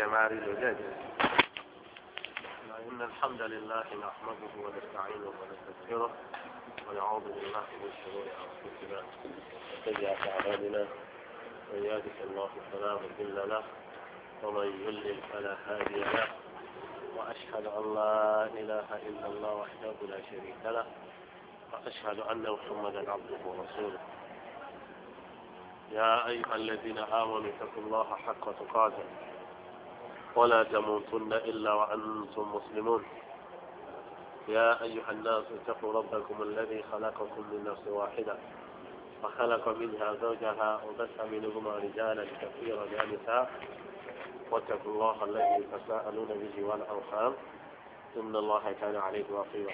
kẹ máa إن الحمد لله نحمده ونستعينه ونستغفره ونعوذ بالله من شرور أنفسنا وسيئات أعمالنا من يهدك الله فلا مضل له ومن يضلل فلا هادي له وأشهد أن لا إله إلا الله وحده لا شريك له وأشهد أن محمدا عبده ورسوله يا أيها الذين آمنوا اتقوا الله حق تقاته ولا تموتن إلا وأنتم مسلمون يا أيها الناس اتقوا ربكم الذي خلقكم من نفس واحدة وخلق منها زوجها وبث منهما رجالا كثيرا ونساء واتقوا الله الذي تساءلون به والأرحام إن الله كان عليه رقيبا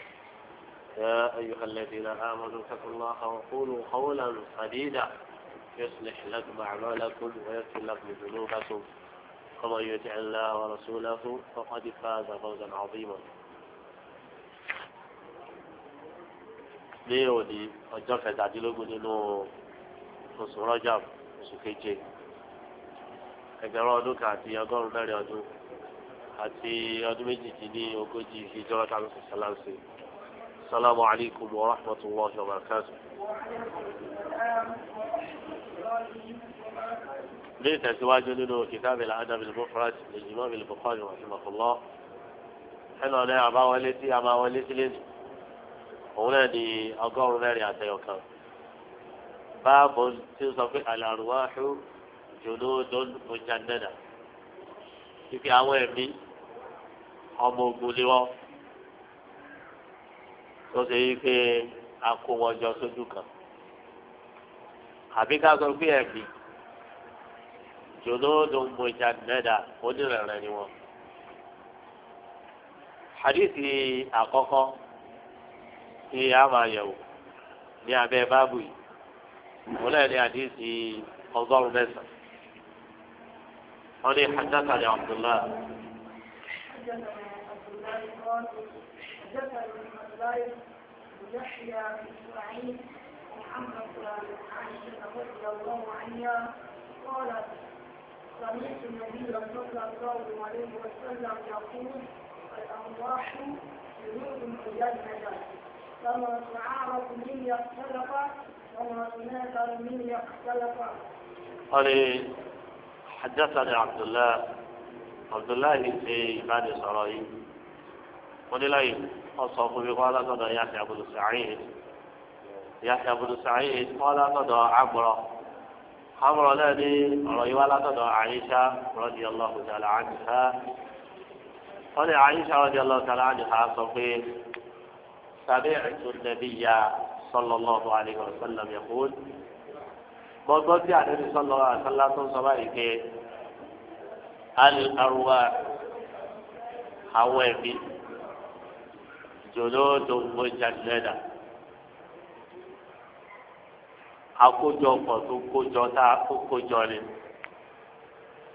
يا أيها الذين آمنوا اتقوا الله وقولوا قولا سديدا يصلح لكم أعمالكم ويغفر لكم ذنوبكم ومن يطع الله ورسوله فقد فاز فوزا عظيما ní òní ọjọ́ kẹtàdínlógún nínú oṣù Rajab oṣù keje ẹgbẹ̀rún ọdún kan àti ọgọ́rùn-ún mẹ́rin ọdún àti ọdún méjìdínní ogójì ìjọba tàbí sàlámsì salamu alaykum wa rahmatulahi wa barakatuh ní ìtẹ̀síwájú nínú kìtàbí al-adab al-mufrad lè jùmọ́ bí Bukhari rahimahullah ẹnà ọ̀nà àbáwọlé tí a máa wọlé sílé nì òun náà di ọgọ́rùn-ún mẹ́rin àtẹ̀yọ̀ kan báàbò tí ó sọ pé al-arwahu junudun mujannada fífi àwọn ẹ̀mí ọmọ ogun ni wọ́n tó ṣe yí pé a kó wọn jọ sójú kan àbí ká sọ pé ẹ̀mí. jòlóòdò mọ̀jàdẹ́dà onírẹ̀rẹ̀ ni wọn. hadithi àkọ́kọ́ tí a máa yẹ̀wò ní abẹ́ báàbù yìí wọ́n lẹ́yìn ní hadithi ọgọ́rùn-ún mẹ́sàn بن سعيد محمد عن عائشه رضي الله عنها قالت سمعت النبي صلى الله عليه وسلم يقول الأمراح جنود مجددة فما تعارف من يختلف وما تناثر من يختلف قال حدثني عبد الله عبد الله في بني سرايل قل لي أصاب بقال قد يحيى بن سعيد يحيى بن سعيد قال قد عبره أمر الذي رواه عائشة رضي الله تعالى عنها قال عائشة رضي الله تعالى عنها صفيه سمعت النبي صلى الله عليه وسلم يقول بوضوط يعني النبي صلى الله عليه وسلم صبائك الأرواح حوافي جلود مجندة àkójọpọ̀ tó kójọ tá a kó kójọ ni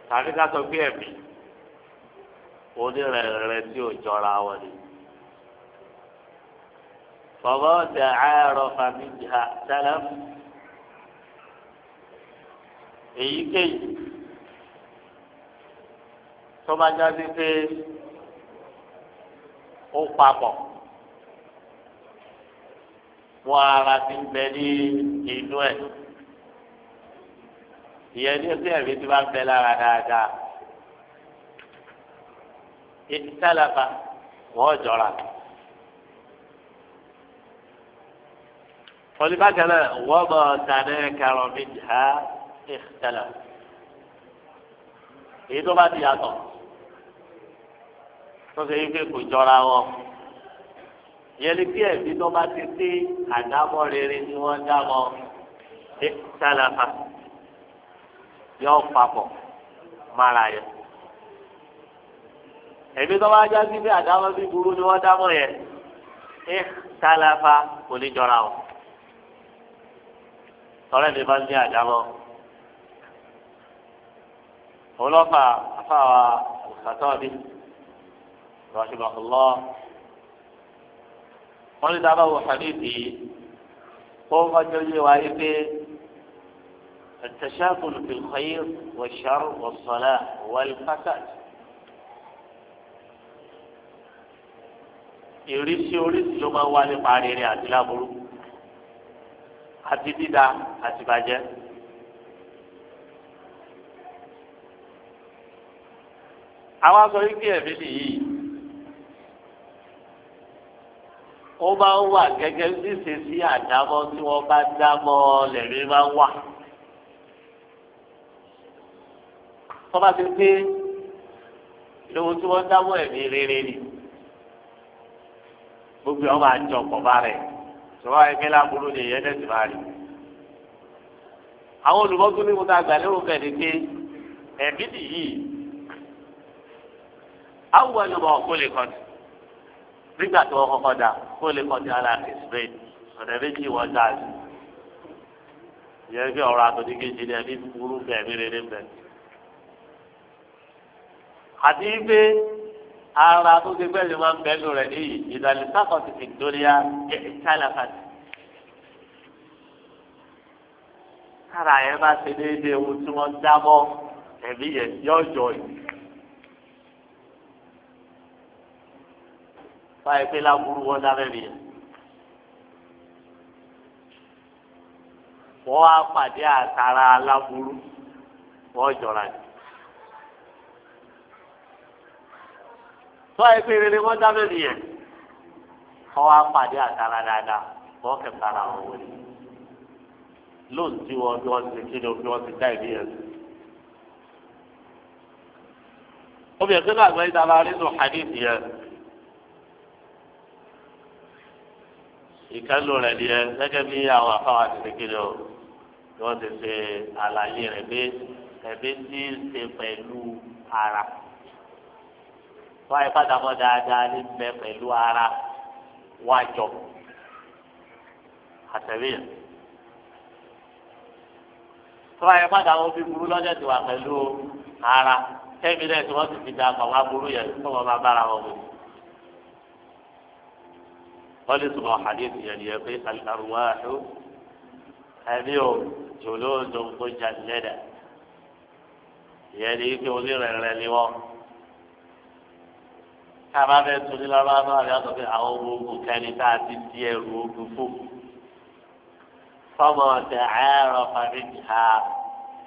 tàbí ká sọ pé ẹ̀mí onírẹ̀rẹ̀ tí ò jọra wọn ni. bàbá ọ̀dà àárọ̀ fàmíjà dáná èyíkéyìí tó bá jáde pé ó papọ̀ mú ara ti ń bẹ ní inú ẹ̀ ìyẹn ní ọsẹ ẹ̀mí ti máa ń bẹ lára dáadáa ètí tálábà wọ́n jọra. olùbákanná wọ́n mọ̀ tànà kàrọ̀ mi ha ìtàlá èyí tó bá ti yàtọ̀ tó ṣe yí pé kò jọra wọn ìyẹn lè fi ẹ̀bí tó bá ti sí àdámọ́ rere ni wọ́n dámọ́ sálàfà yọ papọ̀ mara yẹn ẹ̀bí tó bá já sí pé àdámọ́ bí burú ni wọ́n dámọ́ yẹn sálàfà kò ní jọra o tọ́lẹ̀ mi bá ní àdámọ́ ọlọ́fà afáwa ọ̀sátọ́ mi rahimahullah wọ́n ní dábàá wò hadithi kó fọjọ́ yé wa yí pé التشاغل في الخير والشر والصلاح والفساد ìrísí oríṣi ló máa ń wá nípa rere àti láburú àti dídá àti bàjẹ́. àwa sọ wípé ẹ̀mí nìyí wọ́n bá ń wà gẹ́gẹ́ bí sèṣì àdámọ́ tí wọ́n bá dámọ́ lẹ́mí máa ń wà. wọ́n bá ti pé lóhun tí wọ́n dámọ́ ẹ̀mí rere ni gbogbo ọmọ àjọ kọ̀ọ̀bá rẹ̀ sọ́wọ́ ẹgbẹ́ láburú ni ìyẹn tẹ̀sí máa rí. àwọn olùmọ́tò ní kúta àgbàlérò bẹ́ẹ̀ ni pé ẹ̀mí nìyí àwọn ọmọ ọ̀kọ́ lè kọ́ni nígbà tí wọ́n kọ́kọ́ dà kó lè kọ́ ti ara kìsìmẹ́ ọ̀nà méjì wọ́n dà sí. ìyẹn fi ọ̀rọ̀ àtòdí kejì ni ẹni burú bẹ́ẹ̀ mi rere bẹ́ẹ̀. àti ife ara tó ti bẹ́ẹ̀ máa ń bẹ́ẹ̀ lò rẹ̀ níyì ìdàlẹ́ sáfọ̀ ti fi dóríyá ìtàlàfàtì. kára yẹn bá ṣe déédéé ohun tí wọ́n dábọ̀ ẹ̀mí yẹn yọ̀ọ̀jọ̀ yìí. báyìí pé láburú wọn dábẹ́ mi. wọ́n á pàdé àtàrà aláburú wọ́n jọra ni. báyìí pé rere wọn dábẹ́ mi yẹn wọ́n á pàdé àtàrà dáadáa wọ́n kẹta ara wọn wọlé. lóòótọ́ wọn bí wọ́n ti kí ni bí wọ́n ti dá ìdí yẹn sí. obìnrin tó náà gbé ìdára nínú hadith yẹn. ìkálò rẹ̀ ni ẹ gẹ́gẹ́ bí àwọn afáwọn ti ṣe kéde o tí wọ́n ti ṣe àlàyé rẹ̀ pé ẹ̀mí ti ń ṣe pẹ̀lú ara wọ́n ìpàdánwò dáadáa ní bẹ pẹ̀lú ara wájọ àtẹ̀wéyà tọ́lá yẹn padà wọ́n fi burú lọ́jọ́ ti wà pẹ̀lú ara tẹ́mi náà tí wọ́n ti fi da àgbà wá yẹn tó wọ́n máa bára wọn bò kọ́lí sùnmọ́ hadith yẹn ni ẹ pé alárùwáhù ẹni o jòlóòdò tó jàndẹ́dà yẹn ni pé onírẹ̀rẹ̀ ni wọ́n kábà bẹ́ẹ̀ tún ní lọ́wọ́ náà àbí àtọ̀ pé àwọn ọmọ ogun kẹ́ni tá a ti di ẹrù ogun fún fọmọ ọ̀tẹ̀ àárọ̀ fàmíjì ha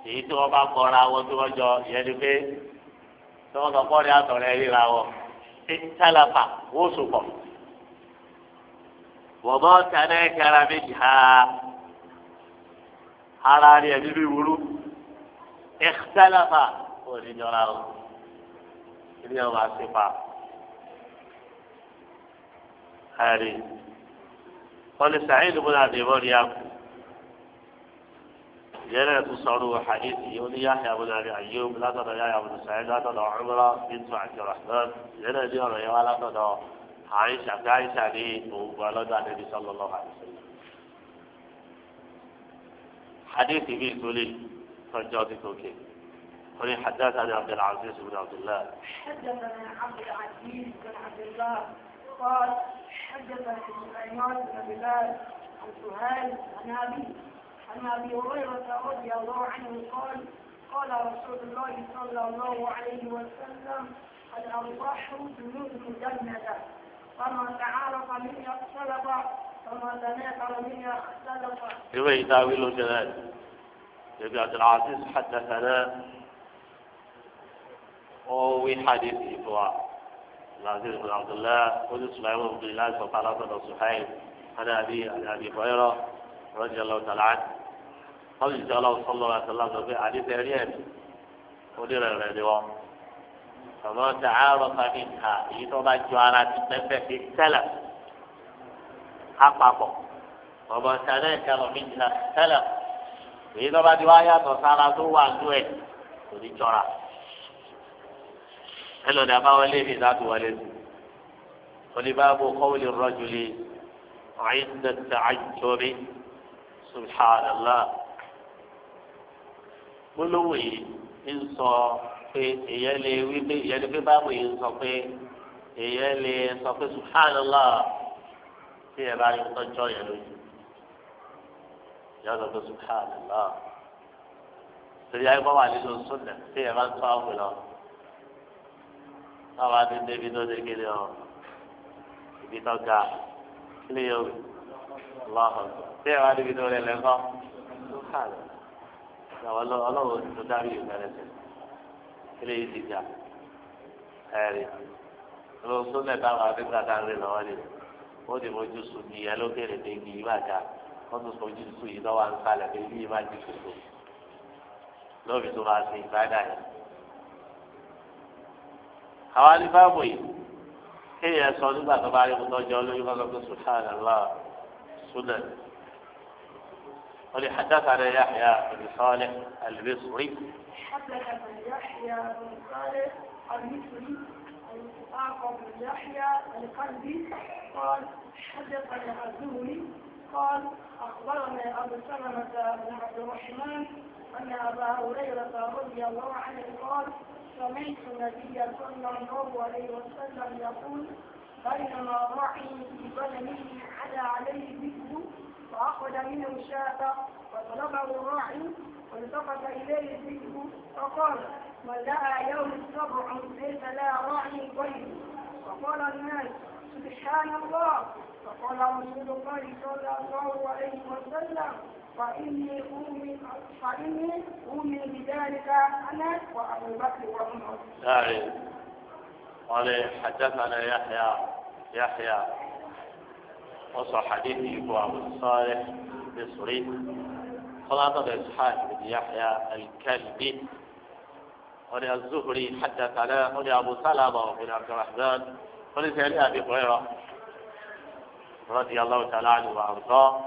èyí tí wọ́n bá kọ́ra wọn tí wọ́n jọ yẹn ni pé tí wọ́n sọ kọ́ni àtọ̀rẹ́ ríra wọn tí tálàfà wọ́n sùn pọ̀. وضاك ناكر منها حراري أجل ولو اختلف ورجلال اليوم عصفا هاري قال سعيد بن أبي مريم جلالة صعود حديث يقول يحيى بن أبي أيوب لا تدع يا بن سعيد لا تدع عمر بنت عبد الرحمن جلالة يرى لا تدع عائشة عائشة àyíṣà ní òògùn صلى الله عليه وسلم حديث في سليم رجعت توكي قال عن عبد العزيز بن عبد الله حدثنا عبد العزيز بن عبد الله قال حدثنا سليمان بن بلال عن سهيل عن ابي عن ابي هريره رضي الله عنه قال قال رسول الله صلى الله عليه وسلم الأرواح بنور جنة إذا يداول جلال يبي عبد العزيز حدثنا وفي حديث إبواء العزيز بن عبد الله قلت سليمان بن بلال فقال أبدا صحيح عن أبي عن أبي هريرة رضي الله تعالى عنه قال الله صلى الله عليه وسلم في حديث أريان ونرى الرجوان tọmọ dàárọ fani ha èyí tó bá jọ ara ti pẹpẹ fi tẹlẹ apapọ ọmọ sẹlẹ kẹlọ mi jìnnà tẹlẹ èyí tó bá di wá yàtọ̀ sára tó wà lú ẹ kò ní jọra ẹlòmí abáwọlé mi láti wọlé mi oníbàbò kọ́wélé rọ́júlé ọ̀yìndẹ̀tẹ̀ àjọbí subhanallah gbólóhùn yìí ń sọ pé èyẹ lè wí pé èyẹ lè pé báwo yìí sọ pé èyẹ lè sọ pé subhanallah tí ẹ bá yọ tọjọ yẹn lójú yọ sọ pé subhanallah torí ayé bọ́wà nínú sunnah tí ẹ bá ń tọ́ àwọn lọ táwọn adé débi tó dé kéde ọ ibi tó ga kílé yóò wí lọ́hùn tí ẹ bá débi tó rẹ lẹ́kọ́ subhanallah ọlọ́wọ́ tó dárí ìgbà rẹ sẹ́yìn kílé yìí ti dà ẹ̀rí ló tó mẹ́ta wà bí kàkà rí lọ́wọ́ ni ó ti fojú sùn ní ìyá lókèrè pé kì í bá dà ó tún fojú sùn yìí lọ́wọ́ ń kalẹ̀ pé kì í bá di kòtò lóbi tó máa fi ìbádà yẹn. àwọn alifáàbò yìí kéèyàn sọ nígbà tó bá rí mo tọ́jú ọ lórí kọ́kọ́ sùn káàdà lọ́wọ́ sùn náà. قل حدثنا يحيى بن صالح المصري حدثنا يحيى بن صالح المصري أعقب بن يحيى القلبي قال حدثنا الزهري قال أخبرنا أبو سلمة بن عبد الرحمن أن أبا هريرة رضي الله عنه قال سمعت النبي صلى الله عليه وسلم يقول بينما راعي في بدنه على عليه ذكر فأخذ منه الشاة وطلبه الراعي والتفت إليه الذئب فقال من لها يوم السبع ليس لا راعي غيري فقال الناس سبحان الله فقال رسول الله صلى الله عليه وسلم فإني أؤمن فإني أؤمن بذلك أنا وأبو بكر وعمر. نعم. قال حدثنا يحيى يحيى وصح حديثه هو أبو الصالح المصري خلاصة إسحاق بن يحيى الكلبي ولي الزهري حدث على ولي أبو سلمة بن عبد الرحمن ولي سعيد أبي هريرة رضي الله تعالى عنه وأرضاه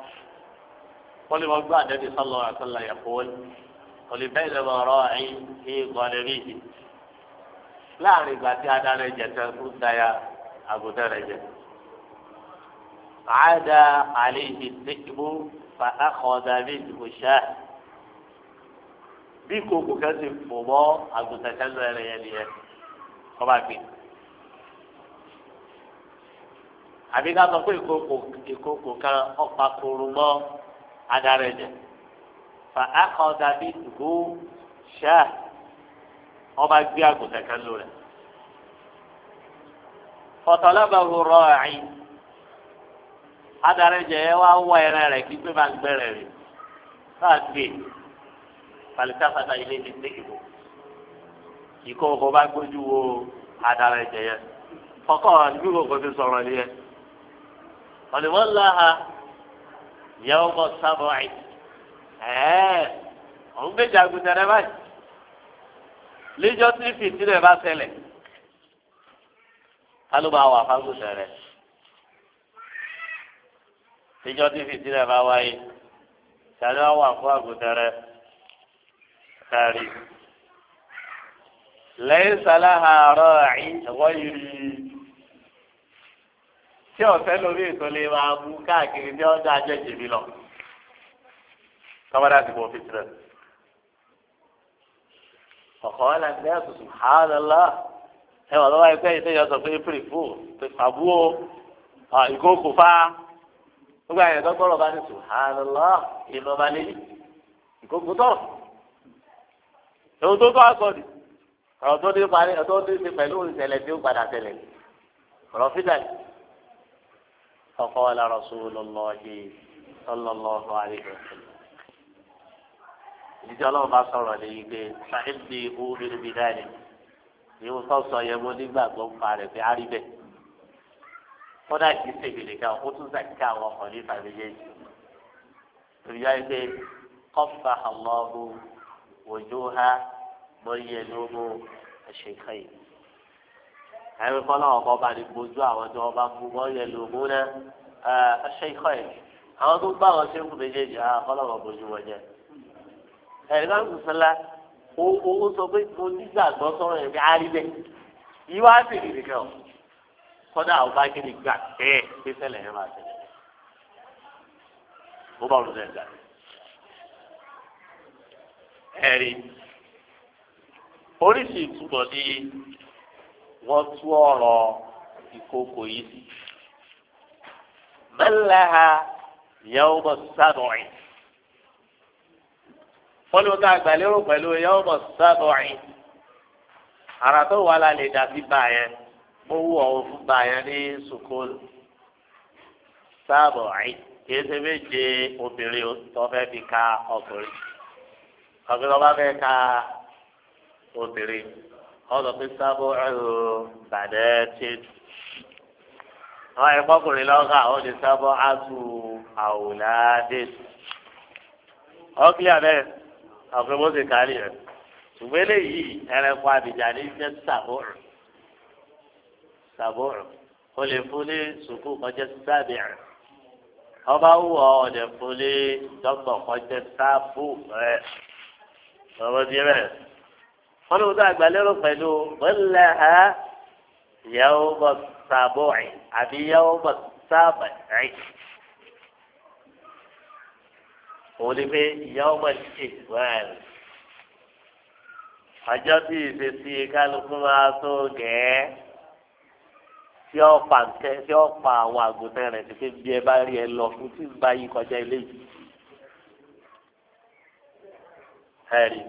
ولي وقع النبي صلى الله عليه وسلم يقول ولي بينما راعي في ظلمه láàrin ìgbà tí adarí jẹ tẹ ń da ya àgùntàn rẹ عدا عليه الذئب فأخذ منه شاة bí kòkò kan ti fò mọ́ àgùntàn kan náà rẹ̀ yẹn nìyẹn ọba gbé àbí ká sọ pé ìkòkò ìkòkò kan ọ̀pá koro mọ́ adarẹ̀ jẹ fa akọ̀dà bí dùgbò ṣá ọba gbé àgùntàn kan lò rẹ̀ fọ̀tọ̀lábàá rọ̀ àyìn adarí jẹ ẹ wá wá ẹran rẹ kí pé máa gbẹrẹ rẹ káà gbé pàlìkàfàtà ilé ní tẹkìbò ìkókò bá gbójú wo adarí jẹ yẹ kọkọ àdúgbò kò fi sọ̀rọ̀ ni yẹ ọ̀nìwọ́n lọ ha yẹ́wọ́ bọ́ sábọ̀ ẹ̀ ẹ̀ òun gbèjà gùdẹ̀rẹ̀ báyìí lẹ́jọ́ tí fìdí bá ṣẹlẹ̀ kálọ́ bá wà tíjọ́ tí fìtílẹ̀ bá wáyé sáré wá wà fún àgùntẹ̀rẹ̀ kárí. lẹ́yìn sàláhà àárọ̀ àyín ẹ̀wọ́ yìí tí ọ̀sẹ̀ lórí ètò lè máa mú káàkiri tí ọ̀dọ̀ ajẹ́jì mi lọ. kọ́mọ́dá ti bọ̀ fìtílẹ̀. ọ̀kọ́ ẹ̀ lẹ́yìn sàláhà subhanallah ẹ̀wọ̀n lọ́wọ́ ẹgbẹ́ ìtẹ́jọ́ sọ pé april fool ìkókò fáá gbogbo àyè dọ́gbọ́rọ̀ bá ní subhanallah ìlú ọba lẹ́yìn ìkókó tọ̀ ẹ̀wọ̀n tó tọ́ àkọ́dì ọ̀rọ̀ tó dé parí ọ̀rọ̀ tó dé pẹ̀lú ìṣẹ̀lẹ̀ tí ó padà ṣẹlẹ̀ ọ̀rọ̀ fídàlì فقال رسول الله صلى الله عليه وسلم ìdíjọ́ ọlọ́run bá sọ̀rọ̀ lè yí pé ṣáà ń di owó bíi dáìlì ni mo nígbàgbọ́ kódà kìí ṣègbèlè ká o tún zàkí àwọn ọkùnrin fàmílẹ́jì torí wáyé pé kọ́fà àlọ́ọ̀bù wòjú ha bóyá lóbo ẹ̀ṣẹ̀kẹ́ yìí. ẹ̀rí kọ́lá ọ̀kọ́ bá ní gbójú àwọn tí wọ́n bá mú bóyá lóbo náà ẹ̀ṣẹ̀kẹ́ yìí. àwọn tó gbà wọn ṣe ń kú méjèèjì àwọn kọ́lá wọn bójú wọn jẹ. ẹ̀rí bá ń kú sọ́lá owó sọ pé mo nígbàgbọ́ sọ́rọ̀ yẹn kọ́dà àwòbákiri gbà tẹ́ pé sẹ́lẹ̀ yẹn máa tẹ̀lé bó bá olùdó ẹ̀gbà ẹ̀rí oríṣi ìtúbọ̀ ni wọ́n tú ọ̀rọ̀ ìkókò yìí sí mẹ́lẹ́ha yẹ́wò bọ̀ sábọ̀ọ̀yìn wọ́n ní wọ́n ká àgbàlérò pẹ̀lú yẹ́wò bọ̀ sábọ̀ọ̀yìn àràtọ̀ wàhálà lè dàbí báyẹn ó wù ọ̀hún fún báyẹn ní sukùl sáàbọ̀ àì kìí ṣe méje obìnrin tó fẹ́ fi ka ọkùnrin ọkùnrin tó bá fẹ́ ka obìnrin ọ̀dọ̀ pé sáàbọ̀ ẹ̀rọ bàdẹ́ ti àwọn ẹ̀kọ́kùnrin lọ́kà ó di sáàbọ̀ àtù àwòládé ọ́kílíà bẹ́ẹ̀ ọ̀pẹ̀ bó ṣe kárí rẹ̀ ṣùgbọ́n eléyìí ẹ̀rẹ̀kọ́ àbìjà ní jẹ́ sáàbọ̀ rẹ̀ sàbọ̀rọ̀ o lè fún ní sùkú kọjá sábẹ̀rẹ̀ ọba wùwọ́ ọ lè fún ní dọ́gbọ̀n kọjá sábù rẹ̀ ọ̀rọ̀ di rẹ̀ wọ́n lóun tó àgbàlérò pẹ̀lú bẹ́lẹ̀ ha yẹ́wò bọ̀ sàbọ̀rẹ̀ àbí yẹ́wò bọ̀ sábẹ̀rẹ̀ òun ni pé yẹ́wò bọ̀ ìwẹ̀rẹ̀ ọjọ́ tí ìṣesí kálukú máa tó gẹ̀ẹ́ tí ó pa nkẹ tí ó pa àwọn àgùntàn rẹ títí bí ẹ bá rí ẹ lọ fún tí ń bá yí kọjá ilé yìí. ẹ̀rí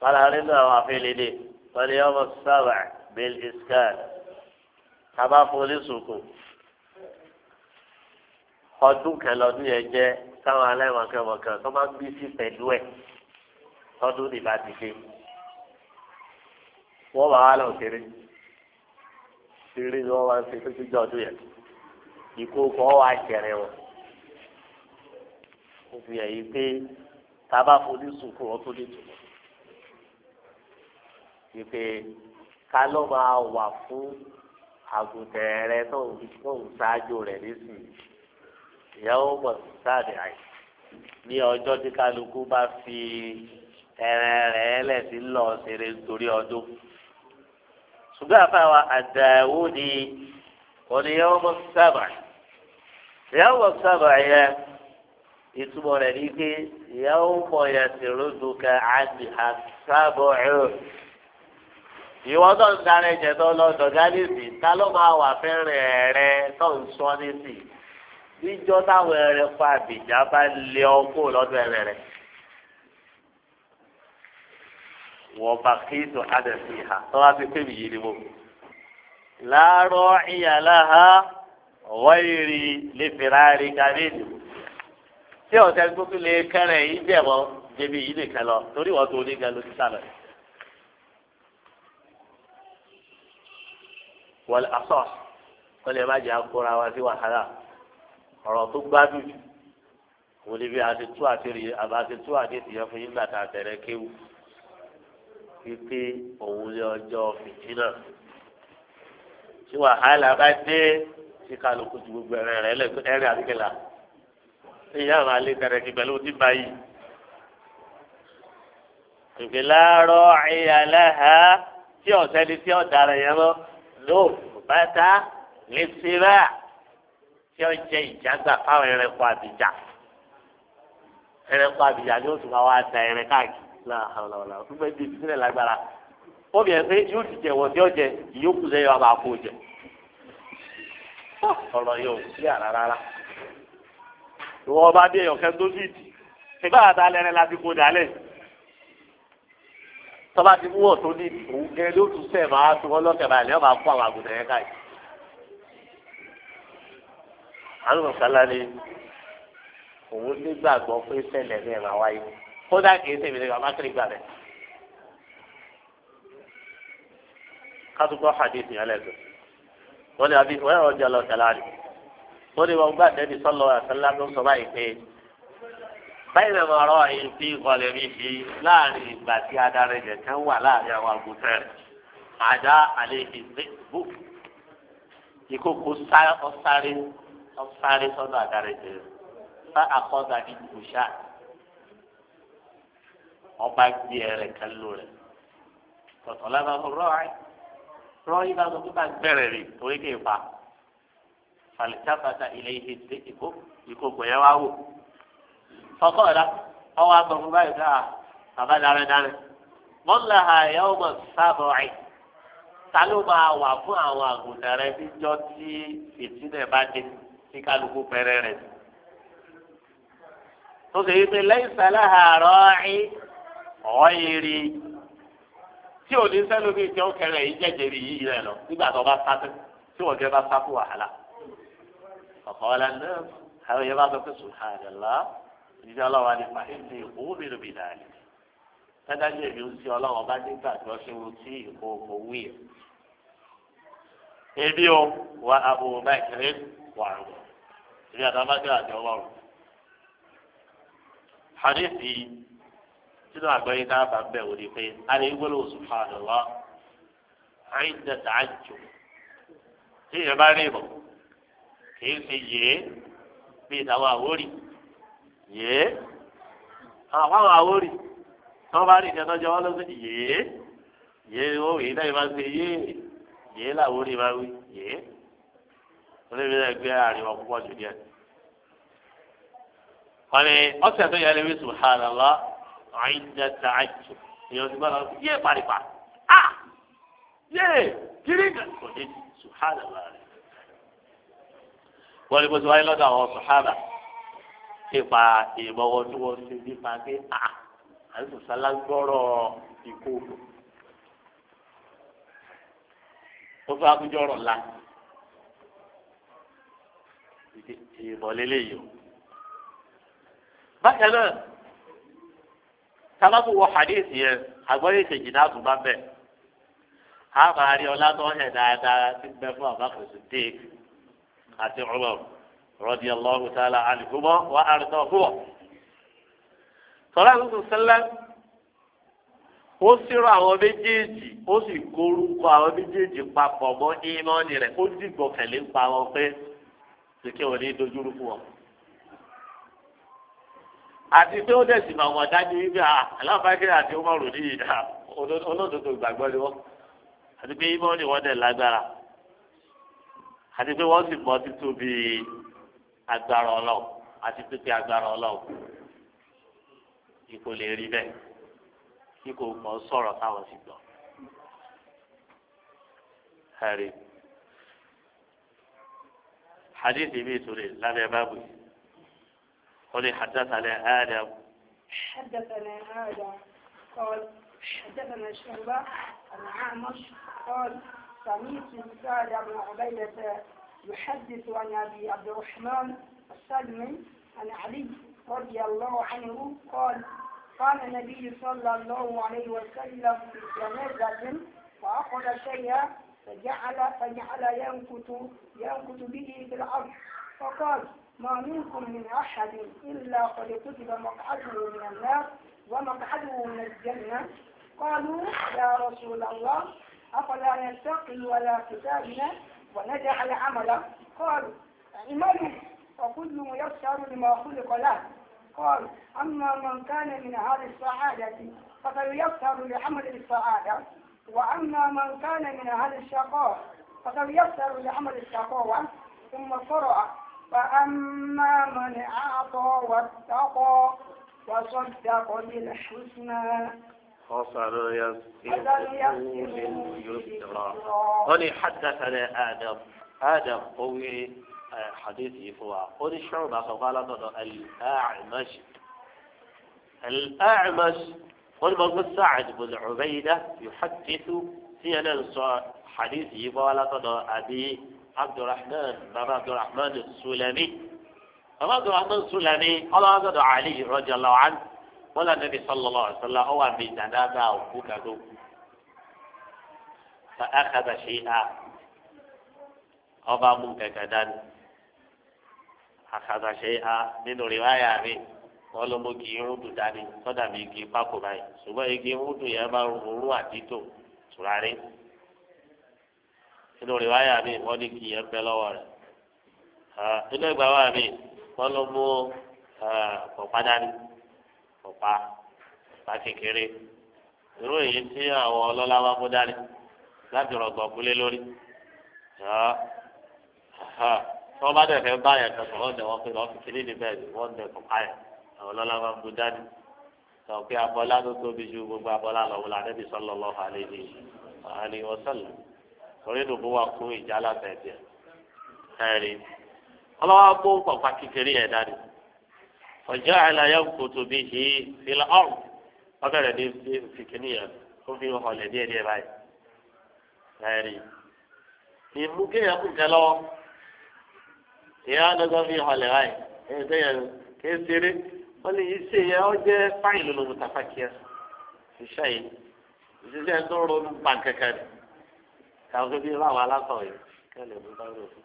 balari náà àwọn afẹ́lédè wọ́n ní ọmọ sábà bill iskan tábà fọlẹ́sùkù ọdún kẹlọdún yẹn jẹ táwọn aláìmọ̀kẹ́mọ̀kẹ́ tó máa ń bí sí pẹ̀lú ẹ̀ tọdún nìbàdìgbé wọ́n bá wà lọ́ọ́ kéré ṣeré ni wọ́n wá ń ṣe títí jọ ọdún yẹn ìkókò ọ̀wá jẹ̀rẹ̀ wọn. ó fi hàn yìí pé tá a bá fojú sunkún wọn tó lè tùmọ̀. yìí pé ká ló máa wà fún àgùntàn rẹ tó ń ṣáájú rẹ nísìnyí ìyàwó mọ̀ sáàdì àyè ní ọjọ́ tí kálukú bá fi ẹran rẹ̀ lẹ̀ sí lọ́ọ́ torí ọdún ṣùgbọ́n àfàwà àdàwùdì oníyàwó sábà ìyàwó sábà yẹ ìtumọ̀ rẹ̀ ní pé ìyàwó mọ̀ yẹ ti ròdù ká àti àsábọ̀ ẹ̀rọ. ìwọ tó ń darí ẹ̀jẹ̀ tó máa wà fẹ́rẹ̀ rẹ tó ń sọ nísì níjọ́ táwọn ẹ̀rẹ̀ pa àbìjà bá lé ọkọ̀ lọ́dọ̀ ẹ̀rẹ̀ rẹ̀. wọ́n bá kéètò adẹ̀ sí ha tó wá ti tẹ̀mí yìí ni mo. láàárọ̀ ìyàlá ha wáyìrì lè fìrà rí kárẹ́ẹ̀dì. tí ọ̀sẹ̀ gbogbo lè kẹrẹ̀ yìí jẹ̀bọ̀ jẹ̀bi yìí nìkan lọ torí wọ́n tó ní gan ló ti sálọ. wọ́n asọ́ wọ́n lè má jẹ́ akóra wa sí wàhálà ọ̀rọ̀ tó gbádùn wọ́n lè bí a tú àti rí àbá ti tú àti tìyẹ́ fún yín gbà tá a kéwù wípé òun lé ọjọ́ fìtínà tí wàhálà bá dé tí kálukú ju gbogbo ẹ̀rẹ̀ rẹ̀ lẹ́gbẹ́ ẹ̀rẹ̀ àdìgẹ́là ìyá àwọn alẹ́ tẹ̀rẹ̀ kí pẹ̀lú ti bá yìí. ìgbìlá rọ ìyàlẹ́ ha tí ọ̀sẹ́ni tí ọ̀daràn yẹn lọ ló bàtà lè ṣe báà tí ó jẹ ìjàgbá fáwọn ẹranko àbíjà ẹranko àbíjà ni ó tún máa wá da ẹran káàkiri láàlọ́lá gbogbo ẹbí ibi sílẹ̀ lágbára obìnrin pé yóò ti jẹ̀wọ̀ tí ó jẹ ìyókù lẹ́yìn ọba àpò jẹ ọ̀rọ̀ yóò sí àrà rárá ìwọ ọba bí ẹyọ kẹ́ńtó sí ìdí ìgbà àtà lẹ́rẹ́ láti kó dálẹ̀ tọ́ba ti mú ọ̀tún ní òun gẹ́gẹ́ ló tún sẹ́ẹ̀ máa tún ọlọ́kẹ̀ báyìí lẹ́yìn ọba kó àwọn àgùntàn yẹn káyìí àlùmọ̀sálá ni òun nígbàgbọ́ pé sẹ́lẹ̀ kódà kìí ṣe ìbílẹ̀ bàbá kiri gbà bẹ́ẹ̀. kátùkọ́ hadith yẹn lẹ́sọ̀ wọ́n ní àbí wọ́n yọ̀ jọlọ sẹ́láàdì wọ́n ní wọ́n gbà dẹ́bi sọ́lọ́ àtàlá tó sọ báyìí pé báyìí lè máa rọ àyè tí ìkọlẹ̀ mi fi láàrin ìgbà tí adarí rẹ̀ kan wà láàrin àwọn àgùntàn rẹ̀ àdá àlẹ́ ìgbésbù ìkókò sáré ọ̀sáré ọ̀sáré sọ́dọ̀ adarí rẹ̀ fa àkọ́ta ní ìgbòsá ọba gbé ẹrẹ kan lò rẹ tọ̀tọ̀ lábàá fún rọ́ọ̀ì rọ́ọ̀ì bá sọ pé bá gbẹ̀rẹ̀ rè torí kì í pa fàlìtàfàtà ilé ihe dé ìkó ìkó gbẹ̀yẹ wá wò fọkọ̀ ọ̀dà ọwọ́ àgbọ̀n fún báyìí ká bàbá dára dára mọ́lá àyà ọmọ sábọ̀ ẹ̀ ta máa wà fún àwọn àgùntàn rẹ níjọ́ tí ìtúnẹ̀ bá dé tí kálukú pẹ̀rẹ̀ rẹ̀ tó ṣe yí pé lẹ́yìn sálá àárọ̀ ẹ̀ ọ̀wọ́ tí ò ní sẹ́nu bíi tí ó kẹrẹ yìí jẹ́jẹ̀rì yìí rẹ̀ lọ nígbà tó bá sá tí wọ́n kẹ́ bá sá fún wàhálà ọ̀kọ́ náà àwọn yẹn bá sọ pé sùhàdàlá ìdíjẹ́ ọlọ́wà nípa ìdí òmìnir bìdàlì tẹ́dájú èmi ń sí ọlọ́wọ́ bá nígbà tí wọ́n ṣe ohun tí ìkó wí ẹ̀. ebi o wa abo mẹ́kìrì wà rò ìdí àtàwọn sínú àgbáyé tá a bá bẹ̀ wò ni pé alẹ́ ìgbọ́lọ́ subhanallah àìdá tààjù tí ìyẹn bá rí bọ̀ kìí ṣe yéé bí ìtàwọn àwórì yéé àwọn àwórì tí wọ́n bá rí ìjẹ́ tọ́jú wọn lọ́sẹ̀ yéé yéé ó yìí náà máa ṣe yéé yéé làwórì máa wí yéé olórí náà gbé àárín wọn púpọ̀ jù díẹ̀. wọ́n ní ọ̀sẹ̀ tó yẹ lè wí subhanallah àìjẹ tààjù èèyàn ti gbọ́dọ̀ yé paripa a yé kiri kan kò dé sùhánà bá rẹ. wọ́n ní bó ti wáyé lọ́dọ̀ àwọn sùhánà nípa ìmọ̀wọ́ tí wọ́n ṣe nípa pé a àìsàn sálágbọ́rọ̀ ìkókò. ó fẹ́ akúnjọ́rọ̀ la ìmọ̀lélẹ́yìí o. bákan náà tábàbù wọ hadith yẹn àgbọ̀yé ìṣèjì náà tún bá bẹ̀. a máa rí ọlá tó hẹ̀ dáadáa tí ń bẹ fún àbákùn Siddiq àti Umar radiyallahu ta'ala anhuma wa ardahuma. sọlá tuntun sẹ́lẹ̀ ó sírò àwọn méjèèjì ó sì kórúkọ àwọn méjèèjì papọ̀ mọ́ ìmọ̀ ni rẹ̀ ó dìgbò kẹ̀lé pa wọn pé kìkì òní dojúrú fún wọn àti pé ó dẹ̀sìn mọ̀ wọ́n dájú wípé alábàákẹ́ àti ọmọrù ní ìdá olódodo gbàgbọ́ ni wọ́n àti pé ìmọ̀ ni wọ́n dẹ̀ lágbára àti pé wọ́n sì mọ títóbi agbára ọlọ́run àti pípé agbára ọlọ́run ipò lè rí bẹ́ẹ̀ kí kò mọ̀ sọ̀rọ̀ táwọn sì gbọ́. hadith ibi ìtòlè lábẹ́ báàbò قولي حدثنا آدم حدثنا آدم قال حدثنا شعبة عن عامش قال سميت سعد بن عبيدة يحدث عن أبي عبد الرحمن السلمي عن علي رضي الله عنه قال قال النبي صلى الله عليه وسلم في جنازة فأخذ شيئا فجعل فجعل ينكت ينكت به في الأرض فقال ما منكم من أحد إلا قد كتب مقعده من النار ومقعده من الجنة قالوا يا رسول الله أفلا نتقي ولا كتابنا ونجعل عملا قالوا اعملوا فكل ميسر لما خلق له قال أما من كان من أهل السعادة فسيسر لعمل السعادة وأما من كان من أهل الشقاء فسيسر لعمل الشقاوة ثم قرأ فأما من أعطى واتقى وصدق بالحسنى فسنيسره لليسرى قولي حدثنا آدم آدم قوي آه، حديثي فوا قل شعبة فقال الأعمش الأعمش قل بقول سعد بن عبيدة يحدث في ننصى حديثه فقال أبي abdulrahman baba abdulrahman sulami baba abdulrahman sulami ọlọ́wọ́ sọ̀dọ̀ ali radiyallahu anhu wọ́n lọ níbi sallallahu alaihi wasallam ọwọ́ àmì ìdàdàdà òkú kàdó fa akhadha shay'an ọba mú kẹ̀kẹ́ dání akhadha shay'an nínú rìwáyà mi wọ́n ló mú kí irun dùn dání sọ́dà mi kì í pákó báyìí ṣùgbọ́n igi irun dùn yẹn máa ń rún àdítò tùràrí inú rẹ̀ wáyà mi wọ́n ní kì í ẹ pẹ́ lọ́wọ́ rẹ̀ inú ẹgbàá wáyà mi wọ́n ló mú pọ̀pá dání pọ̀pá pọ̀pá kékeré irú èyí tí àwọn ọlọ́lá wa mú dání láti rọ̀gbọ̀n kúlé lórí tí wọ́n bá dẹ̀ fẹ́ báyà kan sọ̀rọ̀ ọ̀dẹ̀ wọn pé lọ́fíìsì nídìí bẹ́ẹ̀ ni wọ́n dẹ̀ pọ̀pá yẹn àwọn ọlọ́lá wa mú dání sọ pé abọ́lá tó tóbi ju gbogbo abọ́lá lọ́wọ́ la Nabi sallallahu alaihi wa sallam. torí ló bó wa kú ìjà alábẹ́ẹ̀dì ẹ̀rí kó pàpà kékeré ọjọ́ àìláyà kòtò bíi ṣe ọ̀rùn ọbẹ̀rẹ̀ ní yẹn ó fi díẹ̀ díẹ̀ báyìí ẹ̀rí kéèyàn lọ́wọ́ ìyá fi báyìí wọ́n lè yí sí ó jẹ́ fáìlì yìí ìṣiṣẹ́ tó rẹ̀. àwọn kébí irú àwọn alákọ̀wé kẹ́lẹ̀ ló bá rò fún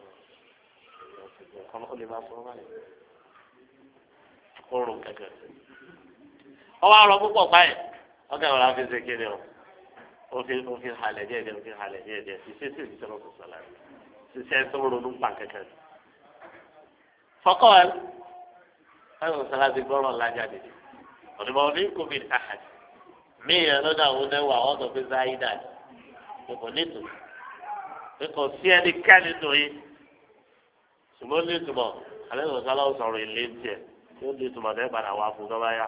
ọmọ ó lè máa fún ọmọ yẹn oorun kẹ̀kẹ́ ọwọ́ àrọ̀ púpọ̀ báyìí ọkẹ́ wọn láti ṣe kéde o òfin òfin halẹ̀ díẹ̀ díẹ̀ òfin halẹ̀ díẹ̀ díẹ̀ ṣiṣẹ́ sì ṣiṣẹ́ lọ́kùn sọ̀lá rẹ̀ ṣiṣẹ́ tó ronú pa kẹ̀kẹ́ rẹ̀ fọkọ́ ẹ ẹ̀rọ sọ̀lá ti gbọ́rọ̀ lájà dìde òdìbò ní covid ahad míì ẹ̀ lọ́dọ̀ àwọn ni kò ní tòun kò sí ẹnikẹ́ni tó yé ṣùgbọ́n ní ìtumọ̀ alẹ́ kò sálọ́ sọ̀rọ̀ ilé ń tiẹ̀ yóò ní ìtumọ̀ tẹ́ padà wá fún tọ́ba yá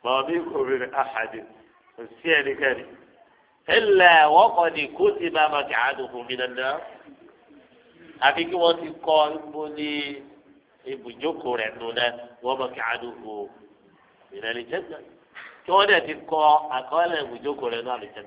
gbọ́n bí kò rí rẹ̀ àhàdì kò sí ẹnikẹ́ni ilẹ̀ wọ́n kọ́ ni kó ti máa ma kí àádùkú mi dandan àfi kí wọ́n ti kọ́ ibo ní ibùjókòó rẹ̀ nù náà wọ́n ma kí àádùkú ìrẹ̀lẹ̀ jẹ́ kí wọ́n dẹ̀ ti kọ́ àkọọ́lẹ̀ ibùjókòó rẹ̀ nù àlùjẹ́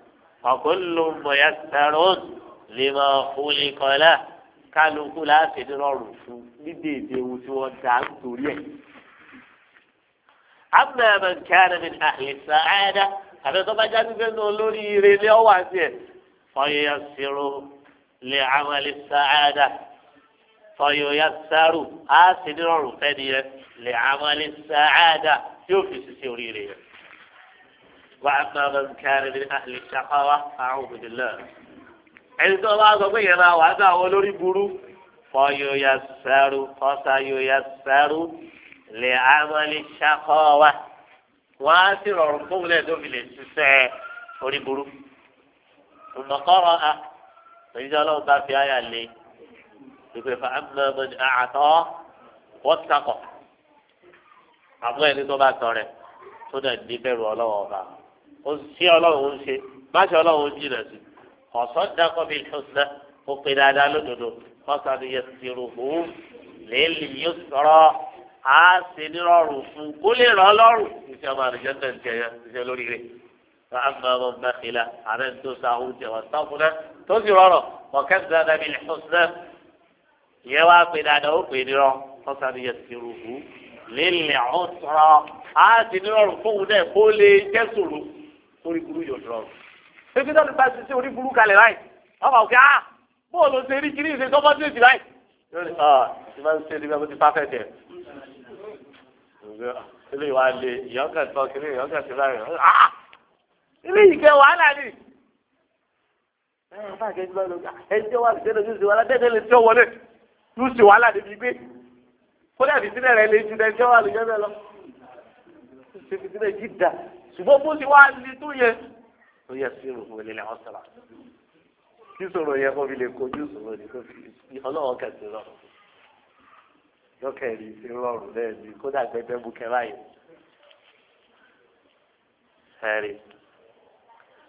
ọ̀kọ́lù mọ̀yá sẹ́rọ̀n lè máa fúnni kọ́lá kálukú láti rọrùn fún nídèédé ohun tí wọ́n dá nítorí ẹ̀. àmọ́ ẹ̀mọ̀ kẹ́rin mi àlè sàáyádá àti tó bá jáde fẹ́ nu olórí ire lé ọwọ́ àti ẹ̀ fọyọ́ sírò lè àmàlè sàáyádá fọyọ́ yá sáró á sì ní rọrùn fẹ́ ni yẹn lè àmàlè sàáyádá tí ó fi ṣiṣẹ́ oríire yẹn. وأما من كان من أهل الشقاوة أعوذ بالله ẹni tó bá sọ pé yẹn máa wà á sáwọn olórí burú fọyọ ya sẹrú fọsáyọ ya sẹrú lè amọlẹ ṣakọ wa wọn á sì rọrùn fún ilé tó fi lè ṣiṣẹ́ orí burú ìmọkọrọ a ìjọ Ọlọ́run bá fi àyà lé ìpè fún amọmọdé àtọ wọn sàkọ àbúrò ẹni tó bá tọrẹ tó dẹ̀ ní bẹ̀rù ọlọ́wọ́ ọba ó sí ọlọ́run ń ṣe má ṣe ọlọ́run ń jìnà sí ọ̀sán dákọ́ bíi ṣọ́sẹ́ ó pe dáadáa lódodo ọ̀sán yẹ sírò fún lẹ́ẹ̀lì yóò sọ̀rọ̀ á ṣe nírọ̀rùn fún kó lè rọ̀ ọlọ́run iṣẹ́ ọmọ àdìjọ́ náà ń jẹ yẹn iṣẹ́ lórí rẹ̀ فأما من بخل على أن تسعود واستغنى تزرر وكذب بالحسنى يوافد على أقدر فسنيسره للعسرى آتي نور فونا كل كسر orí burú yóò dùn ebi tó ti bá ṣiṣẹ́ orí burú kalẹ̀ láì ọmọ òkè á bóòlù ṣe rí kiri ṣe tọ́kọ́ sí èsì láì. Ah, ti máa ń ṣe níbi ọmọ ti pàfẹ́ tẹ̀. ilé wa le ìyọ́kẹ̀ tọ́ kiri ìyọ́kẹ̀ sí láì. ilé yìí wàhálà ni. Eh, ẹ jẹ́ wà wàhálà níbi gbé kódà ìdílé rẹ̀ lè ju ẹjọ́ wà lùsẹ́ lọ. ìṣèkìtì ṣùgbọ́n bó ti wá ní tó yẹ tó yẹ sí ìròyìn òwe lẹ́lẹ́ ọ̀sán kí sọ̀rọ̀ yẹ kó fi lè kojú sọ̀rọ̀ ní kó fi ọlọ́wọ́ kẹsì rọrùn lọ́kẹ̀rì ti rọrùn lẹ́ẹ̀ni kódà gbẹgbẹ́ bukẹ́ báyìí ẹ̀rí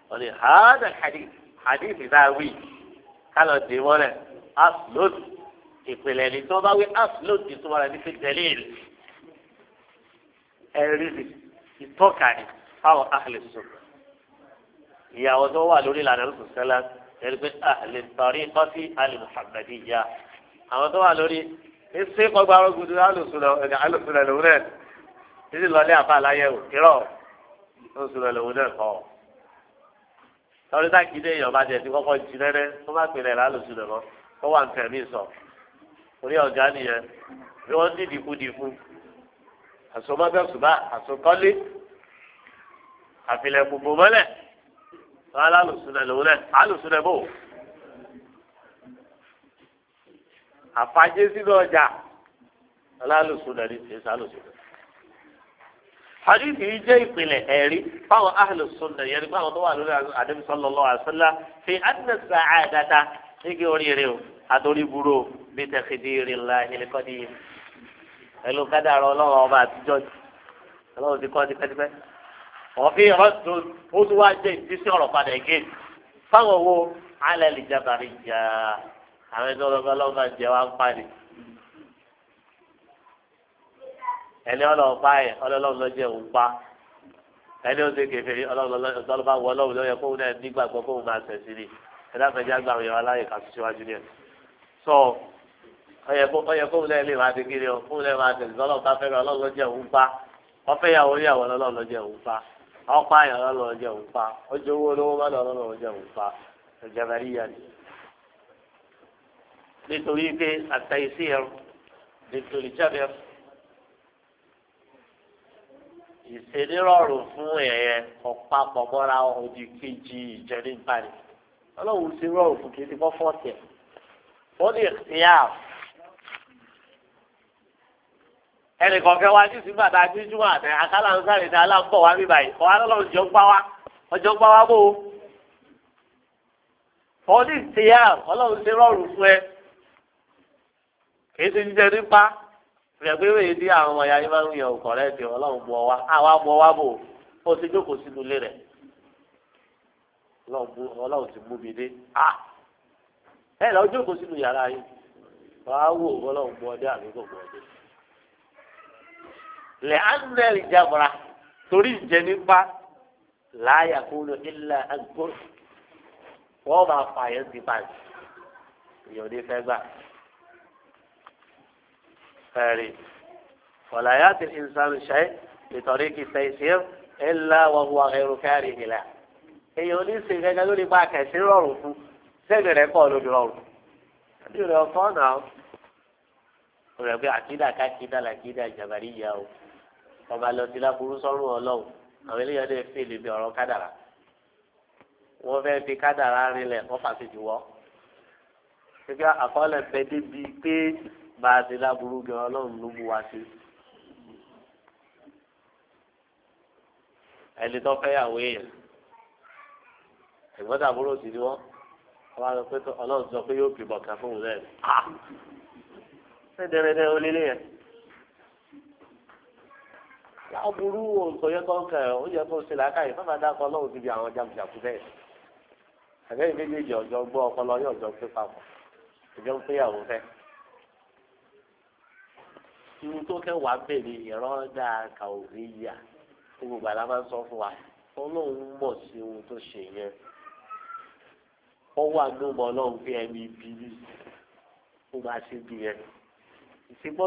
wọ́n ní hàádà hadith hadith náà kálọ̀ dé mọ́lẹ̀ aslóòtù ìpìlẹ̀ ní tó bá wí aslóòtù ìtumọ̀ rẹ̀ ní fi tẹ̀lé ẹ̀rí ìtọ́ka ni àwọn ahlẹ̀ sùnà ìyàwó tó wà lórí ìlànà lóṣù sẹ́lá ẹni pé ahlẹ̀ sọ̀rí kọ́sí alẹ́ muhammadi yá àwọn tó wà lórí ṣé kọgbà ọgùdù alùsùnà alùsùnà lòun náà títí lọlé àfa aláyẹwò irọ́ alùsùnà lòun náà kọ́ lórí táàkìdé èèyàn bá jẹ ti kọ́kọ́ jí lẹ́rẹ́ tó bá pinnu ẹ̀rọ alùsùnà mọ́ tó wà nǹkan sọ orí ọ̀gá nìyẹn bí wọ́n dìdì kú dì àsokọ́lé àfilẹ̀ gbogbo mọ́lẹ̀ wọn alálùsùnà lòun náà alùsùnà bò àfàjẹ́ sínú ọjà alálùsùnà ní tẹ̀sí alùsùnà. hadithi yìí jẹ́ ìpìlẹ̀ ẹ̀rí fáwọn alùsùnà yẹn fáwọn tó wà lórí àdébí sallallahu alaihi wasallam fi anna sa'adata nígbà oríire o àtòrí burú o bí taqdiri llahi lqadir pẹ̀lú kádàrọ̀ ọlọ́wọ́ ọba àtijọ́ ọlọ́wọ́ ti kọ́ tipẹ́tipẹ́ ọ̀fin ọ̀tún ó tún wá jẹ́ ìdísí ọ̀rọ̀ padà gẹ́gẹ́ fáwọn owó alẹ́ lè jábàárì jà àwọn ẹni ọlọ́gbọ́n ọlọ́gbọ́n jẹ́ wá ń parí. ẹni ọlọ́ọ̀pá yẹ ọlọ́ọ̀lọ́ lọ jẹ́ òun pa ẹni oṣù kẹfẹ́rí ọlọ́ọ̀lọ́ba wọ ọlọ́ọ̀lọ́ lọ́yẹ kóun náà nígbàgbọ́ kóun máa tẹ̀ ni ẹ̀dá fẹ̀já gbà wọ́n yọ aláyè kà síwájú ni ẹ̀ sọ ọyẹ kóun náà lè máa dégé ọ kóun náà máa tẹ̀sí ọlọ́ọ̀pá òun pa ọ̀pá yẹn lọ́lọ́ ọjọ́ òun pa ọjọ́ owó olówó má lọ́lọ́ ọjọ́ òun pa ìjàmbáríyà nítorí pé nítorí fún ẹ̀yẹ ọ̀pá pọ̀mọ́ra òdì kejì ìjẹ́nìbàrì ti rọrùn fún kejì ẹnì kọ̀ọ̀kan wa ní ìsìn bàtà àdéjúmọ̀ àtẹ àkàlà ń sáré ní aláǹbọ̀ wa bí báyìí ọ̀wá lọ́lọ́run jọ gbá wa ọjọ́ gbá wa bò ó. ọdún ìtìyà ọlọ́run ti rọrùn fún ẹ kì í ti jíjẹ nípa ìrẹ̀gbẹ́wé ní àwọn ọmọ ya yín máa ń yan ọkọ̀ rẹ ti ọlọ́run bọ̀ wá àwa bọ̀ wá bò ó ti jókòó sínú ilé rẹ̀ ọlọ́run ti mú mi dé ẹ lọ jókòó sínú yàrá yìí wàá wò ọlọ́run bọ̀ ọdẹ àbí kò bọ̀ ọdẹ lẹ anẹl jabra torí ìjẹnipa láàyà kúló ilà agbó wọn máa fà yẹn ti báyìí èèyàn ní fẹ́ gbà fẹẹrí wàlàyé àti ìsàn ṣe ìtọ́rí kì í ṣe ìṣe ilà wọn wà ẹrù kẹrì ìlà èèyàn ní sè gẹ́gẹ́ lórí pa kẹsí rọrùn fún sẹgbẹ rẹ pọ lórí rọrùn àbí ọkọ náà rẹ pé àkídà kákídà làkídà jàbárí yà o tọba lọ di láburú sọ́rùn ọlọ́run àwọn eléyàn lè fi ìlú bí ọ̀rọ̀ kádàrà wọ́n fẹ́ fi kádàrà rinlẹ̀ wọ́n fàṣẹ jù wọ́. ṣùgbọ́n àkọọ́lẹ̀ bẹ débi pé bá a ti láburú gan ọlọ́run ló bu wa sí. ẹni tó fẹ́ yàwó èèyàn ìgbọ́dọ̀ àbúrò sí ni wọ́n wọ́n á lọ pé ọlọ́run sọ pé yóò bímọ kan fún òun lẹ́nu. Ah! ṣé dẹrẹdẹ olélẹ́yìn aburú òǹkọ̀yẹ kọ́ńkẹ́ ó yẹ kó ṣe làákàyè fún àdá kan lọ́wọ́ síbi àwọn jàmùjàmù bẹ́ẹ̀. àbẹ́yìn méjèèjì ọ̀jọ́ gbọ́ ọpọlọ yóò jọ pé papọ̀ ìjọ ń péyàwó fẹ́. irú tó kẹwàá bẹ̀ ni ìrọ́dà kàwéyà tó gbogbo àlá máa ń sọ fún wa tó lóun mọ̀ sí ohun tó ṣe yẹn. wọ́n wà lómọ ọlọ́run pé ẹni ibi ó máa ṣe bí yẹn. ìsìnkú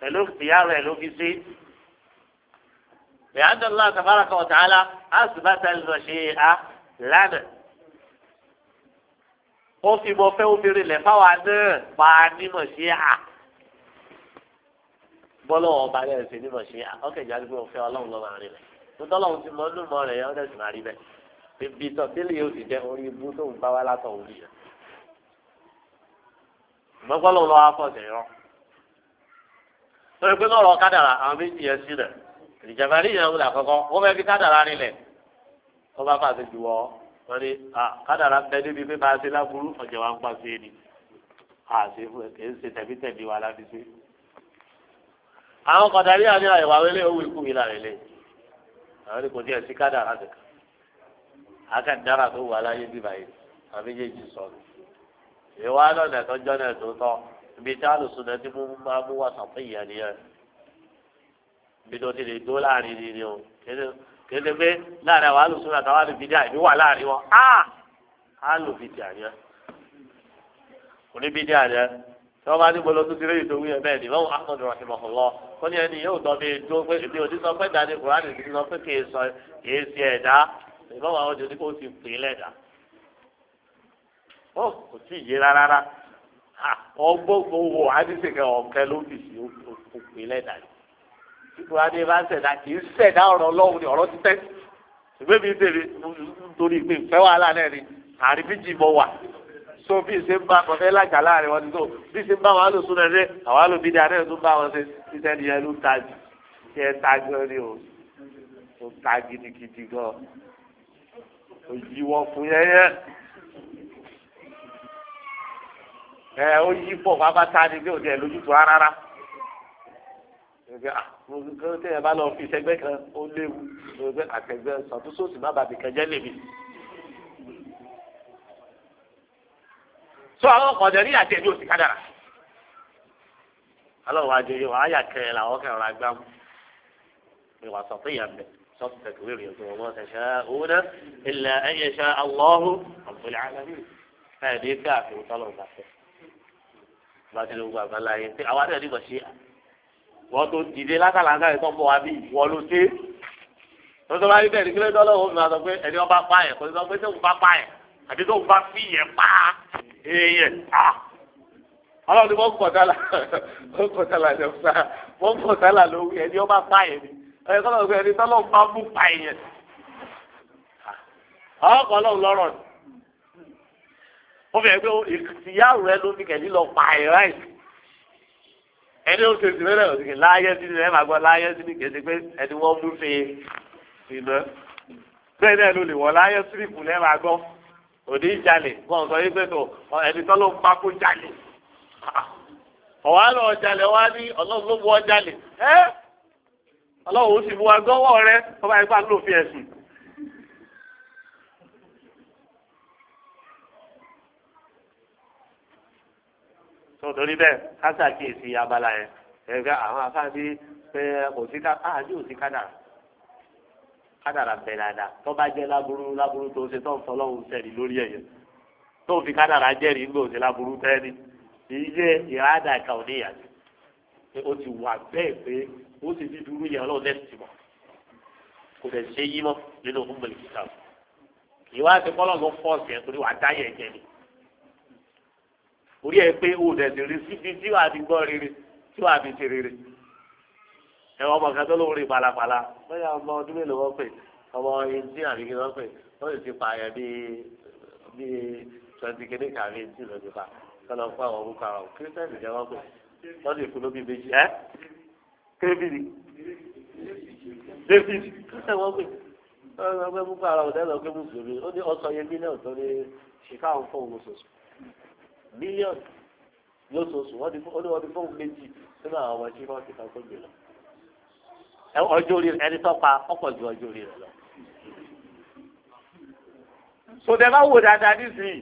pẹ̀lú ìyáwó ẹ̀ ló fi sí. بأن الله تبارك وتعالى أثبت المشيئة لنا ó fi mọ fẹ́ obìnrin lẹ̀ fáwa náà máa nímọ̀ sí à bọ́lá ọba rẹ̀ ṣe nímọ̀ sí à ọkẹ́ ìjà nígbà òfin ọlọ́run lọ́wọ́ àárín rẹ̀ nítorí ọlọ́run ti mọ inú mọ rẹ̀ yẹn ọdẹ sì máa rí bẹ́ẹ̀ bíbí tọ́ bílẹ̀ yóò sì jẹ́ orí ibú tóun bá wá látọ̀ òun yẹn mọ́gbọ́lọ́run lórí pé lọ́rọ̀ kádàrà àwọn méjì yẹn sí rẹ̀ ìjàmbá ní ìyàwó là kọ́kọ́ wọ́n fẹ́ fi kádàrà rinlẹ̀ wọ́n bá fàṣẹ jù wọ́ wọ́n ní kádàrà bẹ níbi pé bá a ṣe láburú ọ̀jẹ̀ wa ń pa sí ni àṣẹ kì í ṣe tẹ̀mítẹ̀mí wa láti ṣe. àwọn kọ̀dàrí àní àyẹ̀wò àwọn ilé owó ikú mi là rẹ̀ lé àwọn ní kò tiẹ̀ sí kádàrà nìkan akẹ́dára tó wà láyé bíbáyé àbí yéèjì sọ̀rọ̀ ibi tí alùsùn náà ti mú máa mú wà sàfihàn nìyẹn ibi tó ti lè dó láàrin ni ni o kéde pé láàrin àwọn alùsùn náà táwọn àlùbí díà ìbí wà láàrin wọn á alùbí díà nìyẹn oníbí díà nìyẹn tí wọn bá ní gbọlọtún ti réyìn tó wí ẹ bẹ́ẹ̀ ni wọn ahmed rahimahullah wọn ní ẹni yóò tọ́ mi dúró pé èmi ò ní sọ pé dání kùránì ti sọ pé kì í sọ kì í ṣe ẹ̀dá ìbáwọn àwọn ọjọ́ ní kò sì pè é lẹ́dàá ó kò tí ì yé rárá ọgbọ́gbọ́ wo àdìsí kan ọ̀kẹ́ ló fi sí òpin lẹ́dà yìí títí wàá dé bá ń ṣẹ̀dá kì í ṣẹ̀dá ọ̀rọ̀ ọlọ́run ni ọ̀rọ̀ ti tẹ́ ṣùgbọ́n mi tèmi nítorí pé ìfẹ́ wàhálà náà ni àrí méjì mọ wà so bí ṣe ń bá kọfẹ́ lájà láàrin wọn ni tó bí ṣe ń bá wọn á lò sún ẹrẹ àwọn alòbí dáa náà tó bá wọn ṣe títẹ́ ni ẹnu ta ṣe ẹ ta gan ni o ó ta gidigidi gan òyìnbó fún yẹn ẹ ó yí pọ̀ pápátá ni bí òde ẹ̀ lójútùú rárá nǹkan ah, tẹ́ ẹ bá lọ fi sẹgbẹ́ kan ó léwu ẹgbẹ́ àtẹ̀gbẹ́ sọ̀túnṣòsì má bàbí kan jẹ́ lèmi. sọ àwọn ọkọ̀dẹ ní àti ẹ̀mí òsì kádàrà. alọ́wọ́ adéyé wọn àyà kẹrẹ làwọn kẹrẹ ọ̀rọ̀ agbámu. mi wà sọ fún ìyá mi sọ fún tẹkùwé rẹ̀ tó wọ́n ṣẹṣẹ́ owó náà ilẹ̀ ẹ̀yẹ ṣe àwọ̀ ọ̀hún ọ̀gbọ̀n bàtìrì gbogbo àgbàlá yẹn pé àwa náà nígbà ṣe wọ́n tó dìde lákàlàkà yẹn tó ń bọ̀ wá bí wọ́n ló dé tọ́tọ́ bá rí bẹ́ẹ̀ ní kílódé ọlọ́wọ́ mi máa sọ pé ẹni ọba pa yẹn kò sọ pé tóun bá pa yẹn àbí tóun bá fi yẹn pa yẹn ọlọ́run ni wọ́n kọ̀tàlà wọ́n kọ̀tàlà ló sá wọ́n kọ̀tàlà ló wí ẹni ọba pa yẹn ni ẹni tọ́lọ́ ẹni tọ́lọ́ bá mú pa yẹn ọkọ̀ ọlọ́run lọ́rọ̀ ni wọ́n fi hàn pé ìyáwó rẹ ló fi kẹ̀lí lọ pa ìrá ẹ̀ ẹni ó ṣe ìsinmi náà òsìkè láyé sí ni ẹ máa gbọ́ láyé sí ni kèsì pé ẹni wọ́n mú fi ìná bẹ́ẹ̀ náà ló lè wọ́n láyé sí ìkù lẹ́ máa gbọ́ òní ìjalè wọ́n sọ yí pé tó ẹni tó ló ń pa kó jalè ọ̀wá lọ ọ̀jalè wá ní ọlọ́run ló mú ọ̀jalè ẹ́ ọlọ́run ó sì mú wa gbọ́wọ́ rẹ tó bá yẹ kó à ń lò fi ẹ̀sìn. torí bẹ́ẹ̀ kásá kíyèsí abala yẹn ẹgbẹ́ àwọn afáàbí pé kò sí ká àdí ò sí kádàrà kádàrà bẹ̀ dáadáa tó bá jẹ́ láburú láburú tó ṣe tó ń fọlọ́hún sẹ́ni lórí ẹ̀yẹ tó fi kádàrà jẹ́rìí ń gbòòsè láburú tẹ́ni iye ìrádà ìka ò níyà pé ó ti wà bẹ́ẹ̀ pé ó sì fi dúró yẹn ọlọ́run lẹ́sìn mọ́ kò dẹ̀ ṣe yí mọ́ nínú ọmọ ìkìtà ìwádìí ni orí ẹ pé o dẹ̀sẹ̀ rí síbi tí wàá ti gbọ́ rere tí wàá fi ṣe rere. ẹ wọ́n mọ̀ kẹ́tọ́ lórí palapala bóyá ọmọ ọdún mélòó wọ́n pè ọmọ ẹ̀ńtí àbíkí wọ́n pè wọ́n sì ti pààyàn bíi bíi twenty kìíní kàwé ẹ̀ńtí ló ti pa kọ́lọ́ fún àwọn orúkọ àwọn kírísítẹ́nì jẹ́ wọ́n pè wọ́n sì kú lóbi méjì ẹ́ kébìlì david kírísítẹ́nì wọ́n pè ọgbẹ́ mú pa ọ̀dẹ́ lọ gbé mú mi ó ní ọ̀sán mílíọ̀nù lóṣooṣù wọ́n ti fún wọ́n ti fún méjì nínú àwọn ọmọ tí ti kan gbé lọ. ọjọ́ orí rẹ̀ ẹni tó ọ̀pọ̀ ju ọjọ́ orí rẹ̀ lọ. sọdẹ bá wò dáadáa nísìnyí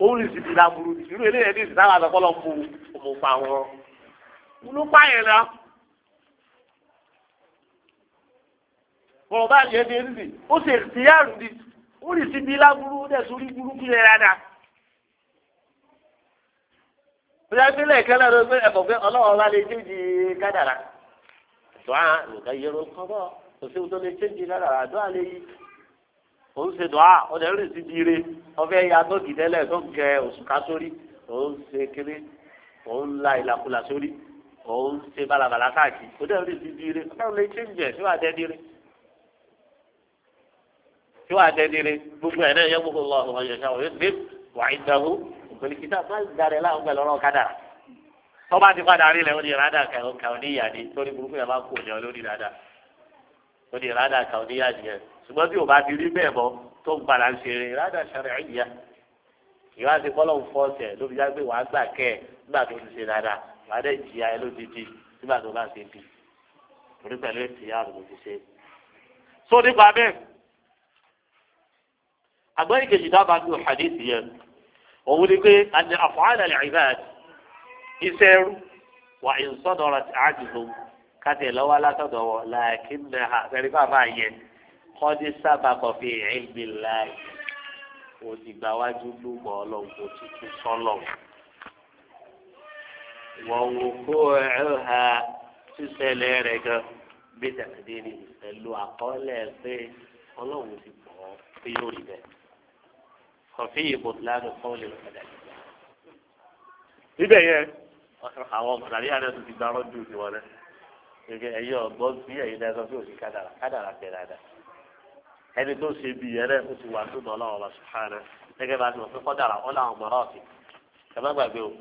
òun lè sì fi dàbúrú irú eléyìí ní ìsìn táwọn àtọkọlọ ń bu òmò pa wọn. pa yẹn lọ. bọ̀rọ̀ bá yẹn ní ẹni ó sì ti yàrá ni ó lè sì fi ó dẹ̀ sórí burúkú yẹn dáadáa bí a ti lè kẹ́lẹ́ ló pé ẹ̀kọ́ pé ọlọ́wọ́ bá lè chéjì kádàrà dùá nìkan yẹrọ kọ́bọ̀ kò sí tó lè chéjì kádàrà dùá lè yí òun ṣe dùá ọ̀dẹ̀ rìn sí di ire ọ̀fẹ́ ya tó dìdẹ́lẹ̀ tó gẹ òṣùká sórí òun ṣe kéré òun la ìlàkulà sórí òun ṣe balabala káàkiri ọ̀dẹ̀ rìn sí di ire ọ̀dẹ̀ lè chéjì ẹ̀ síwájú ẹ̀ di ire síwájú ẹ̀ gbogbo ẹ̀ náà yẹ ìpèlìkìtà bá darẹ̀ láwọn pẹ̀lú ọ̀rọ̀ kádàrà tọ́ba ti padà rí lẹ̀ ó di rádà kàwọ́níyà ni torí burúkú yẹn bá kó ní olórí rádà ó di rádà kàwọ́níyà nìyẹn ṣùgbọ́n bí o bá ti rí bẹ́ẹ̀ bọ́ tó gbàdá ń ṣeré rádà ṣàrẹ̀ẹ́yà ìwà ti kọ́ lọ́n fọ́ọ̀sẹ̀ ló fi já pé wàá gbà kẹ́ ẹ̀ nígbà tó ti ṣe dáadáa wàá dẹ̀ jìyà ẹ lódìdí nígbà tó bá ṣe bì torí pẹ̀lú ìtìyà rẹ̀ ló ti ṣe. sódì pàmẹ́ àgbẹ̀yìn kejì dábàá ní òun ni pé àni àfọ̀hánà lè rìn báyìí iṣẹ́ ẹrú wà ìsọdọ̀rọ̀ àjùlọ kájẹ lọ́wọ́ látọ̀dọ̀ wọ làákín náà àtẹrí bàbá yẹn kọ́ ní sábà kọfí ẹ̀mí láì òdìgbàwájú lùmọ̀ ọlọ́run òtútù sọ́lọ̀ wọ́n wò kó ẹ̀rọ ha rẹ̀ gan bí tàbí ní àkọọ́lẹ̀ pé ọlọ́run ti pọ̀ pé yóò rí bẹ́ẹ̀. ففي بطلان القول والمدعي إيه يعني؟ أخر حوام قالي أنا في دار الجوز ولا يعني أيوة بس في أي دار الجوز كذا كذا كذا كذا هذا دون سبي أنا بس وعند الله الله سبحانه لكن بعد ما في قدر على أمراتي كما بقول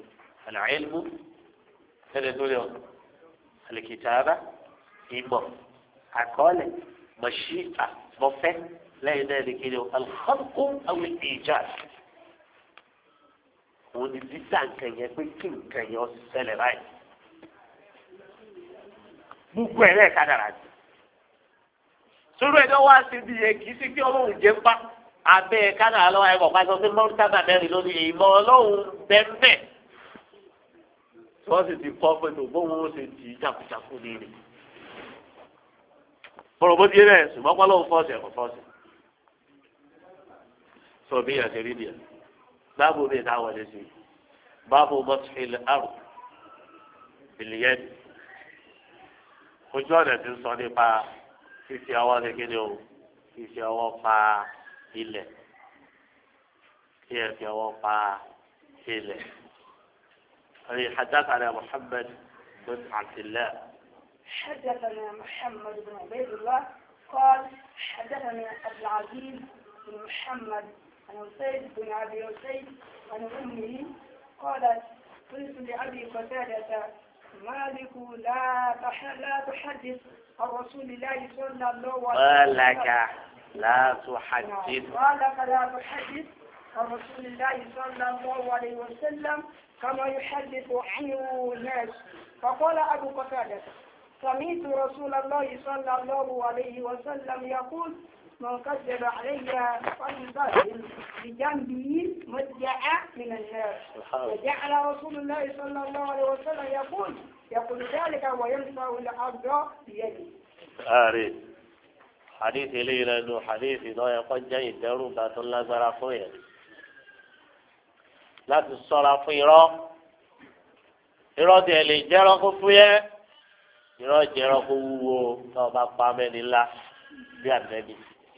العلم هذا دون الكتابة إيمان أقوله مشيئة مفهوم lẹ́yìn náà ni kí ni alùpàkó àwọn ìjà òun ni dídá nǹkan yẹn pé kí nǹkan yẹn ó ṣẹlẹ̀ báyìí gbogbo ẹ̀ lẹ́ẹ̀ka dára jù sórí ẹ̀dọ́ wá sí ibi yẹn kì í sí kí ọlọ́run jẹ́ ń bá abẹ́ kánà lọ́wọ́ ẹ̀kọ́ pàṣẹ pé mọ́tàbà mẹ́rin lórí ìmọ̀ ọlọ́run bẹ́ẹ̀ wọ́n sì ti kọ́ pé tó ó ṣe ti jákujáku ní bọ̀rọ̀ bó ti yé bẹ́ẹ̀ ṣùgbọ́n pálọ̀ fọ́ọ̀sì ẹ̀kọ́ fọ́ọ̀sì. sọ bí yàtọ̀ rí nìyẹn báàbò mi náà wọlé sí i báàbò mọ́tìlì àrùn ìlìyẹn ojú ọ̀nà ti ń sọ nípa fífi ọwọ́ ní kíni o fífi ọwọ́ pa ilẹ̀ kí ẹ fi ọwọ́ pa ilẹ̀. أي حدثنا محمد بن عبد الله حدثنا محمد بن عبيد الله قال حدثنا عبد العزيز بن محمد عن السيد بن أبي السيد عن أمه قالت قلت لأبي قتادة مالك لا لا تحدث عن رسول الله صلى الله عليه وسلم قال لا تحدث قال لا تحدث عن رسول الله صلى الله عليه وسلم كما يحدث عنه الناس فقال أبو قتادة سمعت رسول الله صلى الله عليه وسلم يقول من كذب علي فانضل بجنبه مدجع من النار وجعل رسول الله صلى الله عليه وسلم يقول يقول ذلك ويمسح الارض بيده. حديث ليلى انه حديث ضايع قد جاي الدارو بات الله زرافويا لا تصرا في را irọ́ tiẹ̀ lè jẹ́ ẹranko fúyẹ́ irọ́ jẹ́ ẹranko wúwo tó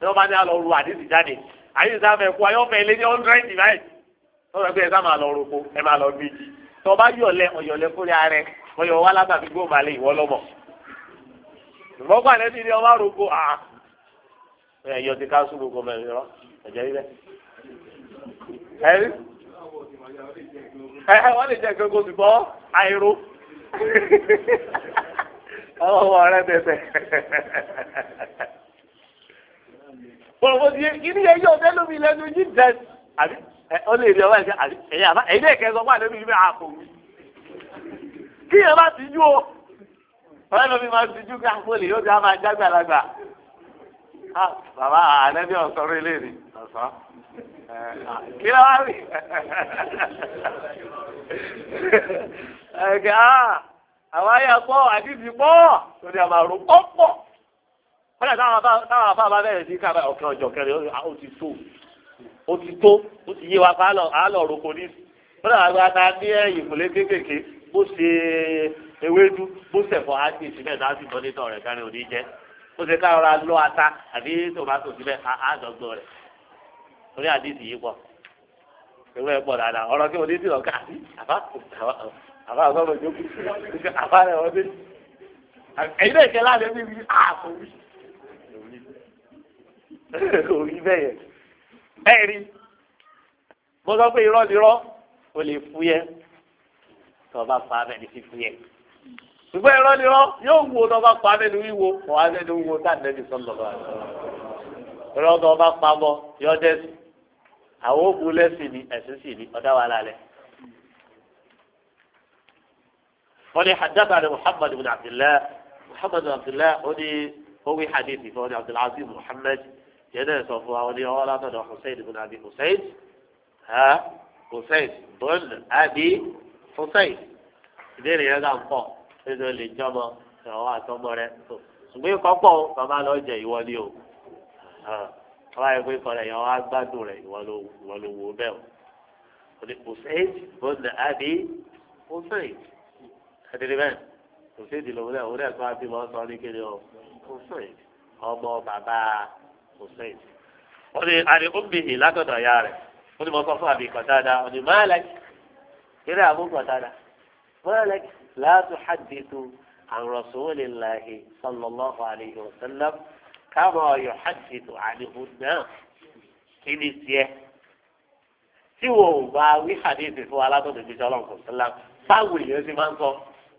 ní wọ́n bá ní àlọ́ ru àdìsí jáde àdìsí sáfẹ́ kú ayọ́ fẹ́ lé ní ọ̀ndrẹ́dì báyìí wọ́n sọ pé ẹ sá máa lọ roko ẹ máa lọ bíjì tó bá yọ̀lẹ̀ ọ̀yọ̀lẹ̀ fúnra rẹ ọ̀yọ̀ wá lábàbí gbóòmà lè ìwọ́ lọ́mọ̀ ìwọ́n pàdé ti ní ọba roko à ẹ̀yọ́ ti ká sùn roko mẹ́rin rọ ẹ̀jẹ̀ rí bẹ́ẹ̀ ẹ̀rí ẹ̀ wọ́n lè jẹ́ gbogbo ṣùgbọ́n àìró ọwọ́ rẹ bẹ̀bẹ̀. pọ̀lọ́pọ̀sí kìíní yẹn yóò fẹ́ lómi lẹ́nu yín dẹ́s àbí ọ lè rí ọwọ́ ẹ̀ṣẹ́ àbí ẹ̀yìn àbá ẹ̀yìn náà kẹsàn-án wà lórí ibi àpò mi. kí yẹn bá ti jú o ọ̀rẹ́ lómi máa ti jú ká fólè yóò fi máa jágbà lágbà. bàbá ànẹ́bí ọ̀sọ́rọ́ ilé rè ọ̀sán kí ló wá rí. ẹ̀ka àwọn ayé pọ̀ àdìsí pọ̀ lórí àmàrò pọ̀ pọ̀ kọ́lá táwọn afá bá bẹ̀rẹ̀ sí káàbà ọ̀kan ọ̀jọ̀ kẹrin ó ti tó ó ti tó ó ti yé wa pa á roko ní kọ́lá àgbà ta ní ẹ̀yìn kò kéékèèké bó ṣe ewédú bó ṣẹ̀fọ́ á sì síbẹ̀ tá a sì tọ́ kẹrin ò jẹ́ ó ṣe káwọn ra lọ ata àbí tòmátò síbẹ̀ á rẹ̀ torí àdìsí yìí pọ̀ ìwé ẹ̀pọ̀ dáadáa ọ̀rọ̀ kí onídìí ọ̀gá àbí àbá àbá àbá ọ̀rọ̀ jókòó àbá rẹ̀ ọdún ẹ̀yin náà kẹ́ láàrin ẹbí mi àkòwí. òrí bẹ́yẹn ẹ̀rí mo sọ pé irọ́ nirọ́ o lè fu yẹ tó bá pa abẹ́ni fífi yẹ ṣùgbọ́n irọ́ nirọ́ yóò wo tó bá pa abẹ́ni wíwo kò abẹ́ni wíwo tá àdẹ́ni sọ́nà lọ́wọ́ irọ́ tó bá pa mọ́ yọ dẹ́sì àwọn òkú lẹ́sìn ni ẹ̀sìn sì ni ọ̀dá wa lálẹ́. wọ́n ní haddatha ni muhammadu bin abdullah muhammadu bin abdullah ó ní ó wí hadithi fún ọ́nà abdulazim muhammad yẹ́dẹ̀ sọ fún wa wọ́n ní ọwọ́ látọ̀dọ̀ hussein bin abi hussein ha hussein bin abi hussein ìbéèrè yẹn kà ń pọ̀ nínú lè jọmọ ìrànwọ́ àtọmọ rẹ tó ṣùgbọ́n ikọ̀ pọ̀ bàbá lọ jẹ ìwọ ni o ọba yẹ kó ikọ̀ rẹ̀ yẹn wọ́n á gbádùn rẹ̀ ìwọ ló wò bẹ́ẹ̀ o ní hussein bin abi hussein ẹ̀dínlẹ́ bẹ́ẹ̀ hussein lòun náà òun náà tó a bí sọ ní kéde o hussein ọmọ bàbá hussein wọ́n ní àrí ọ̀bìnrin látọ̀dọ̀ ya rẹ̀ wọ́n ní mo sọ fún àbí kọ̀tàdà wọ́n ní malik eré àbú kọ̀tàdà malik láti hadithu an rasulillahi sallallahu alayhi wa sallam kama yóò hadithu àdìhù náà kí ni tiẹ̀ tí wò ó bá wí hadithi fún alátọ̀dọ̀ bíi sọlọ́n kò sọlá báwo èèyàn ti máa ń sọ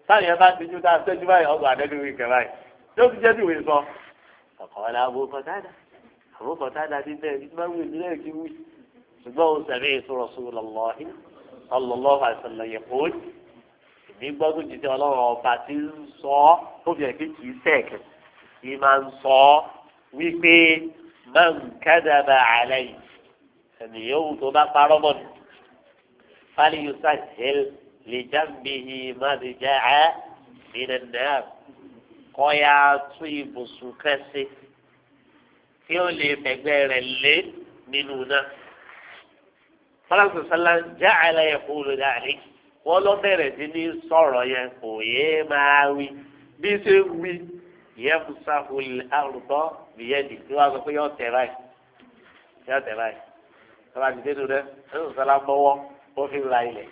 táwọn yẹn bá ti ju dáa sẹ́jú báyìí ọgbà àwọn bọ̀tá dàbí bẹ́ẹ̀ bí máa ń wí ìdílé kí wí. ṣùgbọ́n o sẹ̀rí èso Rasulullahi sallallahu alaihi wasallam yaqul èmi gbọ́dọ̀ jíjẹ ọlọ́run ọba tí ń sọ ọ́ tó fi ẹ̀kí kì í sẹ̀kẹ̀ kì í máa ń sọ ọ́ wípé man kadaba alayhi ènìyàn òun tó bá parọ́ mọ́ ni fali yusahhil li jambihi madja'a minan nar kọ́ ya tún ibùsùn kẹ́sì tí ó lè fẹ̀gbẹ́ rẹ̀ lé nínú náà. fọláṣọ sọlá já àlàyé kúrò dàrí wọn lọ bẹ̀rẹ̀ sí ní sọ̀rọ̀ yẹn kò yé máa wí bí ṣe wí ìyẹn fún sáfù àrùtọ́ ìyẹn dì tí wọ́n sọ pé yọ tẹ̀ báyìí yọ tẹ̀ báyìí sọlá ti dé dúró ẹ̀rọ sọlá bọ́wọ́ ó fi ra ilẹ̀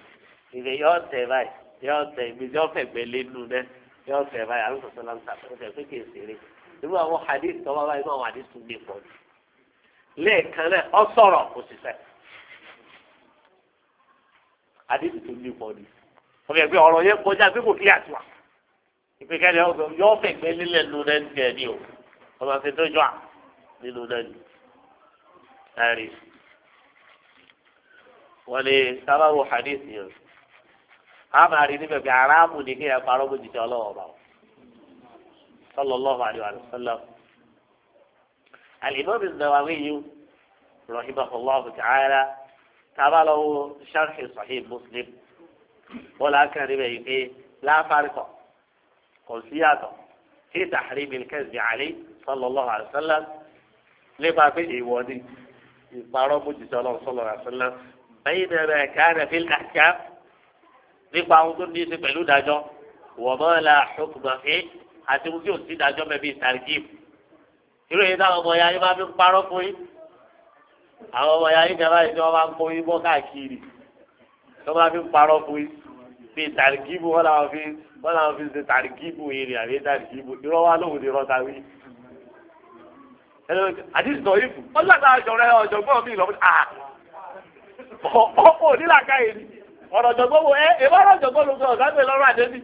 ìgbẹ́ yọ tẹ̀ báyìí yọ tẹ̀ ìgbẹ́ yọ fẹ̀gbẹ́ lé nù náà yọ tẹ̀ báyìí àrùtọ̀ ń sàkóso ẹ̀ pé kì ṣeré irú àwọn hadith tó wá báyìí àwọn hadith tó gbé jù lẹ́ẹ̀kan náà ọ sọ̀rọ̀ kò sì fẹ́ hadith tó gbé jù ọmọ ẹgbẹ́ ọ̀rọ̀ yẹn kọjá pé kò kílíà tiwa ìpèkẹ́lẹ́ ọ̀gbẹ́ yọ fẹ̀gbẹ́ lílẹ̀ nù náà ní ẹ̀dí o ọmọ àti tó à nínú náà ní ẹ̀rí wọ́n lè sábà wo hadith yẹn a máa rí níbẹ̀ pé aráàmù ni kí ẹ parọ́ bójútó ọlọ́wọ́ bá wọn. صلى الله عليه وآله وسلم الإمام النووي رحمه الله تعالى تابع له شرح صحيح مسلم ولا كان به لا فارق قلسياته في تحريم الكذب عليه صلى الله عليه وسلم لما فيه ودي يطاروا مجلس الله صلى الله عليه وسلم بينما كان في الأحكام لما أظن يسمع له وما لا حكم فيه àti ohun tí òsì dájọ́ bẹ́ẹ̀ bíi tàrígìm irú yìí táwọn ọmọ ya yín bá fi ń parọ́ fún yín àwọn ọmọ ya yín kan báyìí tí wọ́n bá ń kó yín bọ́ káàkiri tó bá fi ń parọ́ fún yín bíi tàrígìm wọ́n làwọn fi wọ́n làwọn fi ṣe tàrígìm yìí ni àbí tàrígìm irọ́ wa lóhùn ní rọ́ta wí. àdìsí sọ yìí fún wọn láti àjọrẹ ọ̀jọ̀gbọ́n mi lọ ọkọ onílàkàyè ni ọ̀rọ̀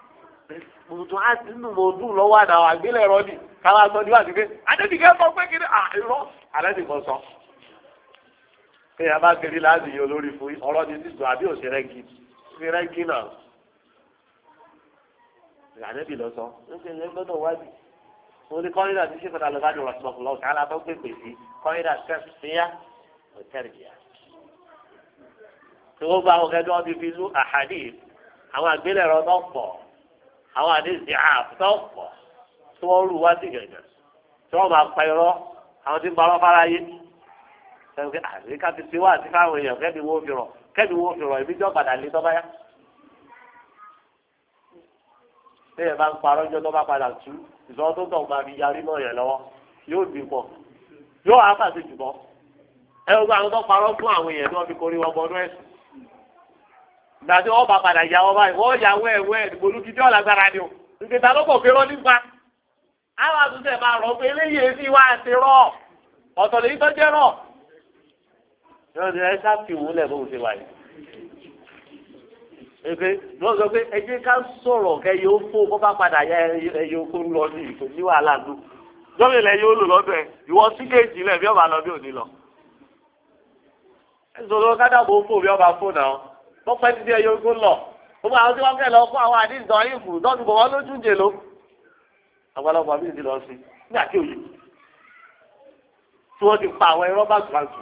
mùtù á ti nù mọ̀ ọdún lọ́wọ́ àdáwọ̀ àgbélẹ̀ ẹ̀rọ ni káwá sọ ní wàdí pé adébìkẹ́ sọ pé kí ni àìrọ́ ah, alẹ́ ti kọ sọ. pé a bá kiri láti yọ lórí fún ọ̀rọ̀ ti dùn àbí òsì rẹ́gì sí rẹ́gì náà. àdébì lọ sọ ó ṣe lè gbọ́dọ̀ wájú. mo ní kọ́ńdà tí sèpàdà lọ́ba ní rọ̀tìmọ̀kùlọ́ ọ̀tá alábọ́ pèpè sí kọ́ńdà tẹ́síyá ọ̀tẹ́rìyà. tí wọ́n bá wọn kẹ́dọ́ àwọn àdéhùn àtọ́pọ̀ tí wọ́n rú wá sí gẹ̀gẹ̀ tí wọ́n máa pa irọ́ àwọn tí ń ba ọlọ́pàá láyé ẹgbẹ́ àríkà ti ti wá àti káwọn èèyàn kẹ́ni wọ́n fi rọ̀ kẹ́ni wọ́n fi rọ̀ ìbí jọ́ padà lé tọ́ba yá. bẹ́ẹ̀ bá ń parọ́ jọ́ tọ́ba padà tú ìṣòro tó tọ̀ máa fi yarí mọ́ yẹn lọ́wọ́ yóò dín pọ̀ yóò á pàṣẹ jùbọ́ ẹ gbogbo àwọn tó parọ́ fún àwọn èèyàn tí wọ́n fi korí wọn bọ́ ọdún ẹ̀sìn. ìgbà tí wọ́n bá padà yà wọ́n báyìí wọ́n yà wẹ́ẹ̀wẹ́ olùdíjọ́ ni o ìgbésà ló pọ̀ pé rọ́ nípa àwọn àtúntẹ̀ máa rọ̀ pé eléyìí èsì wá ọ ọ̀tọ̀ lèyí tó jẹ́ ẹ ká fi bó ṣe sọ pé ká sọ̀rọ̀ yóò kó bá padà lọ ní wàhálà ilẹ̀ yóò lò lọ́dọ̀ ẹ ìwọ wọ́n pẹ́ ti di ẹyọ ogún lọ gbogbo àwọn tí wọ́n kẹ́ lọ fún àwọn àdéhùn tó ayé fún lọ́dún kò wọ́n lójú jè ló. àgbàlagbà mi ti lọ sí òye tí wọ́n ti pa àwọn ẹ̀rọ bá tù àtù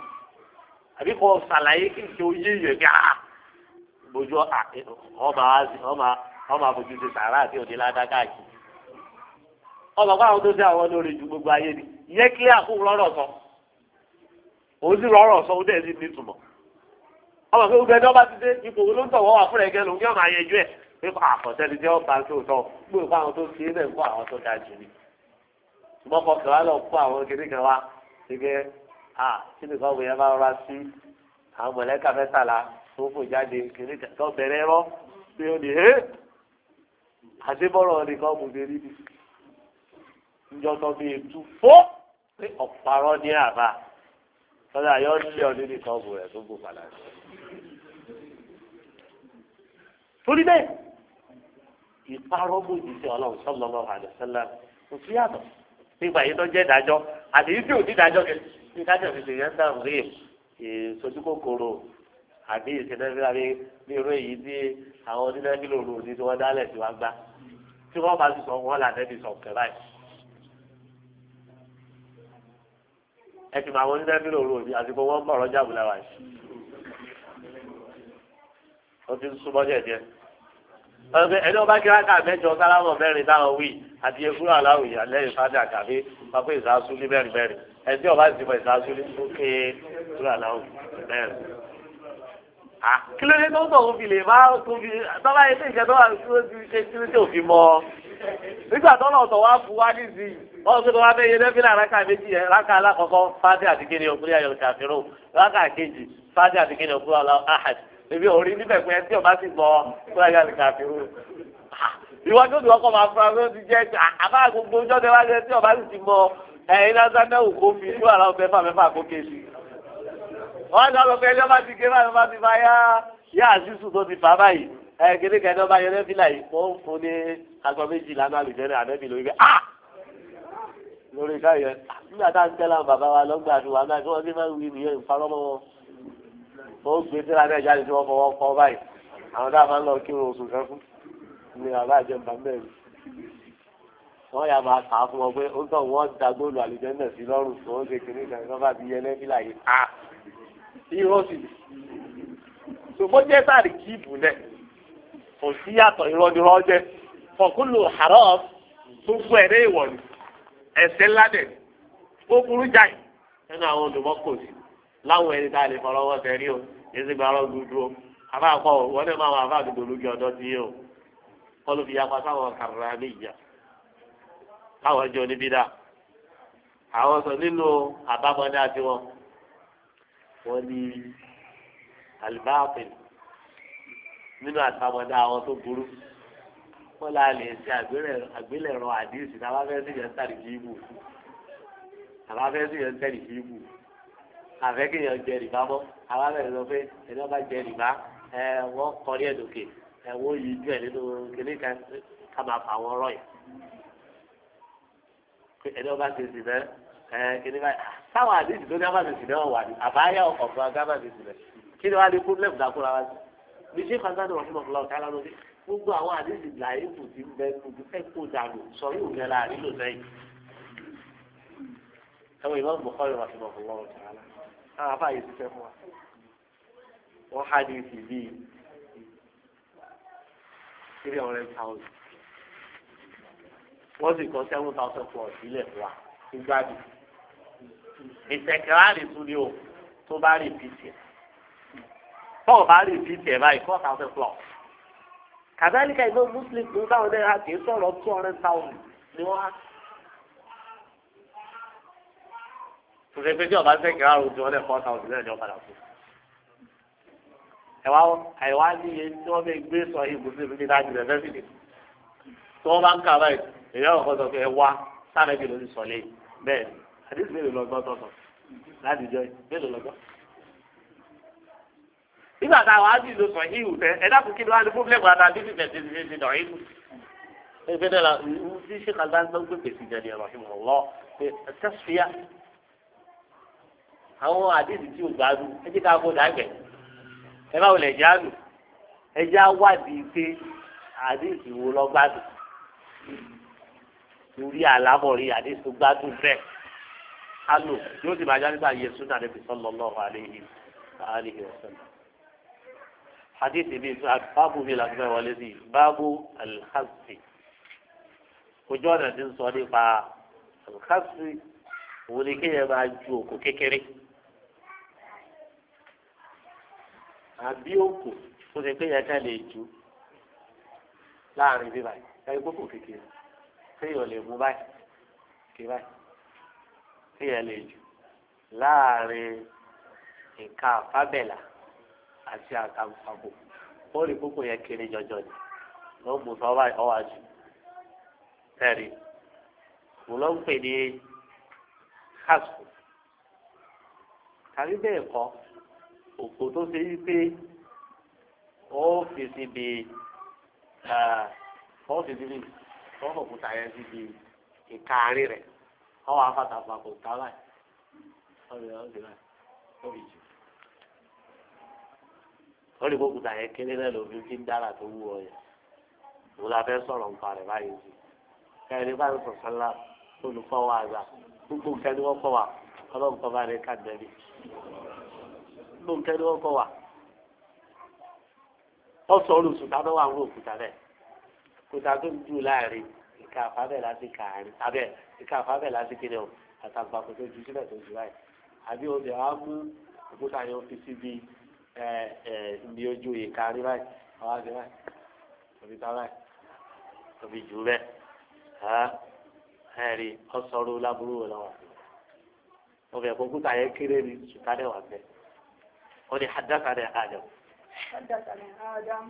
àbí kò ṣàlàyé kí n oyé yẹn bí a bójú ọmọ ọmọ àbójú ti sàrà àti òde ládá káàkiri ọmọ gbogbo ayé ni ọmọ pé gbogbo ẹjọ́ bá ti dé ipò wo ló ń tọ̀wọ́ wà fúnra ẹgẹ lòun yóò máa yẹjú ẹ̀ pé kò àkọsẹ́ni tí wọ́n tó tọ́ gbogbo fún àwọn tó ti é bẹ́ẹ̀ fún àwọn tó da jù ni. ṣùgbọ́n kọkàn wá lọ fún àwọn kékeré kan wá ṣẹgẹ́ à kí ni kọ́ bóyá máa rọra sí àwọn mọ̀lẹ́kà mẹ́tàlá tó fò jáde kékeré kan bẹ̀rẹ̀ rọ́ pé ó ní ẹ́ àdébọ̀rọ̀ ní àbá lọ́dà torí bẹ́ẹ̀ ìparọ́ bó ti ṣe ọlọ́run sallallahu alaihi wasallam kò sí yàtọ̀ nígbà yìí tó jẹ́ ìdájọ́ àti yìí tí ò ní ìdájọ́ kẹ ní ìdájọ́ fi ṣe yẹn sáà rí ìsojú kòkòrò àbí ìṣẹ̀lẹ̀fẹ́ bí irú èyí tí àwọn onídẹ́gbẹ̀lẹ̀ òru òní tí wọ́n dálẹ̀ tí wọ́n gbá tí wọ́n bá ti sọ wọ́n là nẹ́bi sọ kẹ́ báyìí. ẹ ti mọ àwọn onídẹ́gbẹ̀lẹ̀ òru òní àsìkò wọn bọ̀ ọ̀rọ̀ jábùlẹ̀ wáyé. ó ti ń súnmọ́ díẹ̀díẹ̀ ọ̀sẹ̀ ẹni ọba kíláka mẹ́jọ sálámọ̀ mẹ́rin táwọn wí àti ekúrò aláwì lẹ́yìn fájà kàbí pápẹ́ ìsású ní mẹ́rin mẹ́rin ẹni ọba sì mọ ìsású ní ókè ekúrò aláwì mẹ́rin. kílódé tó ń tọ̀ fi lè má tó fi tọ́lá yẹn tẹ̀síṣẹ́ tó wà tí ó ṣe tí ó fi mọ́ ọ. nígbà tó lọ sọ wá fún wa nísìnyí wọ́n sọ pé wá bẹ́ẹ̀ yẹn lẹ́fílà rákà méjì yẹn rákà alákọ̀ọ́kọ́ fájà àti kéde òkúrò èmi ò rí níbẹ̀ pé ẹtí ọba sì gbọ́ tó ẹ̀yà lè kàfi rú. ìwọ tó ti ọkọ̀ máa fún wa ló ti jẹ́ àbá gbogbo ọjọ́ tẹ wá jẹ́ tí ọba sì ti mọ ẹ̀yin lásán náà kó fi tú àrà mẹ́fà mẹ́fà kó kéṣì. wọ́n sọ pé ẹjọ́ bá ti gé bá lọ́ba ti fa yá yá àṣìṣù tó ti fà báyìí ẹ̀ kéde kẹ́ni ọba yẹn lẹ́fìlà yìí kó ń fún ní agbọ méjì lánàá lùjẹ́ náà àdẹ́bì lórí ah lórí káyọ̀ ah! nígbà tá à ń tẹ́lá bàbá wa lọ́gbàdo wa náà kí wọ́n ti máa ń wí nìyẹn ìfarọ́mọ́ wọn ó gbé síra náà jáde tí wọ́n fọwọ́ kọ́ báyìí àwọn dáa ń lọ kírun oṣù kan ní àbá àjẹmbá mẹ́rin wọ́n yà máa kà á fún wọn pé ó tọ̀ wọ́n da góòlù àlùjẹ́ndà sí lọ́rùn tó ń ṣe kiri kan kí wọ́n bá ti yẹ ká irú ó ṣùgbọ́n jẹ́ sáàrì kíìpù lẹ̀ kò sí yàtọ̀ ìrọ̀dúrọ̀ jẹ́ fọ̀kúlù haram tó fún ẹ̀rẹ́ ìwọ̀lù ẹ̀sẹ̀ ńlá dẹ̀ ó burú jáì nínú àwọn olùmọ́kòsí láwọn ẹni tá a lè fọ̀rọ̀ wọ́n tẹ̀rí o èsì gba ọ̀rọ̀ gbùdú o àbá kọ́ o wọ́n lè máa wọ àbá àdúgbò lójú ọ̀dọ́ ti yé o kọ́ ló fi yapa sáwọn kàrà ní ìjà káwọn jọ níbí dá àwọn sọ nínú àbámọ́dé àti wọn wọ́n ní àlùbáàpẹ̀lú nínú àtàmọ̀dá àwọn tó burú wọ́n la lè ṣe àgbélẹ̀rọ àdìsí tàbá fẹ́ sí yẹn tàbí kí ibù tàbá fẹ́ sí yẹn tẹ̀lé kí àfẹ́ kéèyàn jẹ rìbá mọ́ àwa bẹ̀rẹ̀ lọ pé ẹni ọba jẹ rìbá ẹ wọ́n kọrí ẹ̀ lókè ẹ wọ́n yí ju ẹ̀ nínú kìnní kan ká máa fà wọ́n rọ̀ yìí pé ẹni ọba ti sì bẹ́ ẹ kìnní báyìí táwọn àdéhùn tó ní abáṣesì náà wà ní àbáyá ọkọ̀ fún agábàṣesì rẹ̀ kí ni wàá ní pọ́blẹ́mù dákúra wá sí bí ṣé fantasy wà fún ọ̀pọ̀lọpọ̀ tálá lórí gbogbo àwọn àdéhùn làyè kù ti bẹ kùdù ẹ̀kú dànù sọ̀rí òkè láàrin lò sẹ́yìn. ẹ̀wọ̀n ìmọ̀ bùkọ́ ìrọ̀ṣùmọ̀ fún ọ̀rọ̀ tààlà àwọn afáàyè fẹ́ fún wa wọ́n há ní ti bíi three wọ́n sì kọ́ seven thousand plus fún wa nígbà bí tún ni o tó bá rí pt ẹ̀ tọ́ọ̀ bá rí pt ẹ̀ báyìí four thousand plus kàdáníkà ìlú muslim ló dáwọn náírà kì í sọ̀rọ̀ two ni wọ́n á. tòṣe pé tí ọba sẹ́kì rárá ojú ọdẹ four thousand lẹ́yìn ọ̀padà fún ẹ̀wá àìwá níye tí wọ́n bẹ gbé sọ ibùsùn mi níta jùlọ lẹ́sìkì tí wọ́n bá ń kà báyìí èyí ọ̀kọ́ sọ pé ẹ wá sáré bí lórí sọ lẹ́yìn bẹ́ẹ̀ àdéhùn mélòó lọ́gbọ́n tọ̀tọ̀ láti jọ mélòó lọ́gbọ́n. nígbà tá a wàá dì ló yìí ìwù tẹ ẹ dákun kí ló wá ní pọ́blẹ́mù àtàdé fífẹ̀ ti ti ti àwọn àdéhùn tí o gbádùn ẹ jẹ́ ká kó dàgbẹ́ ẹ bá wọlé ẹ̀jẹ̀ àlù ẹ̀jẹ̀ awádìí pé àdéhùn wo lọ gbádùn torí àlámọ̀rí àdéhùn tó gbádùn bẹ́ẹ̀ alò yóò sì máa jáde yẹ súnà níbi sallallahu alaihi wa alihi wa sallam. hadith mi báàbù mi làbẹ́ wọlé sí báàbù alhassi ojú ọ̀nà ti ń sọ nípa alhassi àbí òkú tó ṣe pé yẹn ká lè ju láàrin bí báyìí ẹni gbogbo kékeré kéèyàn lè mú báyìí ké báyìí kéèyàn lè ju láàrin nǹkan àfábẹ́là àti àkàǹfààbò ó rí gbogbo yẹn kéré jọjọ ni ló mú sọ báyìí ọwọ́ àjù tẹ̀rí mo lọ ń pè ní kásù tàbí bẹ́ẹ̀ kọ́ òkò tó ṣe yí pé ó fi síbi ó fi síbi ó fòkúta yẹn ìkaarí rẹ̀ ó wà kò ká láì ó lè ó yẹn kéré náà lòfi fi ń dára tó wú ọ yẹn la fẹ́ sọ̀rọ̀ nípa rẹ̀ báyìí sí kẹrin bá ń sọ̀sọ́ lá olùkọ́ wa àgbà gbogbo nǹkan wọ́n kọ́ wa ọlọ́run kọ́ bá rẹ̀ ká dẹ́bi. gbogbo nǹkan ni wọ́n wa ọ sọ ọ́ lóṣù tá wà ń rò òkúta bẹ́ẹ̀ òkúta tó ń jù láàrin ìka àfábẹ́ láti kàárín abẹ́ ìka àfábẹ́ láti kéde ọ̀ àtàgbàkọ̀ tó ju tó ju láì àbí wa mú òkúta yẹn fi ẹ ẹ ojú ìka rí àti òbí òbí jù láburú wọn ọbẹ̀ yẹn kéré ni bẹ́ẹ̀. قولي حدث عن آدم حدث عن آدم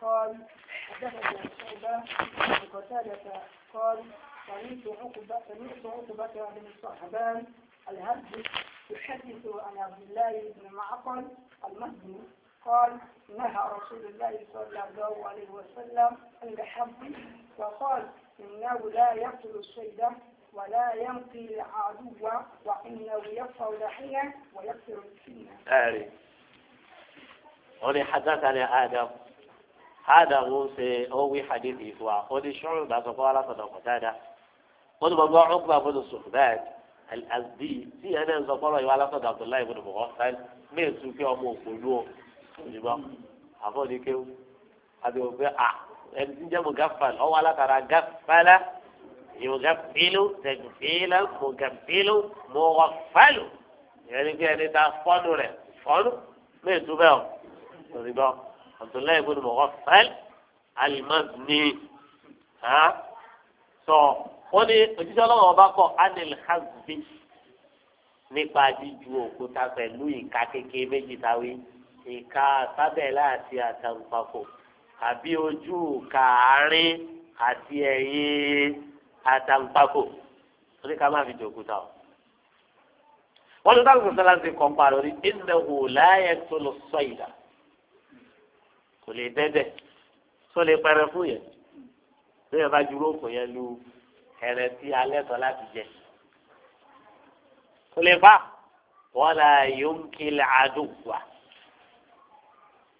قال حدثنا شعبة قال سمعت عقبة سمعت عقبة بن الصحبان الهرج يحدث عن عبد الله بن معقل المهدي قال نهى رسول الله صلى الله عليه وسلم عند حبه وقال إنه لا يقتل الشيبه ولا ينقي العدو وإنه يقتل لحية ويقتل السنة. ولي على آدم آدم موسى أوي حديث إفوا ولي شعبة فقال صدق قتادة قل بابا عقبة بن الصحبات الأزدي في أنا زقرا يوالا صدق عبد الله بن مغفل من سوكي أمو قلوه ìbọn àfọ̀dékéwò àti òfin à ẹni tí ń jẹ́ mọ̀gáfàl ọwọ́ alákàrà gáfàlà yògáfìlú tẹ̀gbìlá mọ̀gáfìlú mọ̀wáfàlù ìyẹn ni bí ẹni ta fọ́nù rẹ̀ fọ́nù mí ìtúbẹ̀ ọ̀ rìbá abdullahi ibn Mughaffal al-Mazni sọ wọ́n ní òjíṣẹ́ ọlọ́run ọba kọ anil hazbi nípa jíju òkúta pẹ̀lú ìka kékeré méjì táwí ìka sábẹ́lá àti àtàǹpàkò àbí ojú kàárín àti ẹ̀yìn àtàǹpàkò torí ká má fi jẹ òkúta o. wọ́n ní táwọn sọ̀tàn láti kọ́ ń parí orí innahu la yaqtulu sayda kò lè dẹ́dẹ̀ tó lè pẹrẹ fún yẹn tó yẹn bá ju róòkù yẹn lu ẹrẹ tí alẹ́ tọ́ láti jẹ kò lè bá wọn là yóò ń kele àdúgbò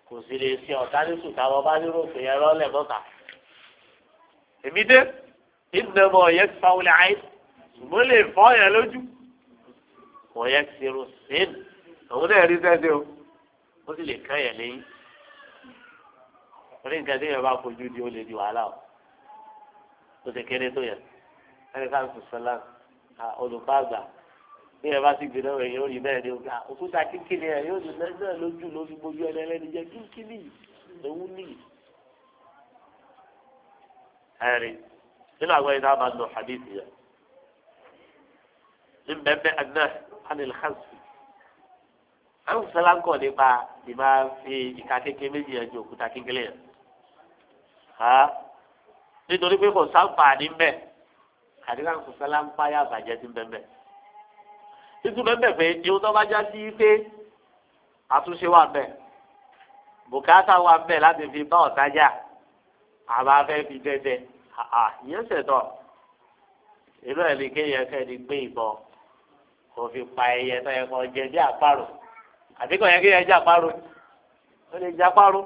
kò sì lè ṣe ọ̀tá ní sùtà wọn bá ní róòkù yẹn rọ́lẹ̀ bọ́ta èmi dé ìdánwò yẹn fáwọn àyè mo lè fọ́ yẹn lójú wọ́n yẹ kí irun sí ní òun náà rí sẹ́sẹ́ o ó sì lè kán yẹn lẹ́yìn torí nǹkan tí yẹn bá fojú di ó lè di wàhálà o ó ti kéré tó yẹ ẹni ká ń sùn sọlá olùkọ́ àgbà bí ẹ bá ti gbé lọ́wọ́ yẹn ó rí bẹ́ẹ̀ ni ó ga òkúta kíkìlì ẹ̀ yóò ní náà lójú ló fi gbójú ẹ lẹ́lẹ́ni jẹ́ kíkìlì ewu nìyí. ẹ̀rí nínú àwọn ẹ̀dá máa nù hadithi yẹn ní bẹ́ẹ̀ ẹ̀dá anil hansi àwọn sọlá ń kọ̀ nípa ìmáa fi ìka kékeré méjì yẹn ju òkúta kékeré yẹn ha nítorí pé kò sáǹfààní mbẹ àdìgbà kò sálá ń páyà bàjẹ́ sí mbẹ́mbẹ́ títún mbẹ́mbẹ́ pé ihun tó bá já sí pé àtúnṣe wà mbẹ bùkátà wà mbẹ láti fi bá ọ̀tájà àbá fẹ́ fi dẹ́dẹ́ ìyẹn ṣètò ìlú ẹ̀ ní kéèyàn fẹ́ ní gbé ìbọn kò fi pa ẹyẹ tó yẹ kó jẹ bí àparò àbíkọ̀ yẹ kéèyàn jẹ àparò ó lè jẹ àparò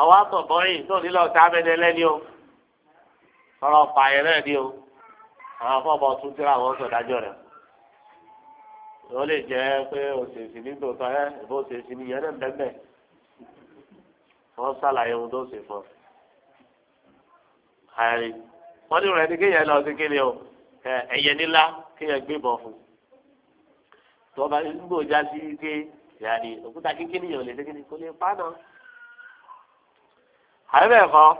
àwọn àtọ̀bọ̀yìn tó nílò ọ̀tá abẹ́dẹ lẹ́ni o ọ̀rọ̀ fààyè náà ni o àwọn afọ́bọ̀ tún tíra àwọn sọ̀dájọ́ rẹ̀ ó lè jẹ́ pé òṣèṣì ní tòótọ́ ẹ ìbò òṣèṣì ní yẹn náà bẹ́ẹ̀ wọ́n ṣàlàyé ohun tó ṣe fún ààrẹ wọ́n ní rẹ̀ ní kéèyàn lọ sí kéèyàn o ẹ̀yẹ nílá kéèyàn gbébọn fún tọ́ba nígbò já sí ike yàrá òkúta kékeré yẹn ò lè ṣe kékeré kó lè pa náà àbẹ̀ kan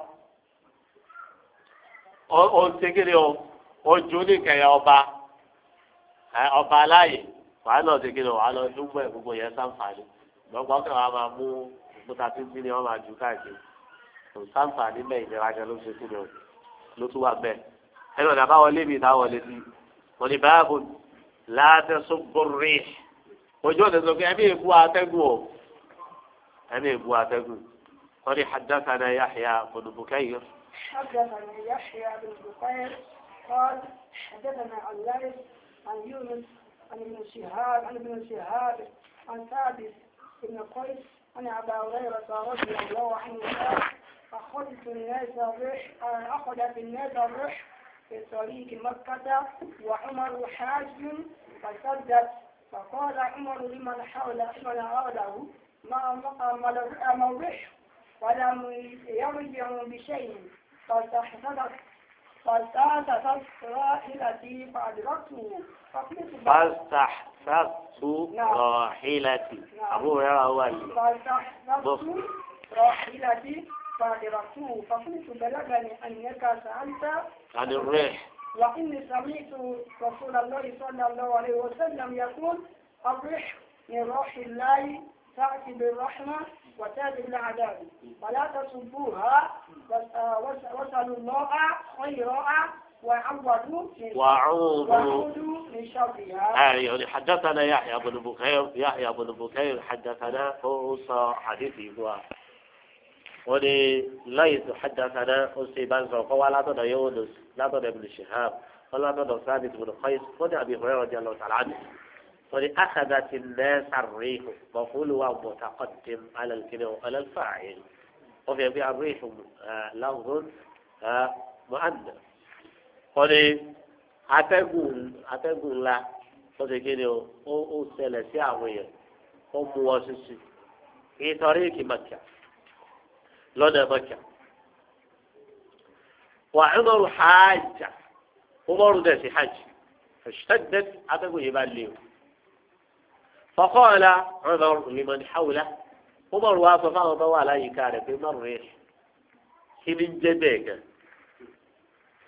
ó ṣe kí o ó ju oníkẹyà ọba ọba aláyè wàá lọ ṣe wàá lọ dúpọ̀ ẹ̀ gbogbo yẹn sáǹfààní lọ́gbọ́n kí wàá máa mú òkúta títí ni wọ́n máa ju káàkiri kò sáǹfààní bẹ́ẹ̀ ìjẹra jẹ ló ṣe kí o ló tún wà bẹ́ẹ̀ ẹnu ọ̀nà àbáwọlé mi ìdáwọlé sí wọn ni báàbò látẹ̀sùn bọ̀rẹ̀ ojú ọ̀nà sọ pé ẹ̀mí èbú atẹ́gùn o ẹ̀mí èbú atẹ́gùn. قل حدثنا يحيى بن بكير حدثنا يحيى بن بكير قال حدثنا عن لارس عن يونس عن ابن شهاب عن ابن شهاب عن ثابت بن قيس عن ابا هريره رضي الله عنه قال اخذت الناس الرح اخذت الناس الرح في طريق مكة وعمر حاج فسدت فقال عمر لمن حول لمن حوله ما مقام الرح ولا يرجع بشيء فاستحفظت راحلتي أبو هريرة هو اللي فاستحفظت راحلتي فأدركته فقلت بلغني أنك سألت عن الريح وإني سمعت رسول الله صلى الله عليه وسلم يقول الريح من روح الله تأتي بالرحمة وتابع لعذابه فلا تسبوها آه، واسألوا الله خيرا وعوضوا من شرها. آه، يعني حدثنا يحيى بن بكير يحيى بن بكير حدثنا فوصى حديثي هو ولي ليس حدثنا أسي بن زرقوا لا تدى يونس لا تدى ابن شهاب ولا تدى ثابت بن قيس ودى أبي هريرة رضي الله تعالى عنه قد أخذت الناس الريح مفعول ومتقدم على الكلمة وعلى الفاعل وفي أبي الريح آه، لفظ آه، مؤنث قد أتقول أتقول لا قد كده أو سلسي عوية أو مواسسي في طريق مكة لنا مكة وعمر حاجة عمر داسي حج فاشتدت أتقول يبان ليه فقال عمر لمن حوله عمر وافق فقال طوال أي كان في مريح من جدك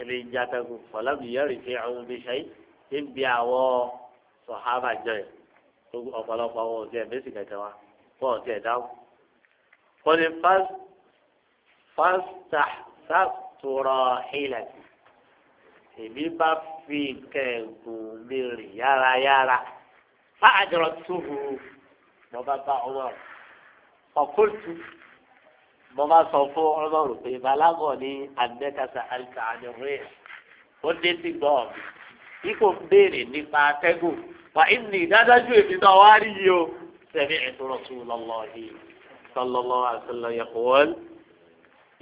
من جاتك فلم يرجع بشيء من بيعوا صحابة جاي ọ̀pọ̀lọpọ̀ àwọn òtí ẹ̀ méjì kẹ̀kẹ́ wa wọ́n òtí ẹ̀ dáhùn. wọ́n ní fásità sàtúrọ̀ ilẹ̀ èmi bá fi kẹ̀gùn mi rìn yárayára. Yára fa àjọrọ̀ tó hù mo bá bá ọmọ rẹ̀ ọ̀kúrtù mo bá sọ fún ọmọ rẹ̀ pé balagọ̀ ní àgbẹ̀kasa àlùkà àdìrẹ́ ó dé sí gbọ́ ọ̀bì ikú béèrè nípa atẹ́gùn wà ní ìdádájú èmi náà wá rí yìí o sẹ́mi ẹ̀tọ́ Rasulullahi sallallahu alaihi wasallam yaqul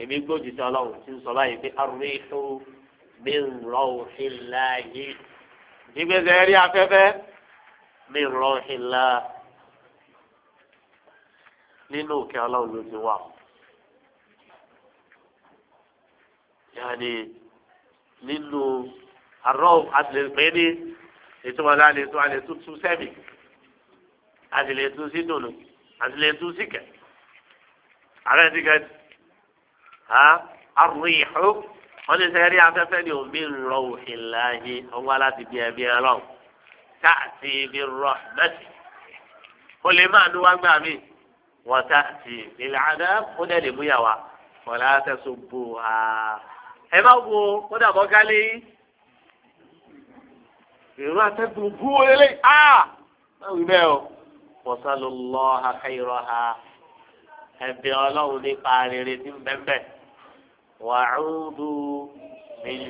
èmi gbòdì sí ọlọ́run tí ń sọ báyìí pé ar-rihu min rawhillahi ìgbésẹ̀ rí afẹ́fẹ́ mi rọ́ọ̀hìnlá nínú òkè ọlọ́run ló ti wà. yàní nínú àrọ́ àtìlẹ́pẹ́ ní ìtumọ̀ náà lè tún àlè tún tún sẹ́mi àtìlẹ́ tún sí dùnú àtìlẹ́ tún sí kẹ̀. ààrẹ ti kẹ́ àrùn ìhó wọ́n ti sẹ́rí afẹ́fẹ́ ní omi rọ̀ọ̀hìnlá yìí ọwọ́ aláti bí ẹbí ẹ lọ́wọ́ tààtì bí rọ̀mẹ́tì ó lè máa nu wá gbà mí wọ́n tààtì ìlà àdá ó dẹ̀ lè múyà wá wọ́n lè tẹ̀sọ̀ bò á. ẹ má wo kódà bọ́ gálé ìrú atẹ́gùn gún ó á náà wí bẹ́ẹ̀ o wọ́sálù lọ́ akẹ́yọ̀rọ̀ ha ẹ̀bẹ̀ ọlọ́run nípa rere tí ń bẹ́ẹ̀ bẹ́ẹ̀ ń dùn mí ń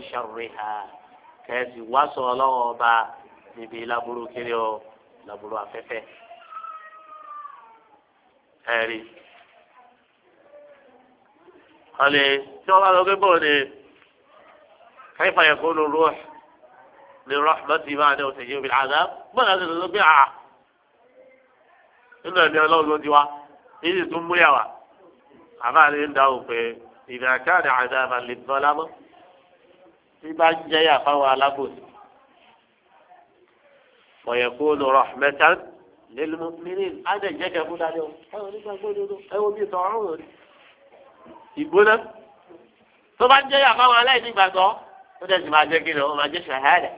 ha kẹ́sì wá ọlọ́run ọba níbi láburú kiri o láburú afẹ́fẹ́ ẹ̀rí. ọ̀lẹ́ tí wọ́n bá lọ gbébọ̀ ni kaifa yakunu ruh li rahmati ba'da tayyibil adhab bọ́lá ti lọ bí a nínú ẹ̀mí ọlọ́run ló di wa èyí tún mú yà wá àbá ni ń dáhùn pé ìdàkàdà àdàbà lè tọ́ lámọ́ bí bá ń jẹ́yà fáwọn alábòsí. ويكون رحمة للمؤمنين هذا جاك أقول عليهم أيوة بي طاعون يقول طبعا جاي أقام عليه دي بعد ó dẹ̀ sì máa jẹ́ kí lọ ó máa jẹ́ ṣàhádà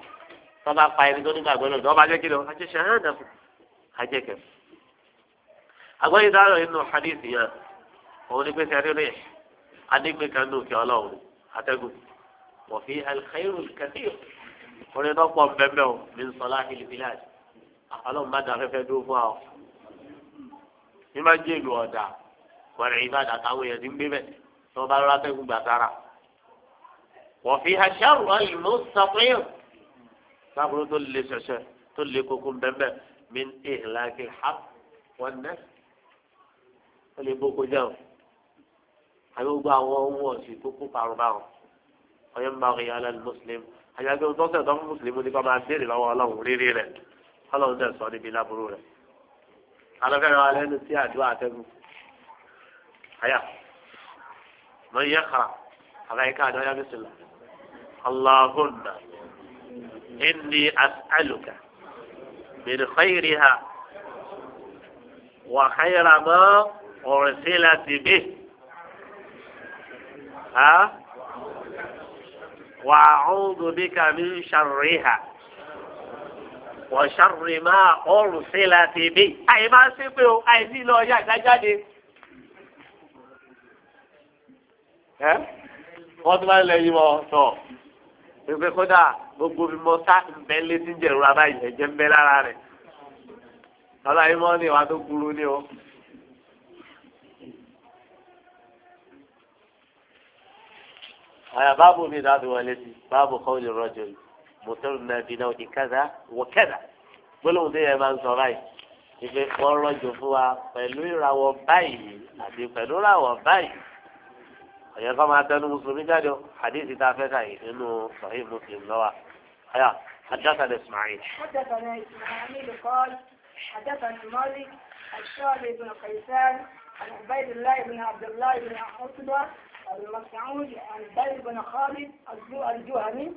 tó bá pa ẹni tó nígbà gbọ́dọ̀ tó bá jẹ́ kí lọ á jẹ́ ṣàhádà fún ajẹ́kẹ̀. àgbẹ̀yìn dáhùn inú hadith yẹn òun ni pé sẹ́rí rẹ̀ adégbé kan ní òkè ọlọ́run atẹ́gùn wọ̀fí alkhairu kathir orin tó pọ̀ bẹ́ẹ̀ o lè sọ láti lè bílẹ̀ àti ọlọ́run bá da afẹ́fẹ́ dúró fún ọ. ní má jẹ́ ìlú ọ̀dà wẹ̀rẹ̀ ìbàdàn àtàwọn èèyàn ti ń gbé bẹ̀ tí wọ́n bá rọra tẹ́gùn gbà sára. wọ́n fi aṣáàrù ọ̀yìn ló sàfihàn sábúrú tó le ṣẹṣẹ tó le koko bẹ́ẹ̀ mi ń tè láti ha wọ́n ná ó lè bókó jẹ́ o àbí gbogbo àwọn ohun ọ̀sìn tó kó báwọn ọ̀yọ́ àyàgbé ohun tó sẹ̀ tó fún mùsùlùmí ni kó máa béèrè lọ́wọ́ ọlọ́run rírí rẹ̀ ọlọ́run dẹ̀ sọ níbi láburú rẹ̀ alọ́fẹ́rẹ́ wa lẹ́nu sí àdúrà àtẹ́gùn àyà mọ iye kà àbáyíká àdúrà yá bísílà aláhùnà inni as'aluka min khayriha wa khayra ma ursilati bihi ha. وأعوذ بك من شرها وشر ما أرسلت به أي ما سيبه أي دي لو يا جاجادي ها wọ́n tún bá lẹ yí wọ́n sọ pé kódà gbogbo bí mo sá ǹbẹ́ létí jẹ̀rù abáyé ẹ̀jẹ̀ ńbẹ́ lára rẹ̀ ọlọ́yìn mọ́ ni wàá tó kúrú ni o. àyà báàbù mi dábì wọlé sí báàbù kọ́ọ̀lì rọ́jò mọ̀tẹ́rù náà bí náà ìkádà wọ̀kẹ́dà gbólóhùn tó yẹ máa ń sọ báyìí ìfẹ́ wọ́n rọ́jò fún wa pẹ̀lú ìràwọ̀ báyìí àti pẹ̀lú ìràwọ̀ báyìí ọ̀yẹ́ kọ́ máa tẹnu mùsùlùmí jáde hadith tá a fẹ́ kàyé nínú sahih muslim lọ́wọ́ àyà حدثنا إسماعيل حدثنا إسماعيل قال حدثنا مالك الشعبي بن قيسان عن عبيد الله بن عبد الله بن عتبة المسعود عن سعيد بن خالد الجهني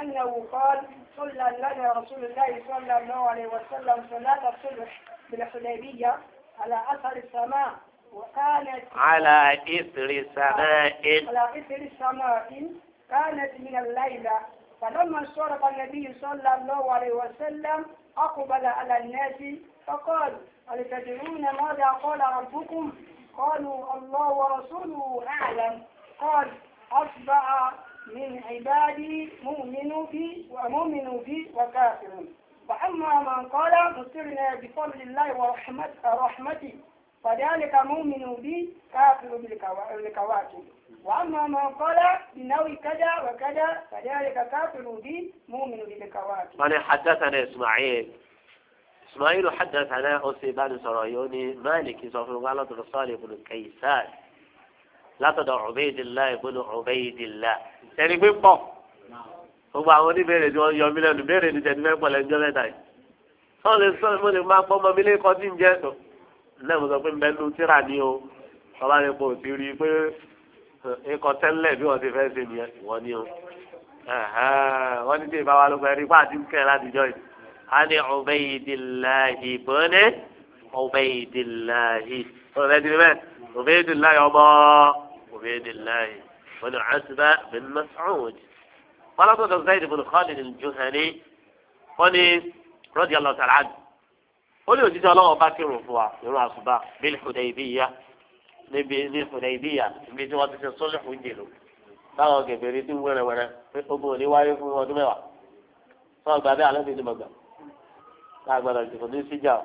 أنه قال صلى لنا رسول الله صلى الله عليه وسلم صلاة الصبح بالحديبية على أثر السماء وكانت على إثر السماء على إثر السماء كانت من الليلة فلما صرف النبي صلى الله عليه وسلم أقبل على الناس فقال هل تدرون ماذا قال ربكم قالوا الله ورسوله أعلم قال أصبح من عبادي مؤمن بي ومؤمن بي وكافر وأما من قال مصرنا بفضل الله ورحمته رحمته فذلك مؤمن بي كافر بالكواكب وأما من قال بنوي كذا وكذا فذلك كافر بي مؤمن بالكواكب قال حدثنا إسماعيل إسماعيل حدثنا أسي بن سرايوني مالك صفر قال صالح بن كيسان látọ̀dọ̀ Ubaydillah ibn Ubaydillah ẹni pé pọ̀ gbogbo àwọn oníbèrè tí wọ́n yọ mí lẹ́nu béèrè ní tẹ̀lé mẹ́pọ̀ lẹ́jọ́ mẹ́ta yìí sọ́ọ́ lè sọ́ọ́ mo lè máa pọ́ ọmọ mi lé kọ́ tí ń jẹ́ tó lẹ́mu sọ pé ń bẹ́ lu tíra ní o ọba lè pọ̀ sí rí i pé eh, ikọ̀ tẹ́lẹ̀ bí wọ́n ti fẹ́ ṣe wọ́n ní o wọ́n ní tí ìbáwá ló fẹ́ rí fáàtì ń kẹ́ láti yìí a ní Ubaydillahi bọ́ni Ubaydillahi ọ̀rẹ́dìrì bẹ́ẹ̀ عبيد الله بن عتبة بن مسعود قال أبو زيد بن خالد الجهني قال رضي الله تعالى عنه قال يوجد الله باكر وفوا يروى صباح بالحديبية بالحديبية بجوة الصلح وجلو táwọn kẹfẹẹrẹ ti ń wẹrẹ wẹrẹ pé ogun òní wáyé fún ọdún mẹ́wàá fún ọgbà bí alẹ́ bíi dìbọ̀gbà tá a gbọdọ̀ jùlọ ní síjà o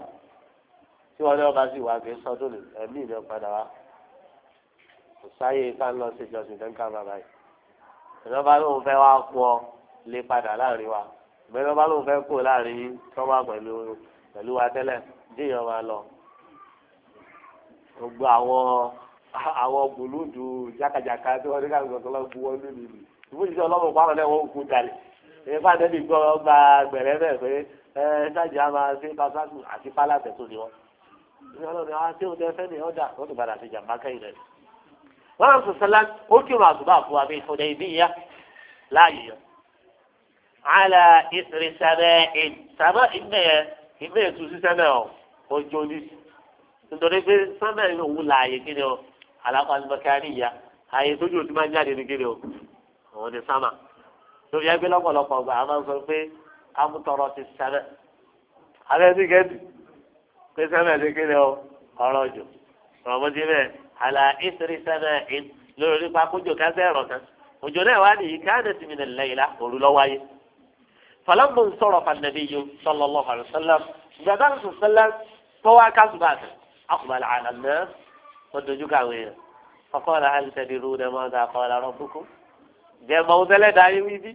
tí wọn ní ọba sì wá kí sọdún ní ẹ̀mí ìlú padà wá kò sáyé ipá ń lọ sí ìjọsìn tó ń ká bàbá yìí ìjọba lóun fẹ́ wá kú ọ lé padà láàrin wa ìjọba lóun fẹ́ kú láàrin yín tó wà pẹ̀lú pẹ̀lú wa tẹ́lẹ̀ déèyàn máa lọ gbogbo àwọn àwọn bùlùdù jákàjàká tí wọ́n ní káàkiri ọ̀tọ̀ lọ́wọ́ buwọ́ lónìí nì ìfúnṣiṣẹ́ ọlọ́mọ pàrọ̀ náà wọ́n kú dalẹ̀ ìfá nẹ́bí gbọ́ gba gbẹ̀rẹ́ bẹ́ẹ̀ pé ẹ ṣáàjì á máa ṣe pàṣásù àti pálásẹ̀ tó ni wọ́n ìfúnṣiṣẹ́ ọlọ́mọ àwọn tí tẹ́ fẹ́ ni ọ̀dà ó ti padà ṣe jàmbá kẹ́yìn rẹ̀ wọn àwọn sọsọlá ó kírun àsùbá fún wa bí ìfọdẹ ibi yá láàyè yọ. àlà ìsìrì sábẹ ìsàbẹ ìmẹ ìmẹ ètò sísẹ náà ojú oní nítorí pé sábẹ òun láàyè kí ni ọ alákọ̀ọ́nìmọ̀kárí ìyá ààyè tójú òtún máa ń jáde ní kí ni ọ òun ni sámà lórí ẹgbẹ́ lọ́pọ̀lọpọ̀ ọgbà a máa ń sọ pé amútọrọ ti sẹ́rẹ̀ alẹ́ ti gẹ́dì pé sẹ́rẹ̀ ti kéde ọ ọ̀rọ̀ jù ọ̀rọ̀ mọ́tí bẹ́ẹ̀ àlà ìsirí sẹ́nà ìn lórí nípa kójò kásẹ̀ ẹ̀rọ kan òjò náà wá nìyí káàdé sí mi nà lẹ́yìn la òru lọ́wọ́ ayé. fọlọ́mù ń sọ̀rọ̀ fànàbí yìí sallallahu alaihi wasallam gbàgbà sọ̀sọ́lá tọ́wọ́ kásùbàtà àkùbàlà àlàmẹ́ wọ́n dojú kàwé rẹ̀ ọkọ̀ rẹ̀ àlùtẹ̀lẹ̀ rú rẹ̀ mọ́ ọ̀dà àkọ́ ọ̀làrọ̀ fúnkú. jẹ́mọ̀ ń tẹ́lẹ̀ dá yín wíbí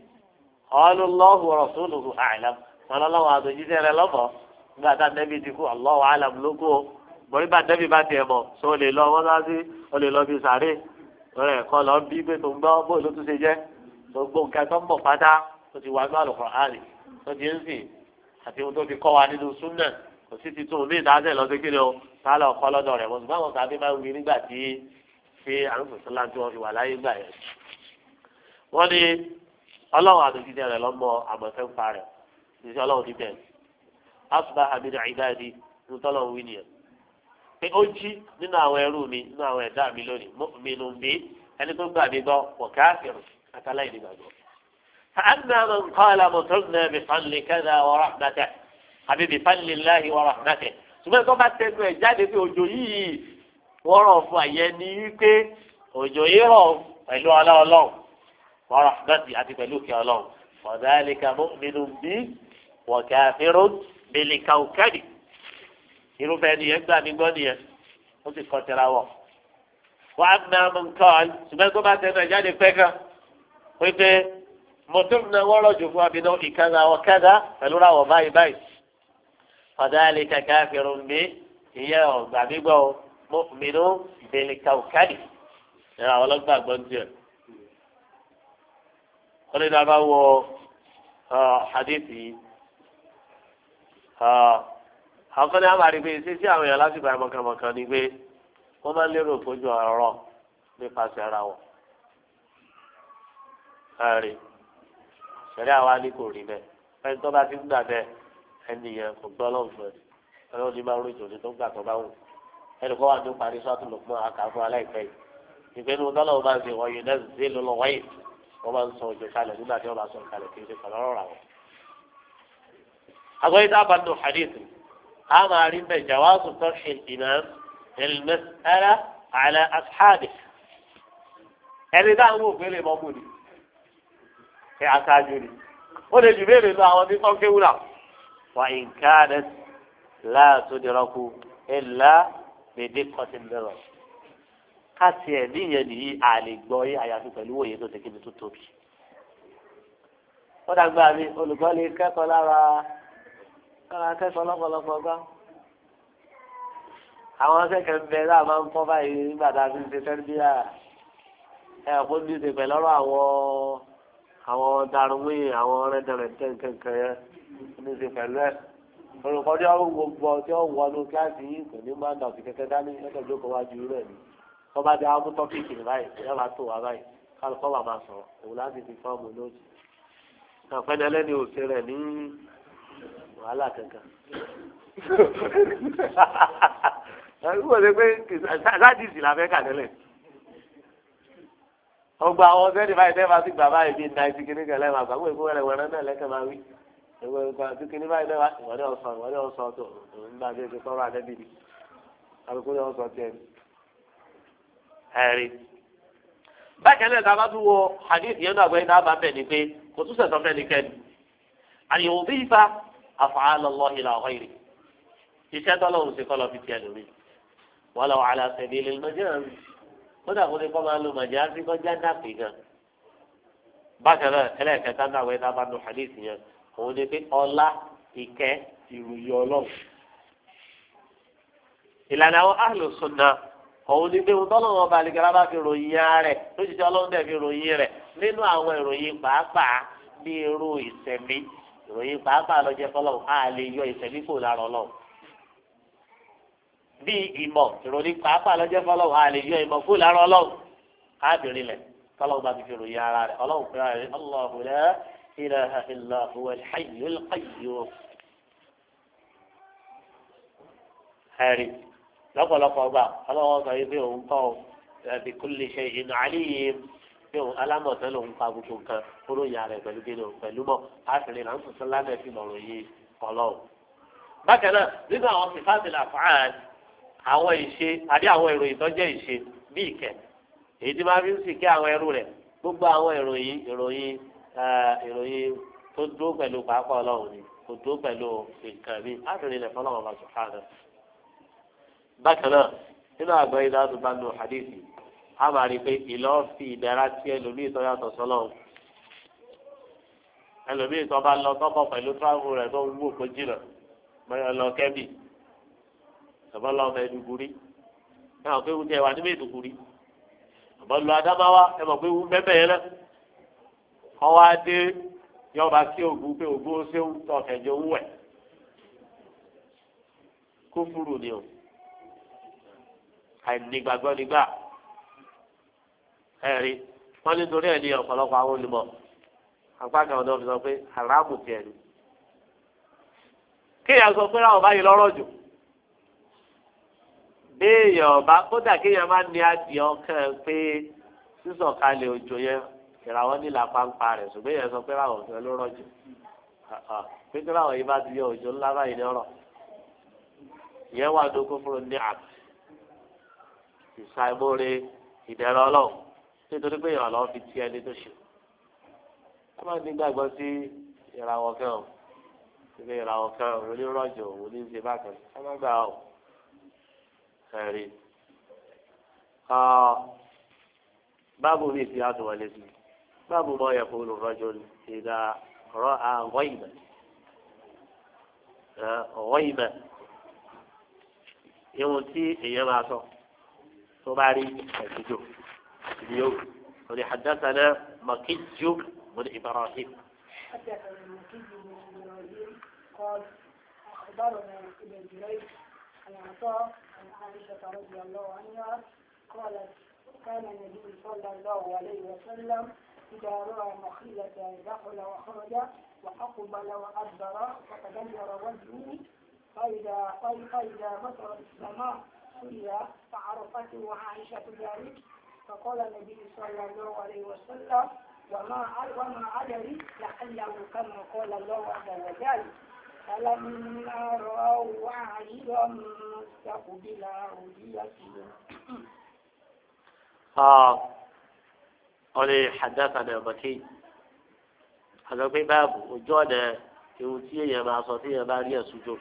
ọlọ́lọ́hu rọ̀súlùhù àlàm ọlọ́lọ́wọ́ àdójútẹ́ rẹ̀ lọ́fọ̀ọ́ gbàtà nẹ́bí ti kú ọlọ́wọ́ àlàm bọ̀rí bá dẹ́bi bá tiẹ̀ bọ̀ so o lè lọ wọ́n lọ́wọ́ sí o lè lọ bí sàárè rẹ̀ kọ́ lọ bí pé tó ń gbọ́ bó ló tún ṣe jẹ́ gbogbo nǹkan tó ń bọ̀ pátá tó ti wá gbọ́ àlùkò àlè tó ti ń sìn àti ohun tó ti kọ́ wa nínú súnà kò sí ti tún mí ìdájẹ́ lọ sí kíni o sálọ ọkọ lọ́dọ̀ rẹ̀ mọ̀ ṣùgbọ́n àwọn sàbí máa ń wí nígbà tí ṣé àrùn sọ́lá tí fi wà láyé pé ó jí nínú àwọn ẹrú mi nínú àwọn ẹ̀dá mi lónìí mi nù bí ẹni tó gbà mí gbọ́ wọ̀ káfíìrù àtàláyé nígbà gbọ́. فأما من قال مطرنا بفضل كذا ورحمته àbí بفضل الله ورحمته ṣùgbọ́n tó bá tẹnu ẹ̀ jáde pé òjò yìí wọ́n fún àyẹ ní wípé òjò yìí rọ̀ pẹ̀lú ọlá ọlọ́run wa àti pẹ̀lú kí irúfẹ́ nìyẹn gbà mí gbọ́ nìyẹn ó sì kọ́ tẹ̀ra wọ̀. wà á na mú nǹkan ṣùgbọ́n tó bá tẹnu ẹ̀ jáde pẹ́ kan wípé mọ̀tún náà wọ́rọ̀ jù fún abiná ìkànnà àwọn kẹ́dá pẹ̀lú ra wọ̀ báyìí báyìí. ọ̀dà ilé kẹ̀kẹ́ fẹ́rù mi ìyẹn ọ̀gbà mi gbọ́ mo mi nú bèlè kàwùkàdì ẹ̀rọ àwọn ọlọ́gbàgbọ́ ń tiẹ̀ àwọn ní àbárí pé ṣé sí àwọn èèyàn lásìkò àìmọ̀kànmọ̀kàn ni pé wọ́n máa ń lérò fojú ọ̀rọ̀ nípasẹ̀ ara wọn. káàrí ṣẹ̀rí àwa ní kò rí bẹ́ẹ̀ ẹni tó bá ti gbà bẹ́ẹ̀ ẹni yẹn kò gbọ́ lọ́nfẹ̀ẹ́ ọlọ́run ní máa ń rojò ní tó gbà tó bá wù ẹnì kan wà ní parí sọ́ọ̀tún lọ́pọ̀ àkà fún aláìpẹ́ yìí ìpinnu tọ́lọ́wọ́ máa ń ṣe wọ́n yìí náà ṣe lọ́lọ́ wọ́n máa ń sọ a máa rí bẹ́ẹ̀ jàwáàsù tó ṣe ìdìmọ̀ ẹlẹ́mẹ́sàlá àlẹ́ àṣáàdì ẹni dáhùn òfin mọ́mú ni ẹ aṣáájú ni ó lè jù béèrè lọ àwọn tí wọ́n kéwù náà wà ìǹkaàdẹ́ láàtò dìrọ́kù ẹ̀là gbèdé kọ́tìmẹ́rọ̀ káàsì ẹ̀ níyẹn nìyí àlègbọ́ yé àyàfi pẹ̀lú òye tó ti kébi tó tóbi. ó dàgbà mi olùkọ́ lè kẹ́kọ̀ọ́ lára kára akẹ́kọ̀ọ́ lọ́pọ̀lọpọ̀ gbá. àwọn akẹ́kẹ̀ẹ́ ń bẹ náà máa ń kọ́ báyìí nígbà tá a fi ń ṣe tẹ́lifíà ẹ̀ kó ní ìdè pẹ̀lú ọ̀rọ̀ àwọn àwọn darúwé àwọn rẹ́dẹ̀rẹ̀dẹ̀ kẹ̀kẹ́ yẹn ní ìdè pẹ̀lú ẹ̀ olùkọ́ ní ọ̀rùn gbogbo tí ó wọnú kíláàsì yìí kò ní máa ń dà sí kẹ̀kẹ́ dání lọ́dọ̀ jókòó wájú rẹ̀ ni tó bá dé wàhálà kankan wọ́n ṣe pé sádìsì la fẹ́ kà tẹ́lẹ̀ ọgbà àwọn ọ̀sẹ́ nìbáyìí tẹ́ máa ti gbà báyìí bíi náìtì kìíní kan lẹ́ẹ̀ máa gbà wọ́n ìfowópamọ́ ẹ̀wọ̀n náà lẹ́kẹ̀ máa wí ẹ̀wọ̀n ìfowópamọ́ àti kìíní báyìí lẹ́wà ìwọ́n ní ọ̀sán ìwọ́n ní ọ̀sán tó nígbà tí ètò sọ́rọ̀ àdẹ́bí ni àbíkú ní ọ̀sán tiẹ̀ ni. ẹ̀rí bákan náà tábà tún wo hadith yẹn náà gbẹ́yìn af'ala Allahi la ghayri iṣẹ́ tọ́lọ̀ ń ṣe kọ́lọ̀ fi tiẹ̀ lómi wọ́n lọ ala sabil al-majaz kódà kó ní kọ́ máa lo màjá sí kọjá dàpé gan bákan náà ẹlẹ́ẹ̀kẹta náà wẹ́n náà bá nu hadith yẹn òun ni pé ọlá ìkẹ́ ìròyìn ọlọ́run ìlànà àwọn ahlu sunna òun ni pé wọn tọ́lọ́ wọn bá alìkẹ́lá bá fi ròyìn rẹ̀ lójijì ọlọ́run dẹ̀ fi ròyìn rẹ̀ nínú àwọn ìròyìn pàápàá bí irú ìsẹ̀mí ìròyìn pàápàá lọ jẹ fọlọ a lè yọ ìṣẹ̀lẹ̀ kò lára Ọlọ́run bí ìmọ̀ ìròyìn pàápàá lọ jẹ fọlọ a lè yọ ìmọ̀ kò lára Ọlọ́run káàbìrin lẹ fọlọ bá ti fi ròyìn ara rẹ̀ Ọlọ́run pé ara rẹ̀ Allahu la ilaha illa huwa al-hayyul qayyum. ẹ̀rí lọ́pọ̀lọpọ̀ ọgbà Ọlọ́run sọ pé òun alámọ̀tán lòun pa gbogbo nǹkan oróyìn rẹ̀ pẹ̀lú gbé lòun pẹ̀lú mọ́ àṣírí là ń sọ sọ́lá náà fi lọ́rọ̀ yìí ọlọ́run. bákan náà nínú àwọn sìfáàtì làfáàn àwọn ìṣe àbí àwọn ìròyìn tó jẹ́ ìṣe bí ìkẹ́ èyí tí máa fi ń sìnkẹ́ àwọn ẹrú rẹ̀ gbogbo àwọn ìròyìn ìròyìn eh, ìròyìn tó dúró pẹ̀lú pàápàá ọlọ́run ni kò dúró pẹ̀lú nǹkan mi àṣírí lẹ̀ fọlọ́run bákan náà nínú àgbọ̀ a máa rí i pé ìlọ́ọ̀fì ìdára tí ẹlòmíì tó yàtọ̀ sọ́lọ́ ẹlòmíì tó bá lọ tọ́kọ̀ pẹ̀lú tíráfù rẹ̀ tó wúwo kó jìnà bẹ́ẹ̀ lọ kẹ́bì tọ́bọ́ lọ ọmọ ẹ̀dùgúrí ẹ mọ̀ pé wú tẹ wà níbi ẹ̀dùgúrí tọ́bọ́ lọ adámáwá ẹ mọ̀ pé wú bẹ́ẹ̀ yẹn lẹ ọwọ́ adé yọba sí ògùn pé ògùn ó ṣéwú tọ̀fẹ̀ jẹ́ owó ẹ̀ kófúrú ni o àìnígbàgbọ́ nígbà ẹ̀rí wọ́n ní torí ẹ̀ ní ọ̀pọ̀lọpọ̀ àwọn olùmọ̀ àgbàgbà ọ̀dọ́ fi sọ pé haramu tiẹ̀ ni kéèyàn sọ pé ráwọ̀ báyìí lọ́rọ̀ jù béèyàn ọba kódà kéèyàn má ní adìẹ ọkàn pé sísọ̀kalẹ̀ òjò yẹn ìràwọ̀ nílà pàǹpà rẹ̀ ṣùgbọ́n èèyàn sọ pé ráwọ̀ fẹ́ lọ́rọ̀ jù pété ráwọ̀ yìí bá ti yọ òjò ńlá báyìí lọ́rọ̀ ìyẹn wà dókó ní àbí ìsàmúre ìdẹ̀rọ̀ ọlọ́run nítorí pé ìrànlọ́wọ́ fi ti ẹni tó ṣe ẹ má ní gbàgbọ́ sí ìràwọ̀ kẹ́ ọ̀ ìgbé ìràwọ̀ kẹ́ ọ̀ onírọ̀jọ̀ òun ní ṣe bákan ẹ má gbà ọ̀ ẹ̀rí. báàbù mi fi àtúwọ̀ lé sí báàbù mọ ẹ̀kọ́ olùrọ̀jọ̀ ìdá ọ̀rọ̀ àwọ̀ ìmọ̀ ọ̀wọ̀ ìmọ̀ ìwọ̀n tí èèyàn máa sọ tó bá rí ẹ̀sìn jò. اليوم قال حدثنا مكي بن إبراهيم حدثنا مكي بن إبراهيم قال أخبرنا ابن جريج عن عطاء عن عائشة رضي الله عنها قالت كان النبي صلى الله عليه وسلم إذا رأى مخيلة دخل وخرج وأقبل وأدبر وتغير وجهه فإذا فإذا بصر السماء سئل فعرفته عائشة ذلك فقال النبي صلى الله عليه وسلم وما وما عدري لعله كما قال الله عز وجل فلما رأوا عيرا مستقبل أوديتهم آه قال حدثنا بكي هذا في باب وجود يوتيه مع صوتيه مع رياس وجود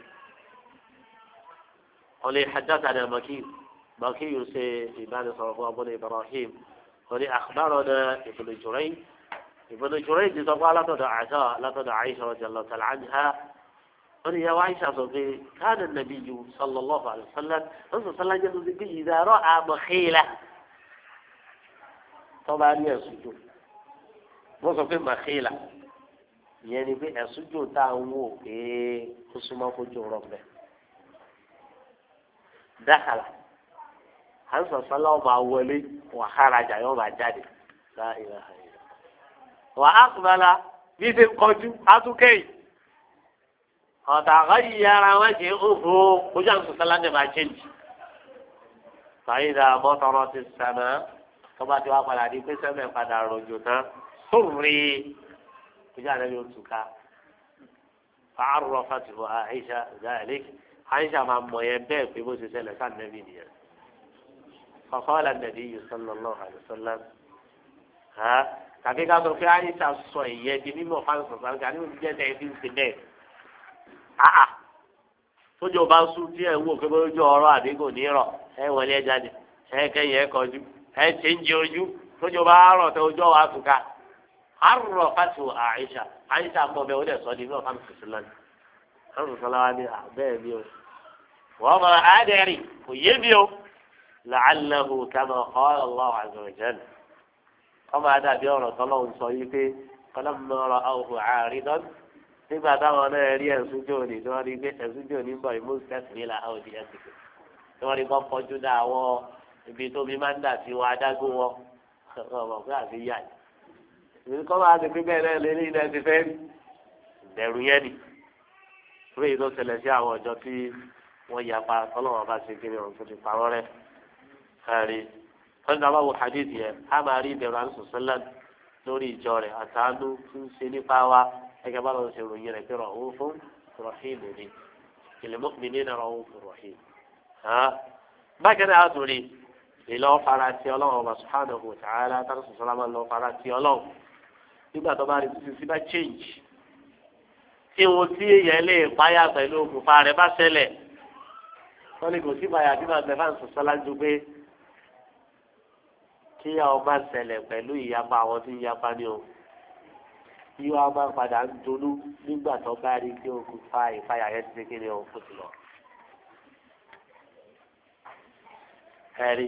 قال حدثنا بكي bàkí yóò ṣe ìbánisọ̀rọ̀ fún abúlé ibrahim oní àkùbárọ̀ ní ìbùnú jùrẹ́yìn ìbùnú jùrẹ́yìn ti sọ fún alátọ̀dọ̀ àṣà alátọ̀dọ̀ àìṣà ọ̀jọ̀lọ̀ tàlàǹhà oní yà wáyé ṣàṣọ̀fẹ́ káàdì nàbí yìí sọlọ́lọ́fà àlùsálà ó sọ sálà jẹ́ tuntun bí ìdárọ̀ àmọ̀xìlá tọ́ba ní ẹ̀sùjò wọ́n sọ pé màxìlá ìyẹn ni pé ẹ̀sùjò tá à ń wò pé ó súnmọ́ kó jò rọ̀ bẹ́ẹ̀ dáhàlà àǹsọ̀sọ́lá ọmọ àwọlé wà hárajà yóò máa jáde láìra àìra wà á kùnàlà bí ṣe kọjú átúkẹ́yì ọ̀tà àkọ́yì yára wọn ṣe ń fò ojú àǹsọ̀sọ́lá ní máa ṣẹ́yìn fàyídà mọ́tọ́rọ́ ti sànà tọ́ba tí wàá padà di pé sẹ́mẹ̀ padà rọ̀jò tán sórí ojú àdàbí oṣù ká fàárọ̀ fàtìwọ̀ àìṣà ìdá àìṣà máa mọ̀ yẹn bẹ́ẹ̀ pé bó ṣe ṣẹlẹ̀ sáà فقال النبي صلى الله عليه وسلم ها tàbí ká sọ pé àyíṣà sọ ìyẹn di mímọ̀ fáwọn sọsọ àgbà ní òbí jẹsẹ ẹbí ń ṣe bẹ́ẹ̀ àà tójú ọba sùn tí ẹ wò pé bójú ọ̀rọ̀ àbí kò ní rọ ẹ wọlé ẹ jáde ẹ kẹyìn ẹ kọjú ẹ ṣe ń jẹ ojú tójú ọba rọ tẹ ojú ọwà àtúkà àrùrọ fásitì àyíṣà àyíṣà mọ bẹ́ẹ̀ ó dẹ sọ di mímọ̀ fáwọn sọsọ lọnà àrùn sọlá wa ni bẹ́ẹ̀ o wọn mọ لعله كما قال الله عز وجل أما هذا بيورة الله صيفي فلما رأوه عارضا nígbà táwọn náà rí ẹ̀sùn jòní tí wọ́n rí gbé ẹ̀sùn jòní ń bọ̀ ìmúṣẹ́sì ní ìlà àwọn òdìyẹ ti kù tí wọ́n rí bọ́ fọjú dá àwọn ibi tó bí máa ń dà sí wọn adágún wọn ọmọ pé àfi yá ni. ìlú kọ́ máa ti pípẹ́ náà lé ní ilẹ̀ fẹ́ rí yẹn ni. lórí ìlú ṣẹlẹ̀ sí àwọn ọjọ́ tí wọ́n yapa ọlọ́wọ́n bá ṣe kí ni òun ẹ̀rí wọ́n dábàá wo hadith yẹn a máa rí ìbẹ̀rù àwọn sọ̀sọ́lá lórí ìjọ rẹ̀ àtàánú tó ń ṣe nípa wa ẹgbẹ́ bá lọ́wọ́ ṣe ròyìn rẹ̀ pé rọ̀hún fún rọ̀hìn lórí ìlẹ̀mọ́kùnrin náà rọ̀hún fún rọ̀hìn. bákan náà tó rí ìlọ fara ti ọlọ́run ọba subhanahu wa ta'ala tàbí sọ̀sọ́lá máa lọ fara ti ọlọ́run nígbà tó bá rí títí sí bá change ìwọ̀n tí èèyàn lè páyà pẹ̀lú òkùnfà rẹ̀ bá ṣẹlẹ̀ wọ́n ní kò sí bàyà kí àwọn bá ṣẹlẹ̀ pẹ̀lú ìyapa àwọn tí ń yapa ni o bí wọn bá padà ń dolú nígbà tó bá rí kí o kò fa ìfàyà yẹn ti ṣe kí ni o kò sí lọ. ẹ̀rí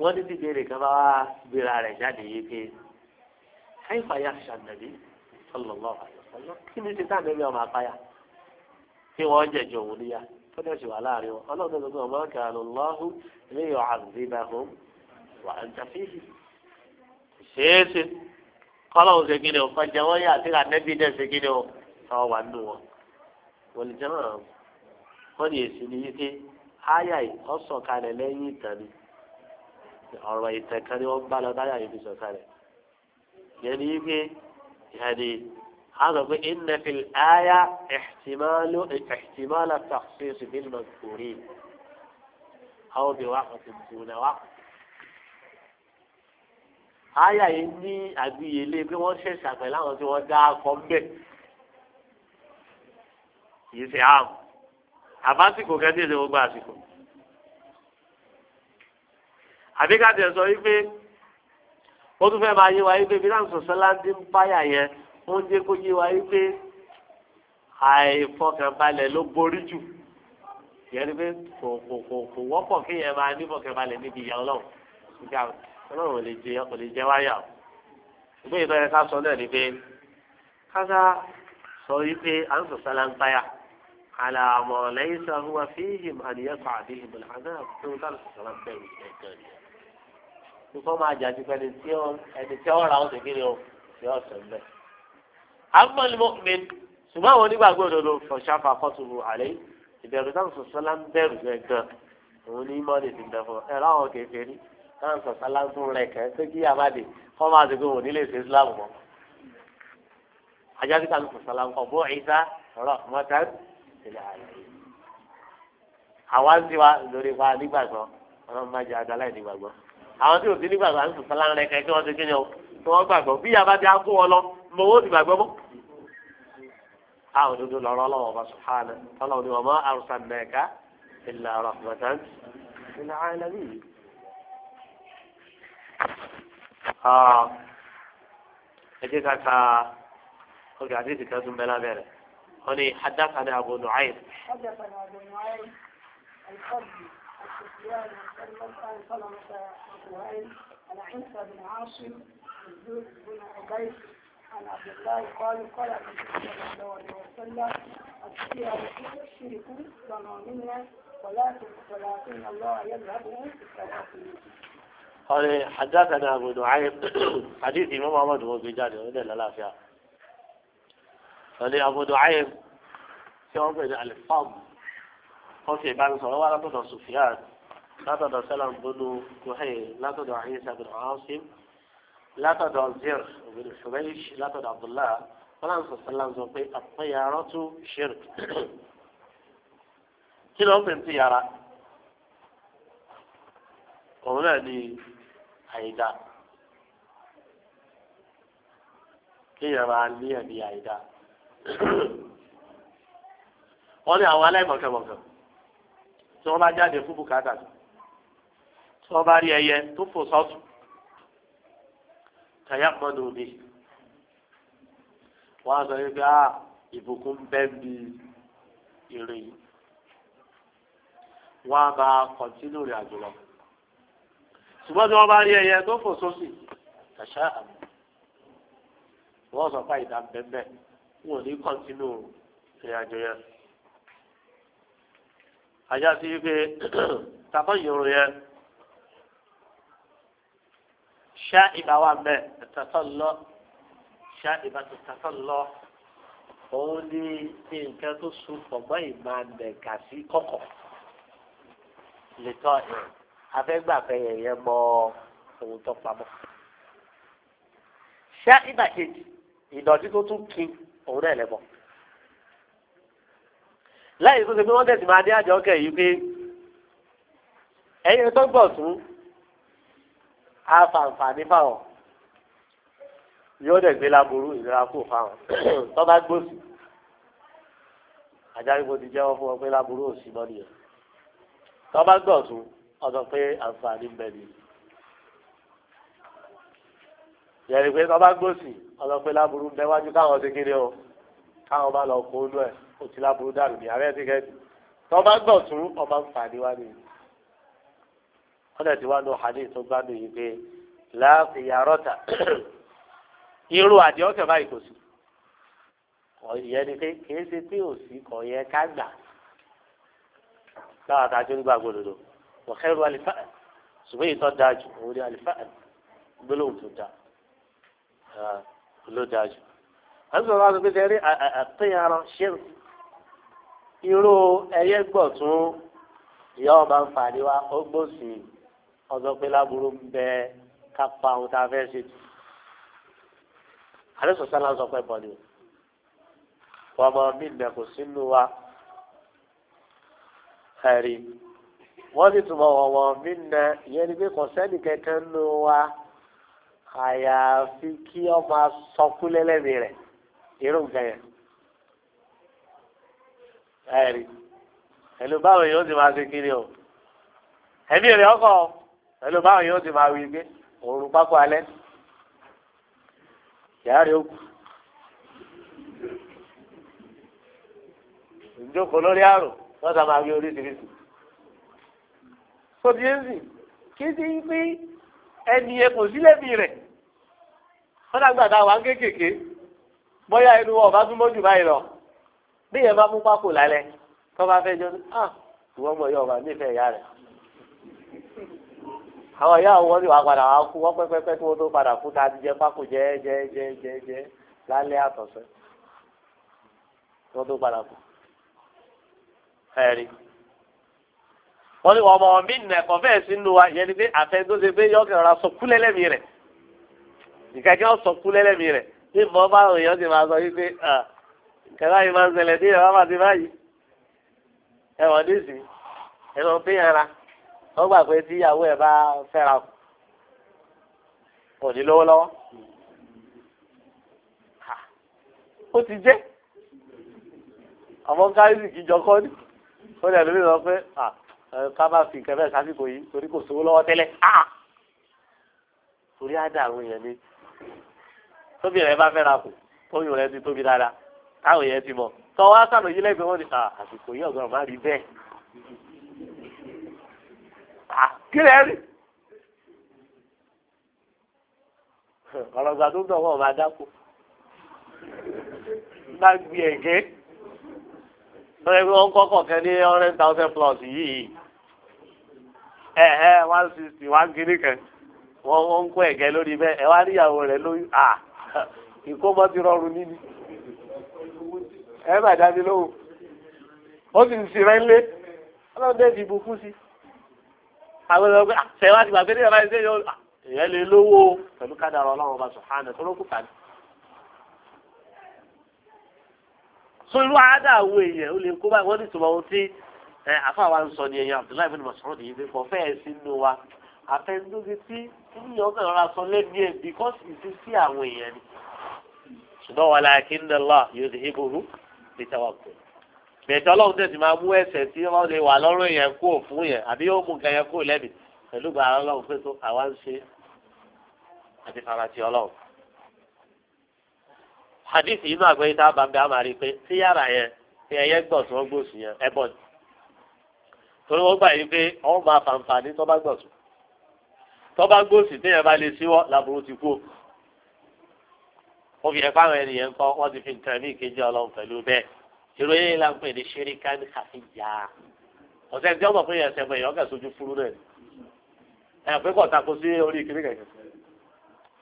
wọ́n ní bíbélì kan bá wá gbéra rẹ̀ jáde yìí pé káyìfàyà ṣàǹdàbí sọlọ́lọ́ kí ni títà nẹ́bí ọmọ àfàyà kí wọ́n jẹ̀jọ̀ òun níyà tó dẹ̀ sì wà láàrin wọn ọlọ́run tó sọ pé ọmọ ní yọ̀ wà á jà fífi ṣeéṣe kọ́lọ̀ ń ṣe kíni o kọjá wọ́n yà àti ànẹ́bí dẹ̀ ṣe kíni o táwọn wà nù wọn. wọ́n lè jẹ́ náà wọ́n lè sì ní wípé áyà yìí lẹ́yìn ìtàn ni ọ̀rọ̀ ìtàn kan ni wọ́n bá lọ táyà yìí fi sọ̀kalẹ̀. yẹn ni wípé ìhàdí هذا إن في الآية احتمال احتمال التخصيص بالمذكورين أو بوقت دون وقت àyà yìí ní àbíyèlé pé wọ́n ṣẹ̀ṣà pẹ̀lú àwọn tí wọ́n dá akọ mbẹ́ kì ṣe àmù àbásìkò kẹ́tí èdè gbogbo àsìkò. àbíkàtì sọ wípé ó tún fẹ́ máa yé wa wípé bí láǹsọ̀ sọ́láńdì ń báyà yẹn ó jẹ́ kó yé wa wípé àìfọkànbalẹ̀ ló borí jù yẹn ni pé kò kò kò wọ́pọ̀ kéèyàn máa nífọkànbalẹ̀ níbi ìyá ọlọ́run ọlọ́run lè jẹ ọkọ̀ lè jẹ wáyà o ṣùgbọ́n ìtọ́ yẹn ká sọ náà ni pé kásá sọ wípé à ń sọ sálá ń báyà àlàmọ̀ lẹ́yìn sọ wá fíhìm àníyàtọ̀ àdéhìm ọ̀làdá tó ń sálà sọ̀rọ̀ bẹ́ẹ̀ ẹ̀kan ni. nípa máa jà sí pẹ́ni tí ó ẹni tí ó ra ọ̀sẹ̀ kí ni o ṣe ọ̀sẹ̀ mbẹ́. àmọ́lì mọ́kùnrin ṣùgbọ́n àwọn onígbàgbọ́ òdodo fọ̀ṣáfà kọ́tùbù àlẹ́ ìbẹ̀rù káwọn sọ̀tà lágùn rẹ̀ kẹ́ ṣé kí àmàdé kọ́ máa dùgbò wò nílé ìṣe islam mọ́. ajá kíkà ló sọ̀tà lágùn ọ̀bọ̀ ìta ọ̀rọ̀ mọ́tà ìlà àlẹ́. àwa ń tiwa lórí ipa nígbàgbọ́ ọlọ́run má jẹ́ adalá ìdígbàgbọ́. àwọn tí òsì nígbàgbọ́ àwọn sọ̀tà lágùn rẹ̀ kẹ́ kí wọ́n ti kíni o kí wọ́n gbàgbọ́ bí àmàdé akó wọn lọ mọ owó rahmatan lil alamin ẹ jẹ́ ká ka ọgá àdéhùn kan بلا bẹ́ẹ̀ lábẹ́rẹ́ wọ́n ní حدثنا أبو نعيم. حدثنا أبو نعيم الحربي السفيان عن سلمة وسهيل عن عيسى بن عاصم الزهد بن عبيد عن عبد الله قال قال النبي صلى الله عليه وسلم الشرك ظنوا منا ولكن ولكن الله يذهبه بالتواصل قال حدثنا أبو نعيم حديث إمام أحمد هو بجاني ولا لا فيها قال أبو نعيم في عمر الفضل وفي بعض صلوات لا تدع سفيان لا تدع سلام بن كهيل لا تدع عيسى بن عاصم لا تدع زر بن حبيش لا تدع عبد الله ولا نصر صلى الله عليه وسلم الطيارة شرك كلهم من طيارة òun náà àyídá kéèyàn máa ní ẹ̀mí àyídá wọ́n ní àwọn aláìmọ̀kẹ́mọ̀kẹ́ tí wọ́n bá jáde fún bùkátà tí wọ́n bá rí ẹyẹ tó fò sọ́tù tẹ̀yà mọ́nú mi wọ́n á sọ wípé a ìbùkún bẹ́ẹ̀ bí ìrìn wọ́n á máa kọ̀ntínú rìn àjò lọ́wọ́ ṣùgbọ́n tí wọ́n bá rí ẹyẹ tó fò sósì kàṣá àmì wọ́n sọ fún àìdá bẹ́ẹ̀ wọn ò ní kọ́ntínú ìrìnàjò yẹn. àjà sí wípé tàbọ̀ ìyòrò yẹn ṣá ìbá wa mẹ́ tẹ̀tọ́ lọ ṣá ìbá tẹ̀tọ́ lọ òun ní nǹkan tó sunfọ̀ mọ́ ìmọ̀ àmẹ̀kà sí kọ̀kọ̀ lè tọ́ ẹ̀ afẹ́gbàfẹ́ yẹ̀yẹ́ mọ ohun tó pamọ́. ṣé ìdàkejì ìdọ̀tí tó tún kí òun náà lẹ́bọ̀. lẹ́yìn tó ṣe pé wọ́n tẹ̀sí máa dé àjọ ọkẹ́ yìí pé ẹ̀yin tó gbọ̀ tún àfàǹfààní fáwọn yóò dẹ̀ gbé láború ìlera kò fáwọn tó bá gbòòsì àjálù mo ti jẹ́wọ́ fún ọ pé láború òsì mọ́ nìyẹn tó bá gbọ̀ tún. ọ̀dọ̀ pé àǹfààní ń ni. yẹ̀rì pé tọ́ bá gbòsì ọ̀dọ̀ pé láburú ń wájú káwọn ti kiri o káwọn bá lọ kó lú ẹ̀ kò sí láburú dànù ní àárẹ̀ tíkẹ́ẹ̀tì tọ́ bá gbọ̀ tún ọba ń wá ni pé ṣe pé wàhẹ́rù alifáàn ṣùgbọ́n èyí tó dáa jù òun ni alifáàn gbólóhùn tó dáa ló dáa jù. wọ́n sọ wá pé sẹ́rí àtúnyàrá ṣẹ́rù irú ẹyẹ gbọ̀tún ìyá ọba ń fàdí wa ó gbòòsì ọjọ́ pé láburú ń bẹ ká pa ohun tá a fẹ́ ṣe tù. àlẹ́ sọ̀sálà ń sọ pé bọ̀ ni wọ́n mọ mí nà kò sínú wa ẹ̀rí wọ́n sì túnbọ̀ wọ̀wọ̀ mí nà ìyẹn ni pé kò kankan nù wa àyàfi kí ọba sọkú lẹ́lẹ́mì rẹ̀ irú nǹkan yẹn. ẹ̀rí ẹ̀lú báwo yóò ti máa ṣe kiri o ẹ̀mí rẹ̀ ọkọ̀ ẹ̀lú báwo yóò ti máa wí gbé òòrùn pákó alẹ́ yàrá ó kù. ìjókòó lórí àrò wọ́n sábà wí oríṣiríṣi. sọdí ẹ̀sì kí ti ń pín ẹni yẹn kò sí lẹ́bi rẹ̀ wọ́n dàgbà a wà ń kékèké bóyá inú wọn tún mọ́jú báyìí lọ bí yẹn bá mú pákó lálẹ́ tó bá fẹ́ jọ ah ìwọ́n mọ̀ yọ ọba nífẹ̀ẹ́ ìyá rẹ̀ àwọn ìyá wọn padà kú wọ́n pẹ́pẹ́pẹ́ tó padà kú tá a ti jẹ pákó jẹ́ jẹ́ jẹ́ jẹ́ jẹ́ lálẹ́ àtọ̀sẹ́ tó padà wọ́n ní ọmọ mi nà ẹ̀kọ́ fẹ́ẹ̀ sí nu wa yẹn ni pé àfẹ́dóse pé yọ kẹrọ sọ kúlẹ́lẹ́mì rẹ̀ nǹkan kí wọ́n sọ kúlẹ́lẹ́mì rẹ̀ bí mọ́ bá òyìn ti máa sọ wípé nǹkan báyìí máa ń ṣẹlẹ̀ bí ìyàwó máa ti báyìí ẹ̀wọ̀n nísìnyí ẹ̀wọ̀n pé yẹn ra wọ́n gbà pé tíyàwó ẹ̀ bá fẹ́ra kò ní lówó lọ́wọ́ ó ti jẹ́ àwọn káyọ̀sì kìjọ kọ́ ni ó dẹ̀ lórí sọ pé kábà fi nǹkan bẹ́ẹ̀ sásìkò yìí torí kò sówó lọ́wọ́ tẹ́lẹ̀ áà torí á dà àwọn èèyàn ni tóbi rẹ bá fẹ́ra kù tóbi rẹ ti tóbi dáadáa táwọn èèyàn ti mọ̀ tọwọ́ sàlọ̀ yìí lẹ́gbẹ̀ẹ́ wọn ni àsìkò yìí ọ̀gá ọ̀má rí bẹ́ẹ̀ kí lẹ́ rí ọ̀rọ̀gbà tó ń dọ̀wọ́ ọ̀má dáko bá gbé ẹ̀gẹ́ lọ́yẹ̀ bí wọ́n kọ́kọ́ kẹ́ ní ọ̀rẹ́ thousand plus yìí. ehe one sixty one kiri kan wọ́n ń kó ẹ̀gẹ́ lórí bẹ́ẹ̀ ẹ wá níyàwó rẹ̀ lóyún à ìkómọ ti rọrùn níbi ẹ má dábí lóhùn ó sì ń sèrè ńlé ọlọ́dẹ ti bukú sí àwọn ọgbẹ àtẹwà ti gbàgbé níyàrá ẹsẹ yọ èèyàn lówó pẹ̀lú ọlọ́run ọba sùhánà tó ló kú irú àwọn èèyàn ó lè kó báyìí ẹ afa wa ń sọ ni ẹyin abdullahi bin mas'ud yìí kò fẹ́ ẹ sí inú wa àfẹnudókè tí níyàn ọkàn sọ because ìsí sí àwọn èèyàn ni. ṣùgbọ́n ọlọ́run tẹ̀sí máa mú ẹsẹ̀ tí wọ́n lè wà yẹn kó fún yẹn àbí yóò mú nǹkan yẹn kó lẹ́bi pẹ̀lú gbà ọlọ́run pé tó àwa ń ṣe àti farati ọlọ́run. hadith yìí gbé a torí wọ́n gbà yín pé wọ́n máa fàǹfààní tó bá gbọ̀tún tó bá gbòòsì téèyàn bá lè síwọ́ làbúrò ti kú ó fi ẹ̀fọ́ àwọn ènìyàn kọ́ wọ́n ti fi nǹkan ní ìkejì ọlọ́run pẹ̀lú bẹ́ẹ̀ ìròyìn yìí la ń pè ní ṣeríkán àfijá ọ̀sẹ̀ tí ọmọ fún yẹn ṣẹ̀ mọ̀ èèyàn kẹ̀ sojú fúrú náà ni ẹ̀ pé kọ̀ tako sí orí ìkíní kẹ̀kẹ́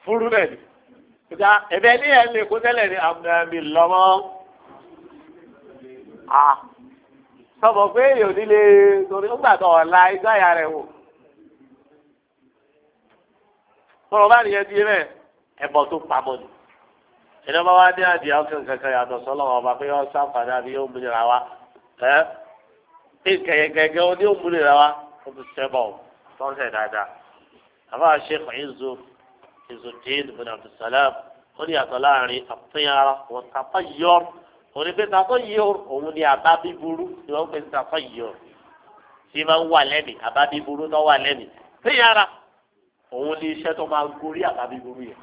fúrú náà ni ìgbà ẹ̀bẹ̀ ní ẹ̀ lè kó tẹ́lẹ̀ ní àmì lọ́mọ́ ah sọ̀bọ̀ pé èyàn nílé torí ó gbàdọ̀ ọ̀la igbá ìyá rẹ̀ wò. Sọ̀rọ̀ bá nìyẹn di rẹ̀ ẹ̀bọ̀ tó pamọ́ ni. Ẹni ọba wa dé àdìẹ ọkàn kankan yàtọ̀ sọ́lọ́wọ́ ọba pé yóò sáfàdé àbí yóò múlẹ̀ ra wa. Ẹ́ pé kẹ̀kẹ́kẹ́ ó ní òmúlẹ̀ ra wa ó ti sẹ́bọ̀ tọ́sẹ̀ dáadáa. Àbá Sheikh Izu Izudeen bin Abdulsalam ó ní yàtọ̀ láàrin àtúnyàrá wọ́n tapá yọ̀ọ́ òní pé tàfọ́ yìí o òun ni àbá bíburú ni wọ́n pè tàfọ́ yìí o tí máa ń wà lẹ́mì àbá bíburú tó wà lẹ́mì tí yàrá òun ni iṣẹ́ tó máa gorí àbá bíburú yẹn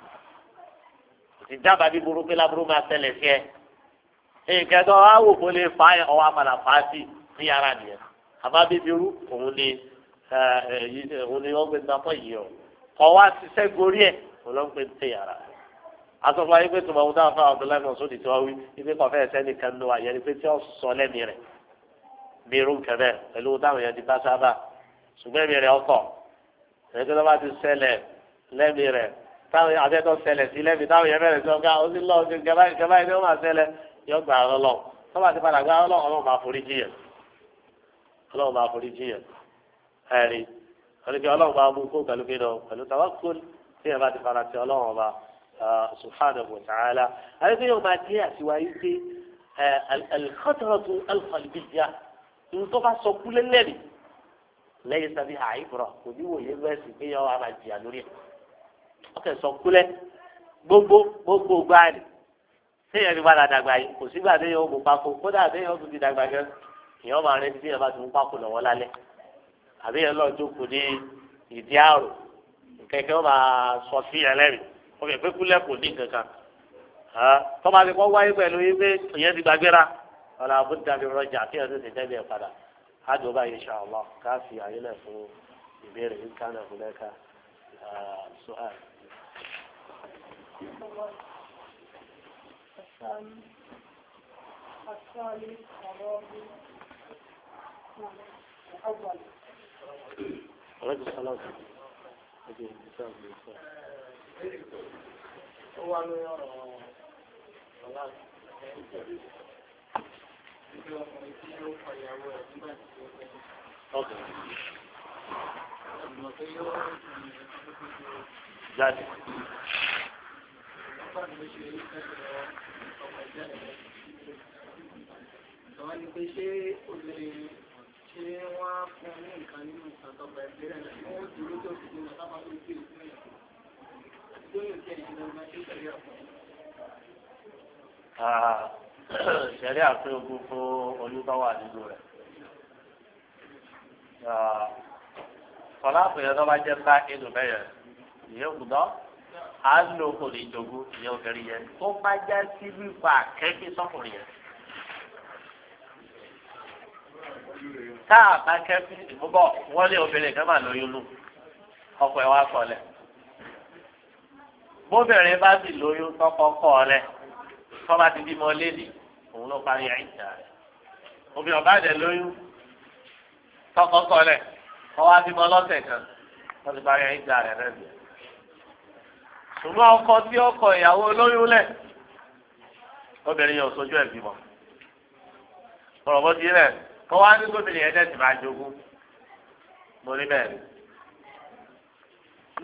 ti dábàá bíburú pé láburú máa tẹ̀lẹ̀ sí ẹ nǹkan tó wá wò kó lè fà á ọwọ́ àpàlà fà á sí tí yàrá nìyẹn àbá bíburú òun ni òun ni wọ́n pè tàfọ́ yìí o ọwọ́ àti iṣẹ́ gorí ẹ̀ òun ló ń pè tí yàrá asọ̀fọ̀ ayé pé tùmọ̀ ọ̀hún dáhùn fún abdullahi mọ̀sódì tí wọ́n wí ibi kan fẹ́ẹ́ sẹ́ni kan ló wà yẹn ni pé tí wọ́n sọ lẹ́mí rẹ̀ bí irú kẹfẹ́ pẹ̀lú dáhùn yẹn ti bá sábà ṣùgbọ́n èmi rẹ̀ ọkọ̀ ẹ̀ẹ́dẹ́ tó bá ti ṣẹlẹ̀ lẹ́mí rẹ̀ táwọn abẹ́tọ̀ ṣẹlẹ̀ sí lẹ́mí táwọn yẹn bẹ̀rẹ̀ sọ ká ó sì lọ gẹ́gẹ́ báyìí ni ó máa ṣẹlẹ̀ yọ gbà ọlọ́ tọ́ba ti padà gbà ọlọ́ ọlọ́run máa forí jiyàn ọlọ́run máa forí subhanahu wa ta'ala àyẹ̀kọ́ yóò máa jẹ́ àtiwáyé pé alikọ́tàrọ̀tù alùpàlùbíyà nǹkan bá sọ kúlẹ̀ lẹ́rìí lẹ́yìn هو àìbọ̀rọ̀ kò ní wòye mẹ́sì pé yọ ara jìyà lórí ẹ̀ ọkẹ́ sọ kúlẹ̀ gbogbo gbogbo gbáàlì téèyàn ti padà dàgbà yìí kò sígbà téèyàn ó mú pákó kódà téèyàn ó tún ti dàgbà gẹ́ èèyàn máa rẹ́ téèyàn bá ti mú pákó lọ́wọ́ lálẹ́ àbí yẹn lọ́ọ́ jókòó ní ìdí àrò kẹ̀kẹ́ ó máa sọ sí ẹlẹ́rìí ọbẹ̀ pé kúlẹ̀ kò ní kankan tọ́mọ àti kọ́ wáyé pẹ̀lú yìí pé ìyẹn ti gbàgbéra ọ̀la àbúdá mi rọjà kí ẹ̀sìn ti tẹ́lẹ̀ ẹ̀ padà ájò báyìí insha Allah ká fi àyílẹ̀ fún ìbéèrè ní kánà fúnlẹ́ka ṣùgbọ́n. الثاني الرابع الأول. عليكم السلام ó wá lórí ọ̀rọ̀ ọ̀la ìgbé ọkùnrin tí ó kọ ìyàwó ẹ̀ nígbà tí ó fẹ́. ọ̀nà tó yọ ọ́ jáde. Báwo ló ṣe ń fẹ́ lọ ọkọ̀ jáde lọ? Ìjọba ni pé ṣé o lè ṣe wọ́n fún ní nǹkan nínú ìtàn tọgbà ìgbéra ẹ̀ ní wọ́n dúró tó fi dúró tábà tó gbé ìpínlẹ̀. Ah, ṣẹ̀rí àpín ogun fún olúbáwà nínú rẹ̀. Fọláàpù ah, yẹn tó bá jẹ́ sá inú bẹ́yẹ̀ ìyẹn òkùdọ́ á ń lo okòlè ìjogún ìyẹn obìnrin yẹn tó bá já sí wípa kẹ́kí sọ́kùnrin yẹn. Táà bá kẹ́kí ìbúbọ̀ wọ́n lé obìnrin kan mà lóyún nù ọkọ̀ ẹ̀ wá sọlẹ̀ bóbìnrin bá sì lóyún tọkọkọ rẹ tọba ti bímọ lélẹ̀ òun ló parí àìsàn rẹ obìnrin bá dẹ lóyún tọkọkọ rẹ ọwọ́ bímọ lọ́sẹ̀ kan wọn ti parí àìsàn rẹ lẹbi ṣùgbọ́n ọkọ tí ọkọ ìyàwó lóyún lẹ obìnrin yóò sojú ẹ bímọ pọ̀rọ̀bọ́sí rẹ kọ́wá ní gómìnà ẹ̀dẹ́ ti máa jogún mo ní bẹ́ẹ̀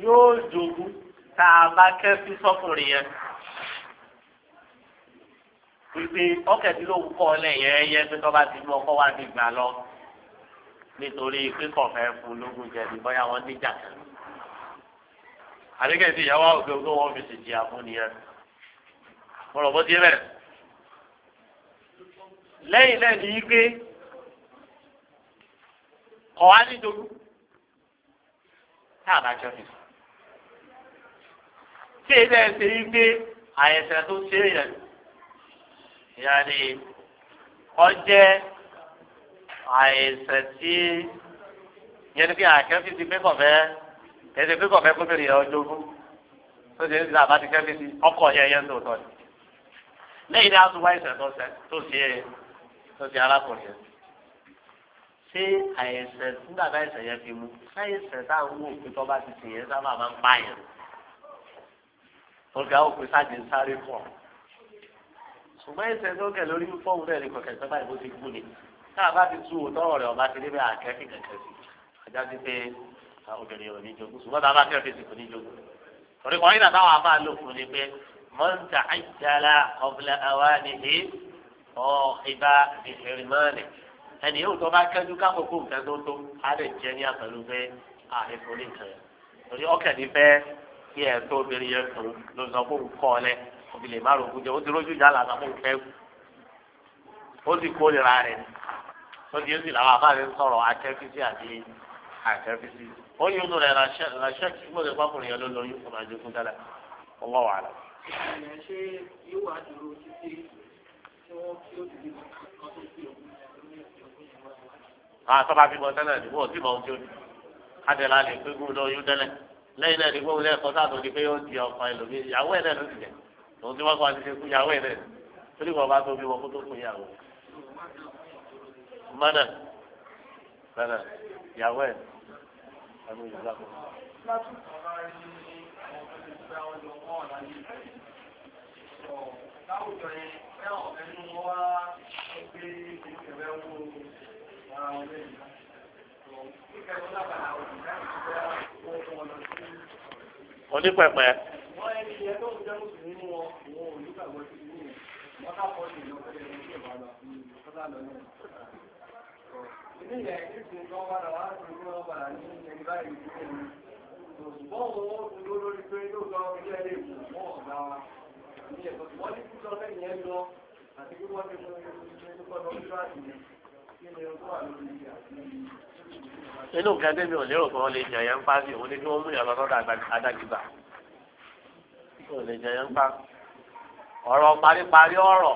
yóò jogún tá a bá kẹ́sí sọ́kùnrin yẹn pípé ọ̀kẹ́dínlógún kọ́ ọ̀lẹ̀ yẹn yẹn pé tọ́ba ti mú ọkọ wá ti gbà lọ nítorí pípọ̀ fẹ́ fún lógún jẹ ní wọ́n níjà kan. àdékẹ́ sí ìyàwó àwùjọ tó wọ́n fi ṣèjì àfúnìyẹn. mo rọ̀ bó ti rẹ̀. lẹ́yìn náà ní í pé ọ̀hán nítorí tá a bá jọ tí èyí náà ṣe yí pé àyẹ̀sẹ̀ tó ṣe é yẹn yàní ọjẹ́ àyẹ̀sẹ̀ tí yẹn pé àkẹ́fì ti pé kọ̀fẹ́ ẹ̀sẹ̀ pé kọ̀fẹ́ kó bèrè ọjọ́ ogún tó ṣe ń gbà bá ti kẹ́fì sí ọkọ̀ yẹn yẹn lóòótọ́ ni lẹ́yìn náà tó wá ẹ̀sẹ̀ tó ṣe é tó ṣe arákùnrin yẹn ṣé àyẹ̀sẹ̀ nígbà tá ẹ̀sẹ̀ yẹn fi mú ṣáyẹ̀sẹ̀ táwọn òkú tó bá ti ṣèyẹn sábà máa ń pààyàn ọ̀gá òkú sáàjì ń sáré pọ̀ ṣùgbọ́n ẹsẹ̀ tó kẹ̀ lórí fọ́ọ̀mù náà ní kọ̀kẹ́ sábà ìbò ti gún ni káà bá ti tú òótọ́ rẹ̀ ọba ti débẹ̀ àkẹ́kì kẹ̀kẹ́ sí ajá ti pé ah, obìnrin ò ní jogún ṣùgbọ́n bàbá kẹ́ fi sìnkú ní jogún torí kan yíyà táwọn afá lò fún ni pé mọ́ńtà àjàlá ọ̀bùlà àwa nìyí ọ̀ ìbá ìfẹ̀rìmọ́ọ̀nì ẹnì yóò tó bá kẹ́jú kákòókò nǹkan tó tó á lè jẹ́ ní àpẹ̀lú pé àìfọ́lì ah, kí ẹ tó obìnrin yẹn tó ló sọ fún kọ́ ọ lẹ obìnrin má rògbò jẹ ó ti rójú ìjà làtà fún ìfẹ́ ó sì kórìíra rẹ̀ ó di èsì làwọn afáàlẹ́ ń sọ̀rọ̀ akẹ́físì àti akẹ́físì ó yí inú rẹ̀ ràṣẹ́ kí mo lè fọkùnrin yẹn ló lóyún fún àjẹkùn dáadáa ọwọ́ wàhálà. ṣé yóò wá dúró títí tí wọ́n kí ó fi òkú àwọn àtọ́ba bímọ tẹ́lẹ̀ tí ó ní adẹ̀lá lè pé gún un lọ́yún lẹ́yìn náà ní gbóhùn lẹ́ẹ̀kọ́ sáà tó di pé yóò di ọkọ ẹlòmíì ìyàwó ẹ̀ náà ló ti tí wọ́n kọ́ àti ṣekú ìyàwó ẹ̀ náà torí wọn bá tóbi wọn kó tó fún ìyàwó. mọ́nà mọ́nà ìyàwó ẹ̀ ẹ̀mú ìjọba kọ́. láwùjọ onípẹ̀pẹ́. inú nǹkan tẹ́mi ò lérò lè jẹ̀yẹ̀ ń pa sí òun ní kí wọ́n mú yàn lọ́dọ̀ adágbèbà ò lè jẹ̀yẹ̀ ń pa ọ̀rọ̀ paríparí ọ̀rọ̀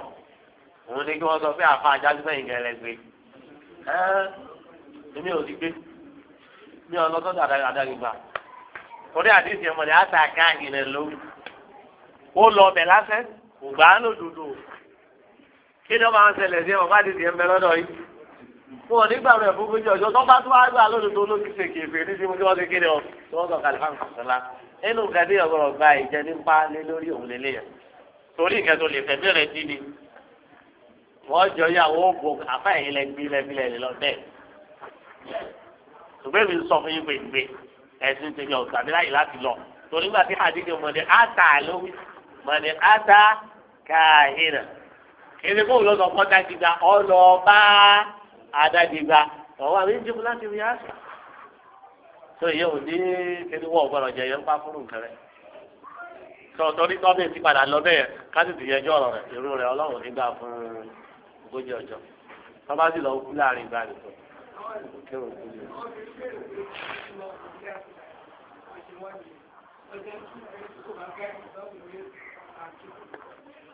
òun ní kí wọ́n sọ pé àfa ajálùmọ̀ ìgbẹ́ rẹ̀ gbé ẹ́ mi ò ti gbé mi ò lọ́dọ̀ adágbèbà torí àdéhùn ó lọ ọbẹ̀ lásán kò gbà á lòdòdò kí wọn ò ní gbàgbọ́ ẹ̀ fúnfún jẹ́ ọjọ́ tó bá tó wá gbà lónìí tó lókè ṣe kèfé ní ti mú kí wọ́n ti kéde ọ̀hún tí wọ́n sọ kàlífàmù sọ̀tọ́lá nínú nǹkan tí ọ̀gọ́rọ̀ gba ìjẹ́ nípa lé lórí òun lélẹ̀ yẹn torí nǹkan tó lè fẹ̀mí rẹ̀ dín ni wọ́n jọ yà wọ́n bò àfáà yìí lẹ gbé lẹ́gbílẹ̀ lọ bẹ́ẹ̀ ṣùgbọ́n mi sọ fún yín gbèngbè ẹ̀sìn tèmi ọ̀gá mi láyè láti lọ torí gbà tí àdìgbò mọ̀ni ata lówí mọ̀ni ata káàhìnà kí ni bóun lọ́sọ̀ fọ́ta gbígbà ọlọ́ọ̀bá àdádìgbà ọwọ́ àbí ń jẹun láti rí àṣà tó yẹ ò ní kíni wọ́n gbọ́dọ̀ jẹ yẹn ń pa fúrú nǹkan rẹ̀ tọ̀tọ̀ ní tọ́bẹ̀ ti padà lọ bẹ́ẹ̀ kásìtì yẹn jọ̀rọ̀ rẹ̀ èrò rẹ̀ ọlọ́run nígbà fún ogójì ọjọ́ tọ́ba sì lọ kú láàrin ìgbà nìkan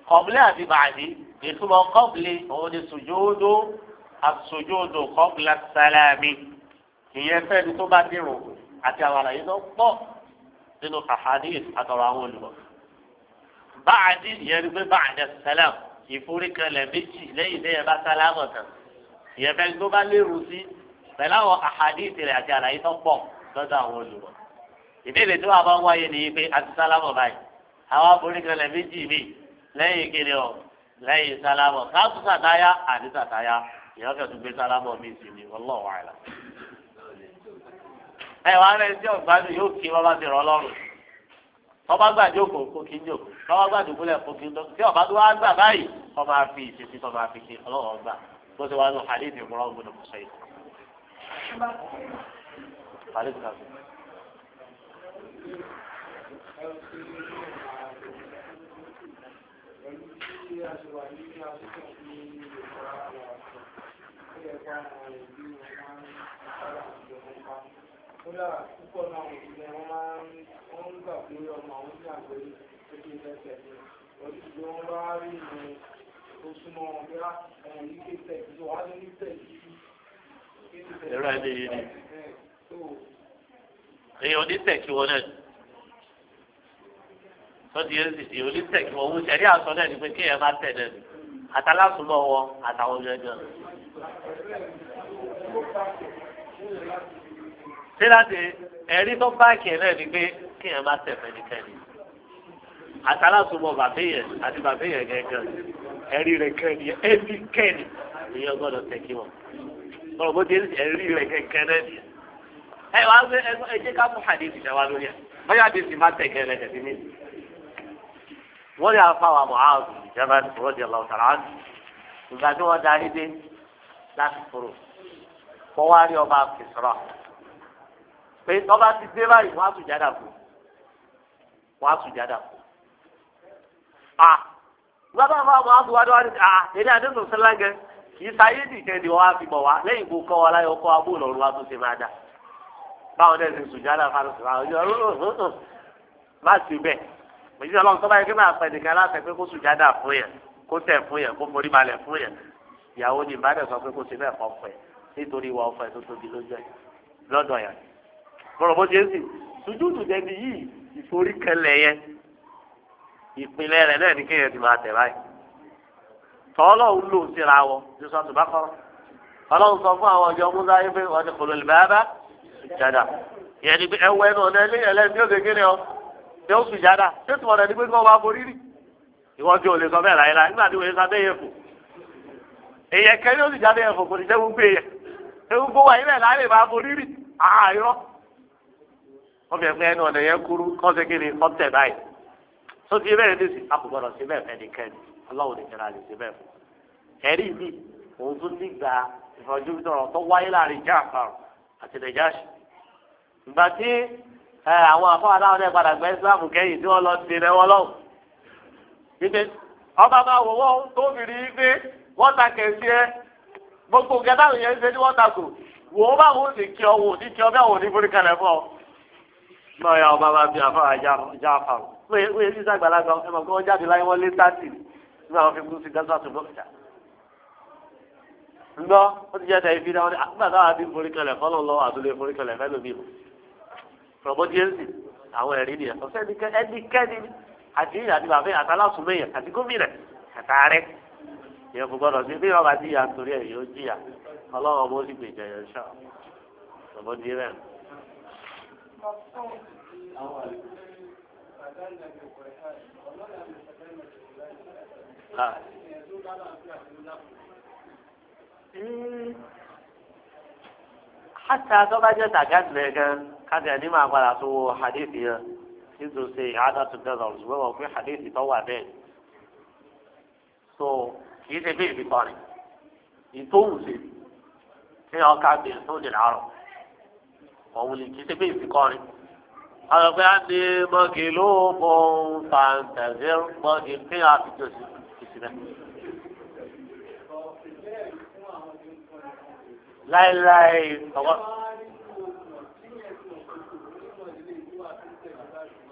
kọ̀bílẹ̀ àti bàdí ìtumọ̀ kọ̀bílẹ̀ òun ni sùjúdù asojoodo kọ́bùlà sálámi ìyẹn fẹ́ni tó bá dìrò àti àwọn àlàyé tó pọ̀ nínú àhàdí àtọ̀rọ̀ àwọn olùkọ́. báàdì ìyẹn ni pé báàdì sálám ìforíkanlẹ̀ méjì lẹ́yìn lẹ́yìn bá sálámù tán ìyẹn fẹ́ni tó bá lérò sí pẹ̀lú àwọn àhàdí ìtìrẹ̀ àti àlàyé tó pọ̀ lọ́dọ̀ àwọn olùkọ́. ìbéèrè tó wà bá ń wáyé nìyí pé àti sálámù báyìí àwọn àforíkanlẹ̀ méjì mi lẹ́yìn kiri ọ lẹ́yìn sálámù káàtó sàtáyà àti sàtáyà ìyá ọ̀sẹ̀ tó gbé sálámọ̀ mi sí ni ọlọ́wọ́ àìlà. ẹ wàá rẹ ẹjọ́ ìgbádùn yóò kí wọ́n bá ti rọ ọlọ́run tọ́ba gbà jókòó kó kí n jókòó tọ́ba gbà dùbúlẹ̀ kó kí n tó tí ọba tó wá gbà báyìí ọba fi ìṣesí tọ́ba fi ṣe ọlọ́wọ́ gbà bó ṣe wá lọ hadith ìmúra ọgbọ́dọ̀ kò sẹ́yìn. Thank kódà púpọ̀ yìí ni èèyàn onítẹ̀ wọn náà sọ́dí ẹ̀sì ti onítẹ̀ wọn wú sẹ́rí náà ni pé kéèyàn má tẹ̀ náà àtàlásùmọ̀ wọn àtàwọn ọjọ́ ẹ̀jọ̀ náà. ṣé láti ẹ̀rí tó báàkì ẹ̀ náà ni pé kí ẹ̀ má tẹ̀fẹ́ nìkẹ́ni àtàlásùmọ̀ bàbéyẹ̀ àti bàbéyẹ̀ gẹ́gẹ́ ẹ̀rí rẹ̀ kẹ́ni ẹ̀rí kẹ́ni ìyẹn gbọ́dọ̀ tẹ̀kí wọn ọ̀rọ̀ bó jẹ́ ẹ̀rí rẹ̀ kẹ́kẹ́ náà ni ẹ wá gbé ẹ jẹ́ ká mú hadithi ṣe wa lórí ẹ̀ bóyá hadithi má tẹ̀kẹ́ rẹ̀ tẹ̀sí mi. wọ́n ní afáwà mọ̀háàbù ìjọba ìfọwọ́dì ọ̀làwùtàrà láti kúrò kọ́ ọba kìsọ́rọ̀ pé ọba ti dé báyìí wọ́n á sùn jáde àpò wọ́n á sùn jáde àpò. à bàbá bá wọn á wájú wájú à èdè àdéhùn sẹ́láńgẹ́ kìí sáyé wọ́n á fi bọ̀ wá lẹ́yìn kọ́ láyọ̀ kọ́ abó lọ́rùn wa tó ṣe máa dà báwọn sùn jáde má ọlọ́run máa nìkan láti kó sùn jáde yẹn kó tẹ̀ fún yẹn kó forí balẹ̀ fún ìyàwó ni ìbá sọ pé kó ṣe bẹ́ẹ̀ kọ́ pẹ̀ nítorí ìwà ọ̀fẹ́ tó tóbi ló jẹ́ lọ́dọ̀ yẹn. bọ̀rọ̀ bó ṣe ń sìn sùjúdù dẹni yìí ìforí yẹn ìpínlẹ̀ rẹ̀ náà ní kéèyàn ti máa tẹ̀ báyìí. tọ́lọ́hún ló ń síra wọ ju sọ́tù bá kọ́ ọlọ́run sọ fún àwọn ọjọ́ musa yìí pé wọ́n ti kòlò ìbáyàbá ìjàdà ìyẹn ni pé ẹwọ ẹnu ọ̀nà ẹlẹ́ni ó ṣe kí èyẹ kẹrin ó sì jáde ẹ̀fọ́ kò ní jẹ́ gbogbo èyẹ egungun wa ilẹ̀ láàrin ìbá forí rí àárọ̀ wọ́n fi ẹ̀pẹ́ ẹnu ọ̀nà yẹn kúrú kọ́ ṣe kí ni kọ́ tẹ̀ báyìí tó ti bẹ́ẹ̀ ní sí àpògbọ́dọ̀ sí bẹ́ẹ̀ fẹ́ni kẹ́ni ọlọ́run ní kẹ́ni àlè sí bẹ́ẹ̀ fún ẹ̀rí mi òun tún nígbà ìfọ̀jú tọrọ tó wáyé láàrin Jáfàr àti Nàìjáṣì ìgbà tí àwọn àfọwọ́ aláwọ̀ padà gbẹ́ Islam kẹ́yìn tí wọ́n lọ sí ẹ̀rẹ́ wọn lọ́wọ́ wọ́n ta kẹ̀sí ẹ gbogbo gẹ́gẹ́ táwọn yẹn ń ṣe ní wọ́n ta kò wò ó bá wọn ò sì kí ọ wò ó ní kí ọ bẹ́ẹ̀ wò ó ní borí kalẹ̀ fún ọ. náà ya ọba bá bí àfáà já afa o pé pé ní sàgbàlagbà ẹ mọ̀ pé wọ́n jáde láyé wọ́n lé tààtì ní àwọn fi kún sí gásà tó lọ́kìtà. ńlọ ó ti jẹ́ tẹ̀ ibi náà nígbà táwọn àti borí kalẹ̀ fọ́lọ́ lọ́wọ́ àtúlẹ̀ borí kalẹ̀ fẹ́ lómi àwọn ẹ̀rí nìyẹn ọ̀sẹ̀ ẹnikẹ́ni àti àti bàbá àtàlásùmẹ̀yẹ àti gómìnà ìyẹn kò gbọdọ̀ sí bí ọba ti yà torí ẹ̀ yóò jìyà ọlọ́wọ́ bó sì gbèjà yẹn ṣọ́ ọ̀bọ di rẹ̀. حتى tó bá jẹ́ tàgádìlẹ̀ gan kájà ní máa padà tó wo hadith yẹn nítorí ṣe ìhádà tó dẹ́rọ̀ ṣùgbọ́n wọ́n pé hadith tó wà bẹ́ẹ̀ kìí ṣe bí èmi kọ rẹ̀ ìtòhùn ṣé ọkà bí ẹ̀ tó lè rárọ̀ òun ni kìí ṣe bí èmi kọ rẹ̀ á ní mọ́gì ló mọ fàǹtẹ̀sì mọ́gì kí á fi tòṣì ìsìnà. láéláé ọwọ́.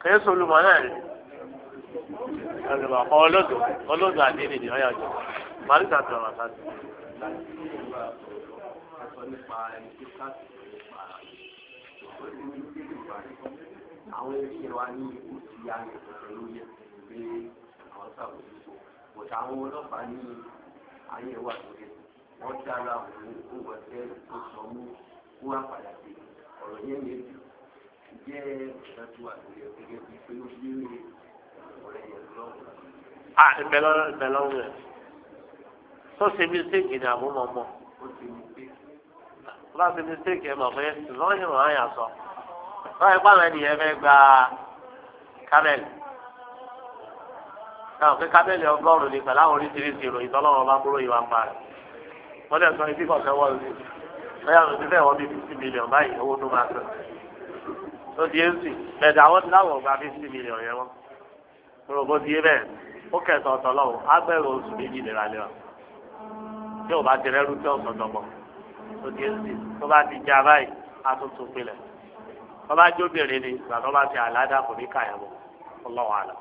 kìí ṣe olùmọ̀ náà rí olùmọ̀ ọlọ́dọ̀ ọlọ́dọ̀ àdéhìí ni ọ̀yà ọjọ́ parí ta tọrọ láti. àwọn ẹgbẹ́ wa ní ikú ti yá ní ìpínlẹ̀ lóye pé àwọn sàbòjútó bọ̀dà àwọn ọlọ́pàá ní ayé wa lóye wọ́n dára òun ó wọ́n tẹ́ ó sọ mú kó wá padà dé ọ̀rọ̀ yẹn lè dùn jẹ́ ìdájọ́ àgbẹ̀yẹ gẹ́gẹ́ bíi pé ó bí lè ọ̀rẹ́ yẹn lọ́wọ́. à ìbẹ̀lọ́wọ́ rẹ̀ tó ṣe mistake ni àbúmọ̀ mọ̀ tó bá ṣe mistake ẹ mọ̀ pé ṣùgbọ́n ìrìn àyà sọ wọ́n ẹ pàmò ẹnìyẹn fẹ́ gba kábẹ́ẹ̀lì táwọn pé kábẹ́ẹ̀lì ọgọ́rùn-ún ni pẹ̀lú àwọn oríṣiríṣi ìròyìn tọ́lọ́wọ́ bá kúrò ìwà ń pa rẹ̀ wọ́n dẹ̀ sọ ibi kọ̀ọ̀kan wọ́n ní bẹ́ẹ̀ àwọn ti fẹ́ wọ́n bí fifty million báyìí owó tó máa sọ tó di èsì bẹ̀ẹ̀dẹ̀ àwọn ti láwọn gba fifty million yẹn wọ́n mo rò bó ti yé bẹ́ẹ̀ ó kẹ̀sọ̀ ọ̀tọ̀ lọ́wọ́ á bẹ̀rù oṣù méjì tí bá ti rẹ́rú tí tó di èsì tó bá ti já báyìí á tún tún pilẹ̀ tó bá jóbìnrin ni ìgbà tó bá ti àládà kò ní kàyà bọ̀ ọlọ́wàá lọ.